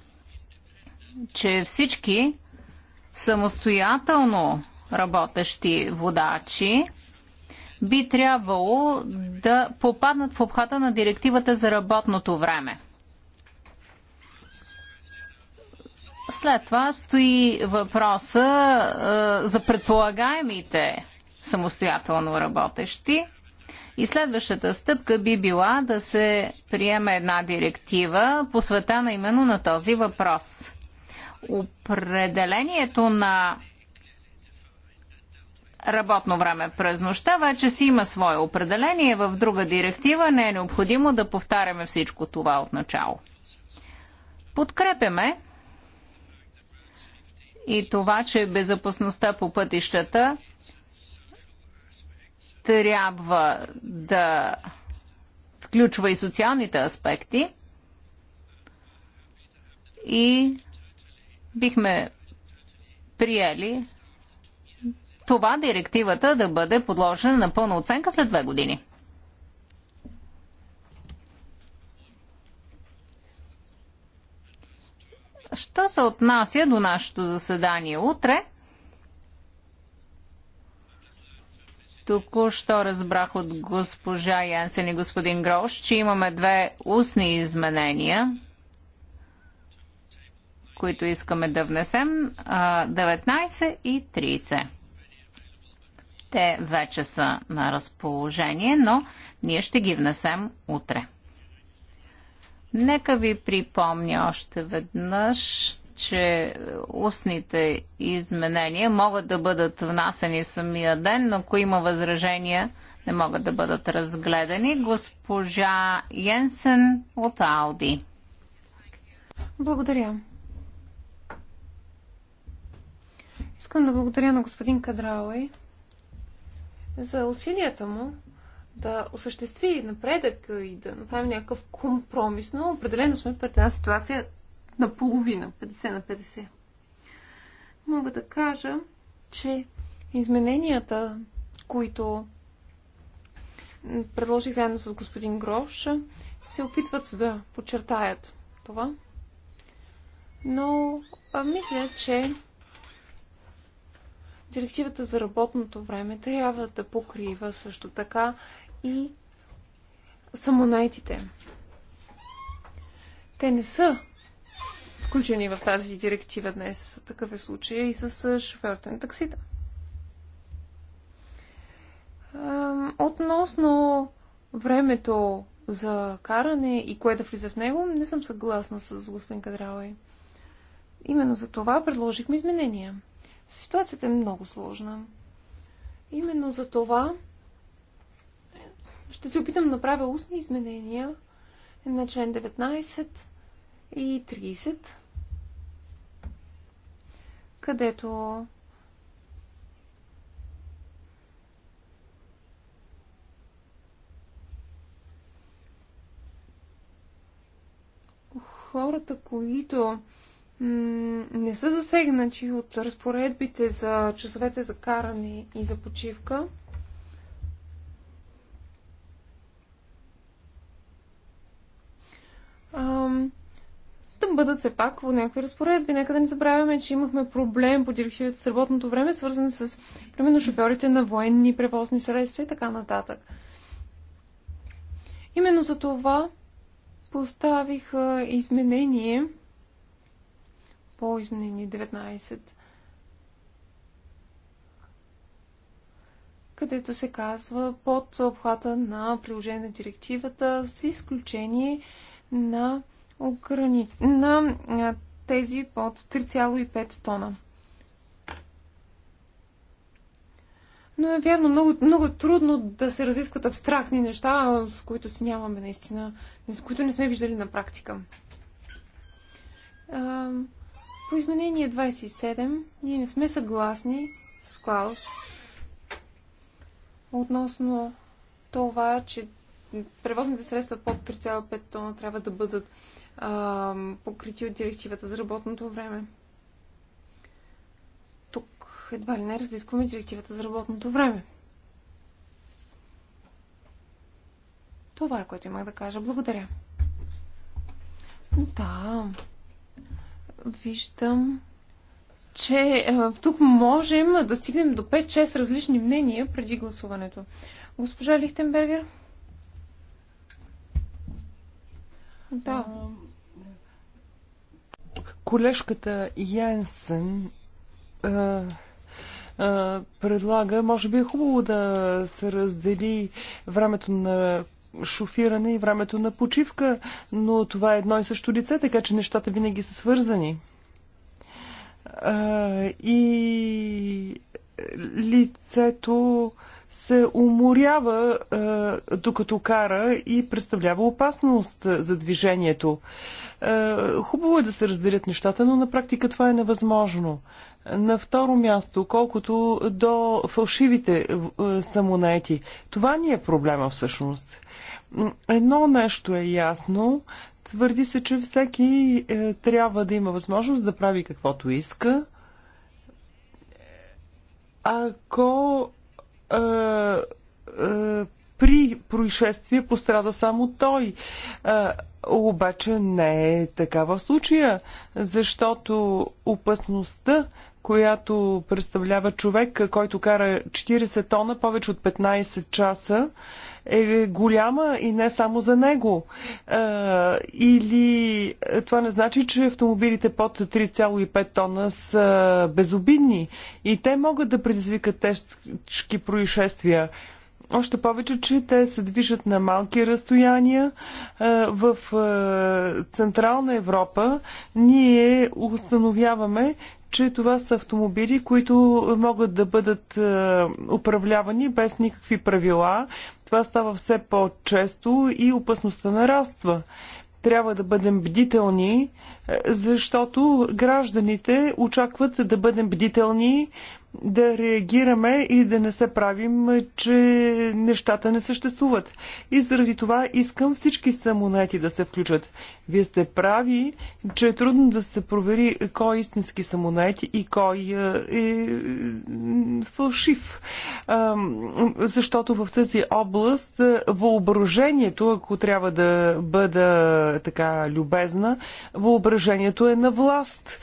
че всички самостоятелно работещи водачи би трябвало да попаднат в обхвата на директивата за работното време. След това стои въпроса е, за предполагаемите самостоятелно работещи. И следващата стъпка би била да се приеме една директива, посветена именно на този въпрос. Определението на работно време през нощта вече си има свое определение в друга директива. Не е необходимо да повтаряме всичко това от начало. Подкрепяме и това, че безопасността по пътищата трябва да включва и социалните аспекти и бихме приели това директивата да бъде подложена на пълна оценка след две години. Що се отнася до нашето заседание утре – Току-що разбрах от госпожа Янсен и господин Грош, че имаме две устни изменения, които искаме да внесем 19 и 30. Те вече са на разположение, но ние ще ги внесем утре. Нека ви припомня още веднъж че устните изменения могат да бъдат внасени в самия ден, но ако има възражения, не могат да бъдат разгледани. Госпожа Йенсен от Ауди. Благодаря. Искам да благодаря на господин Кадрауи за усилията му да осъществи напредък и да направим някакъв компромис, но определено сме пред една ситуация, на половина 50 на 50. Мога да кажа, че измененията, които предложих заедно с господин Грош, се опитват да подчертаят това. Но а, мисля, че директивата за работното време трябва да покрива също така и самонайтите. Те не са включени в тази директива днес. Такъв е случая и с шофьорите на таксита. Относно времето за каране и кое да влиза в него, не съм съгласна с господин Кадралай. Именно за това предложихме изменения. Ситуацията е много сложна. Именно за това ще се опитам да направя устни изменения на член 19 и 30 където хората, които не са засегнати от разпоредбите за часовете за каране и за почивка, Um да бъдат все пак по някакви разпоредби. Нека да не забравяме, че имахме проблем по директивата с работното време, свързан с, примерно, шофьорите на военни превозни средства и така нататък. Именно за това поставих изменение по изменение 19, където се казва под обхвата на приложение на директивата с изключение на ограни... на тези под 3,5 тона. Но е вярно, много, много е трудно да се разискват абстрактни неща, с които си нямаме наистина, с които не сме виждали на практика. По изменение 27 ние не сме съгласни с Клаус относно това, че превозните средства под 3,5 тона трябва да бъдат а, покрити от директивата за работното време. Тук едва ли не разискваме директивата за работното време. Това е което имах да кажа. Благодаря. Да. Виждам, че а, тук можем да стигнем до 5-6 различни мнения преди гласуването. Госпожа Лихтенбергер? Да. Колежката Янсен а, а, предлага, може би е хубаво да се раздели времето на шофиране и времето на почивка, но това е едно и също лице, така че нещата винаги са свързани. А, и лицето а, се уморява е, докато кара и представлява опасност за движението. Е, хубаво е да се разделят нещата, но на практика това е невъзможно. На второ място, колкото до фалшивите е, самонети, Това ни е проблема всъщност. Едно нещо е ясно. Твърди се, че всеки е, трябва да има възможност да прави каквото иска. Ако при происшествие пострада само той. А, обаче не е така в случая, защото опасността която представлява човек, който кара 40 тона повече от 15 часа, е голяма и не само за него. Или това не значи, че автомобилите под 3,5 тона са безобидни и те могат да предизвикат тежки происшествия. Още повече, че те се движат на малки разстояния. В Централна Европа ние установяваме, че това са автомобили, които могат да бъдат е, управлявани без никакви правила. Това става все по-често и опасността нараства. Трябва да бъдем бдителни, е, защото гражданите очакват да бъдем бдителни, да реагираме и да не се правим, че нещата не съществуват. И заради това искам всички самонети да се включат. Вие сте прави, че е трудно да се провери кой е истински самонайти и кой е, е фалшив. Защото в тази област е, въображението, ако трябва да бъда така любезна, въображението е на власт.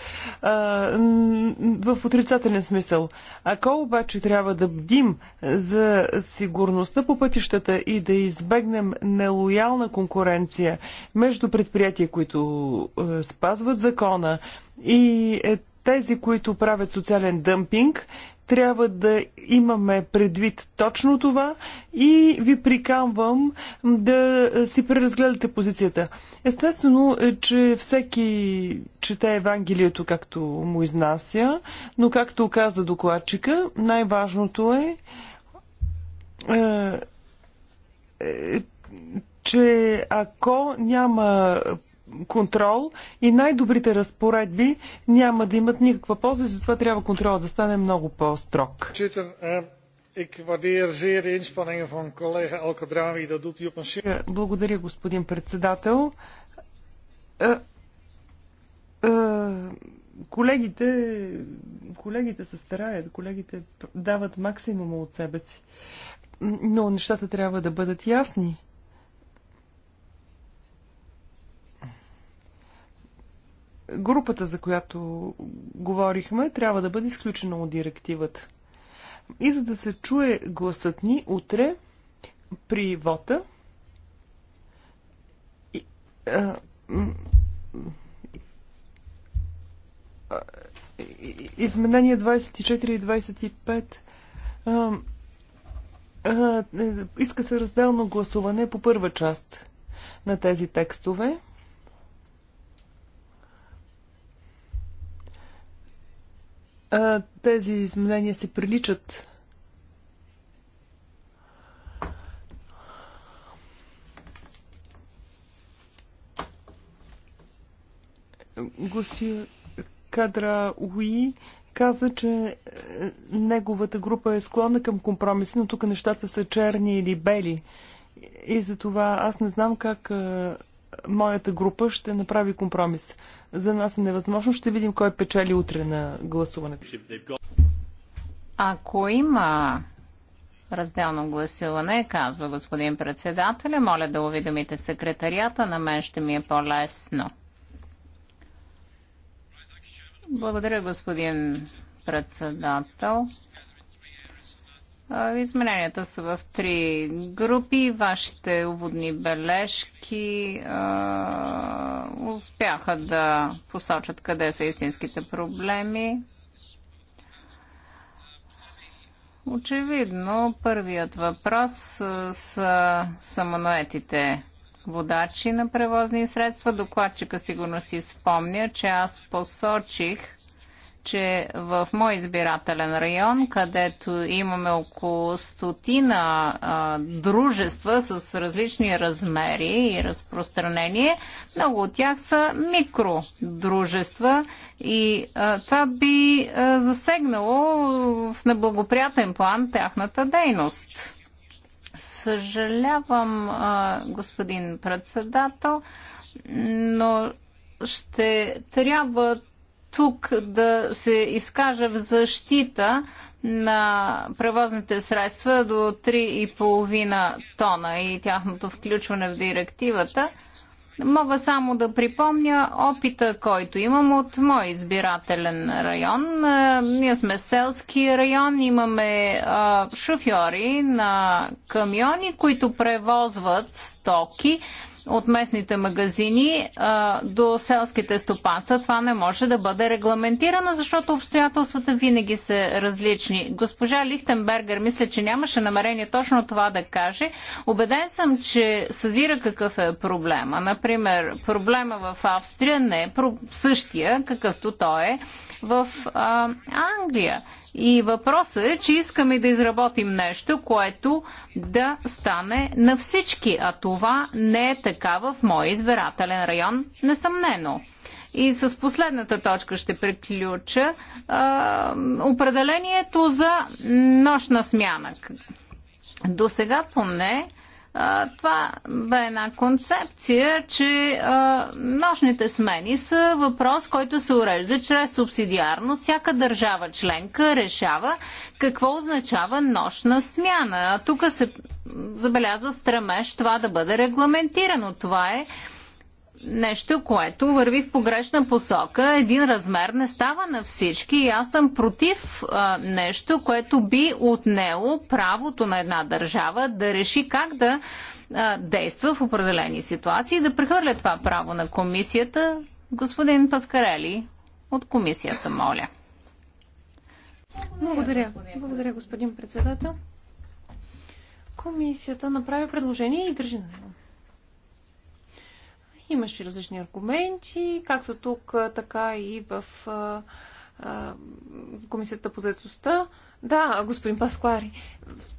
В отрицателен смисъл. Ако обаче трябва да бдим за сигурността по пътищата и да избегнем нелоялна конкуренция между предприятията, предприятия, които е, спазват закона и е, тези, които правят социален дъмпинг, трябва да имаме предвид точно това и ви приканвам да е, си преразгледате позицията. Естествено, е, че всеки чете Евангелието както му изнася, но както каза докладчика, най-важното е, е, е че ако няма контрол и най-добрите разпоредби няма да имат никаква полза и затова трябва контролът да стане много по-строг. Благодаря, господин председател. Е, е, колегите, колегите се стараят, колегите дават максимума от себе си, но нещата трябва да бъдат ясни. групата, за която говорихме, трябва да бъде изключена от директивата. И за да се чуе гласът ни утре при вота, Изменения изменение 24 и 25 е, иска се разделно гласуване по първа част на тези текстове. тези изменения се приличат. Гуси Кадра Уи каза, че е, неговата група е склонна към компромиси, но тук нещата са черни или бели. И затова аз не знам как е, моята група ще направи компромис. За нас е невъзможно. Ще видим кой печели утре на гласуването. Ако има разделно гласуване, казва господин председателя, моля да уведомите секретарията, на мен ще ми е по-лесно. Благодаря, господин председател. Измененията са в три групи. Вашите уводни бележки а, успяха да посочат къде са истинските проблеми. Очевидно, първият въпрос са самонаетите водачи на превозни средства. Докладчика сигурно си спомня, че аз посочих че в мой избирателен район, където имаме около стотина а, дружества с различни размери и разпространение, много от тях са микродружества и а, това би а, засегнало в неблагоприятен план тяхната дейност. Съжалявам, а, господин председател, но ще трябват тук да се изкажа в защита на превозните средства до 3,5 тона и тяхното включване в директивата. Мога само да припомня опита, който имам от мой избирателен район. Е, ние сме селски район, имаме шофьори на камиони, които превозват стоки от местните магазини а, до селските стопанства, това не може да бъде регламентирано, защото обстоятелствата винаги са различни. Госпожа Лихтенбергер мисля, че нямаше намерение точно това да каже. Обеден съм, че съзира какъв е проблема. Например, проблема в Австрия не е същия, какъвто той е в а, Англия. И въпросът е, че искаме да изработим нещо, което да стане на всички, а това не е така в моя избирателен район, несъмнено. И с последната точка ще приключа. А, определението за нощна смяна. До сега поне а, това бе една концепция, че а, нощните смени са въпрос, който се урежда чрез субсидиарно. Всяка държава членка решава какво означава нощна смяна. тук се забелязва стремеж това да бъде регламентирано. Това е а, нещо, което върви в погрешна посока. Един размер не става на всички и аз съм против а, нещо, което би отнело правото на една държава да реши как да а, действа в определени ситуации и да прехвърля това право на комисията. Господин Паскарели от комисията, моля. Благодаря. Благодаря, господин председател. Комисията направи предложение и държи на него. Имаше различни аргументи, както тук, така и в а, а, Комисията по заедостта. Да, господин Пасклари,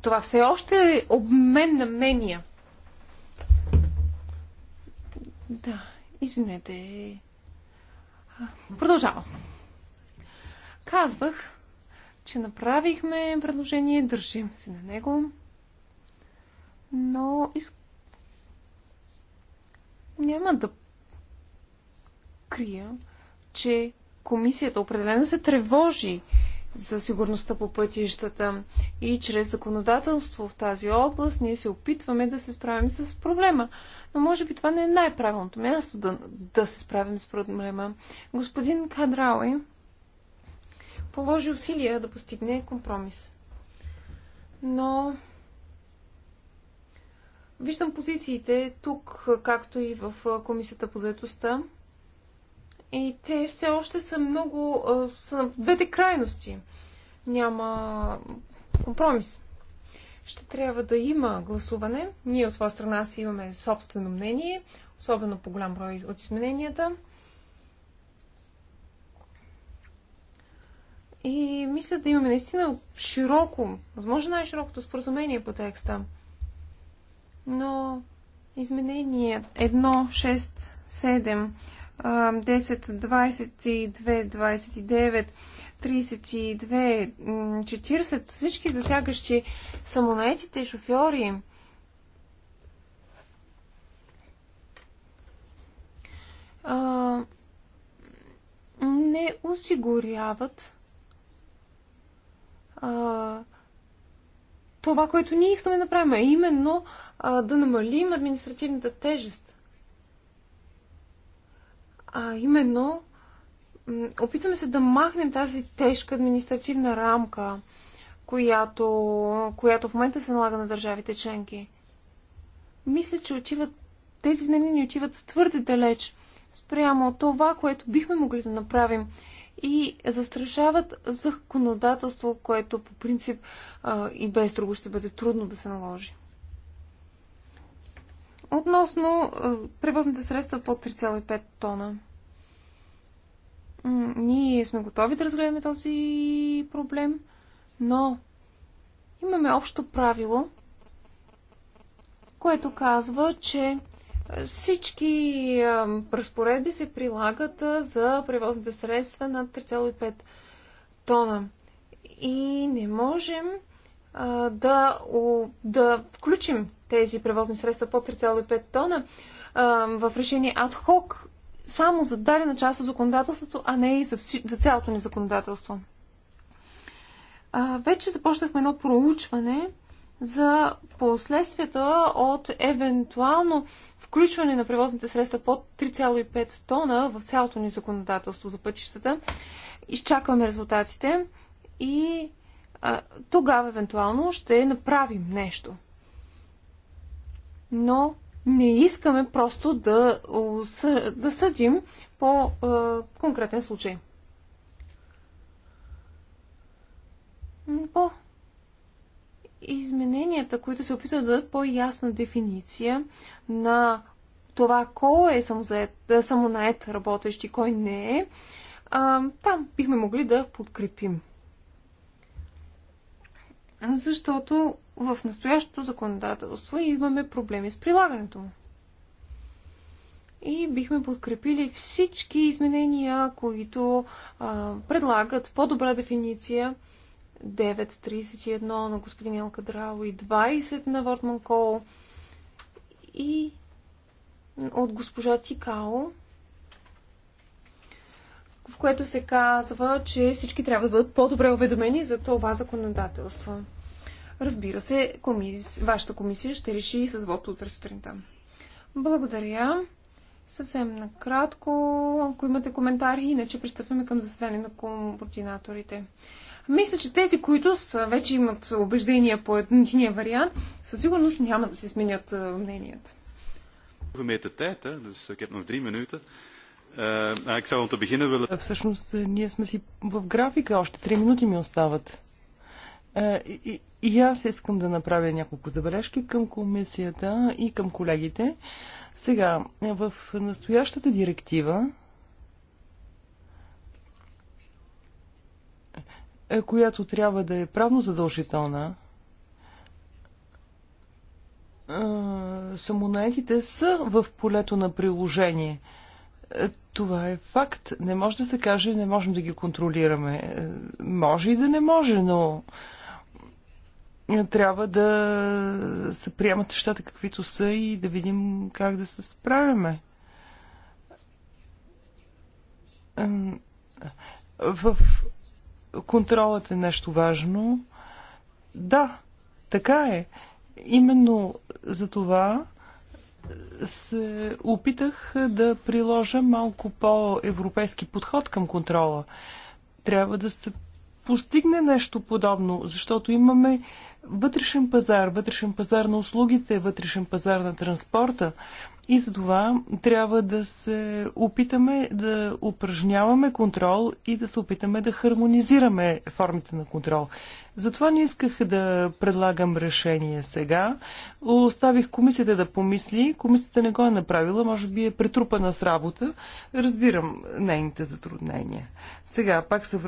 това все още е обмен на мнения. Да, извинете. Продължавам. Казвах, че направихме предложение, държим се на него, но искам няма да крия, че комисията определено се тревожи за сигурността по пътищата и чрез законодателство в тази област ние се опитваме да се справим с проблема. Но може би това не е най-правилното място да, да се справим с проблема. Господин Кадрауи положи усилия да постигне компромис. Но Виждам позициите тук, както и в Комисията по заедостта. И те все още са много... са в двете крайности. Няма компромис. Ще трябва да има гласуване. Ние от своя страна си имаме собствено мнение, особено по голям брой от измененията. И мисля да имаме наистина широко, възможно най-широкото споразумение по текста но изменение 1, 6, 7, 10, 22, 29, 32, 40, всички засягащи самонаетите шофьори, не осигуряват а, това, което ние искаме да правим, а именно а, да намалим административната тежест. А именно, опитваме се да махнем тази тежка административна рамка, която, която в момента се налага на държавите членки. Мисля, че отиват, тези изменения отиват твърде далеч спрямо това, което бихме могли да направим и застрашават законодателство, което по принцип и без друго ще бъде трудно да се наложи. Относно превозните средства под 3,5 тона. Ние сме готови да разгледаме този проблем, но имаме общо правило, което казва, че всички разпоредби се прилагат за превозните средства на 3,5 тона. И не можем да, да включим тези превозни средства под 3,5 тона в решение адхок само за дадена част от законодателството, а не и за, вси, за цялото ни законодателство. А, вече започнахме едно проучване за последствията от евентуално включване на превозните средства под 3,5 тона в цялото ни законодателство за пътищата. Изчакваме резултатите и а, тогава евентуално ще направим нещо но не искаме просто да, да съдим по е, конкретен случай. По измененията, които се опитват да дадат по-ясна дефиниция на това кой е самонает работещ и кой не е, а, там бихме могли да подкрепим защото в настоящото законодателство имаме проблеми с прилагането му. И бихме подкрепили всички изменения, които а, предлагат по-добра дефиниция 9.31 на господин Елкадрао и 20 на Вортман Кол и от госпожа Тикао в което се казва, че всички трябва да бъдат по-добре уведомени за това законодателство. Разбира се, комис... вашата комисия ще реши с вод утре сутринта. Благодаря. Съвсем накратко, ако имате коментари, иначе пристъпваме към заседание на координаторите. Мисля, че тези, които са, вече имат убеждения по единия вариант, със сигурност няма да се сменят мненията. Имаме тета, да се heb nog drie Всъщност, ние сме си в графика. Още три минути ми остават. И, и аз искам да направя няколко забележки към комисията и към колегите. Сега, в настоящата директива, която трябва да е правно задължителна, самонаетите са в полето на приложение – това е факт. Не може да се каже, не можем да ги контролираме. Може и да не може, но трябва да се приемат нещата каквито са и да видим как да се справяме. В контролът е нещо важно. Да, така е. Именно за това се опитах да приложа малко по-европейски подход към контрола. Трябва да се постигне нещо подобно, защото имаме вътрешен пазар, вътрешен пазар на услугите, вътрешен пазар на транспорта. И за това трябва да се опитаме да упражняваме контрол и да се опитаме да хармонизираме формите на контрол. Затова не исках да предлагам решение сега. Оставих комисията да помисли. Комисията не го е направила, може би е претрупана с работа. Разбирам нейните затруднения. Сега пак се връщам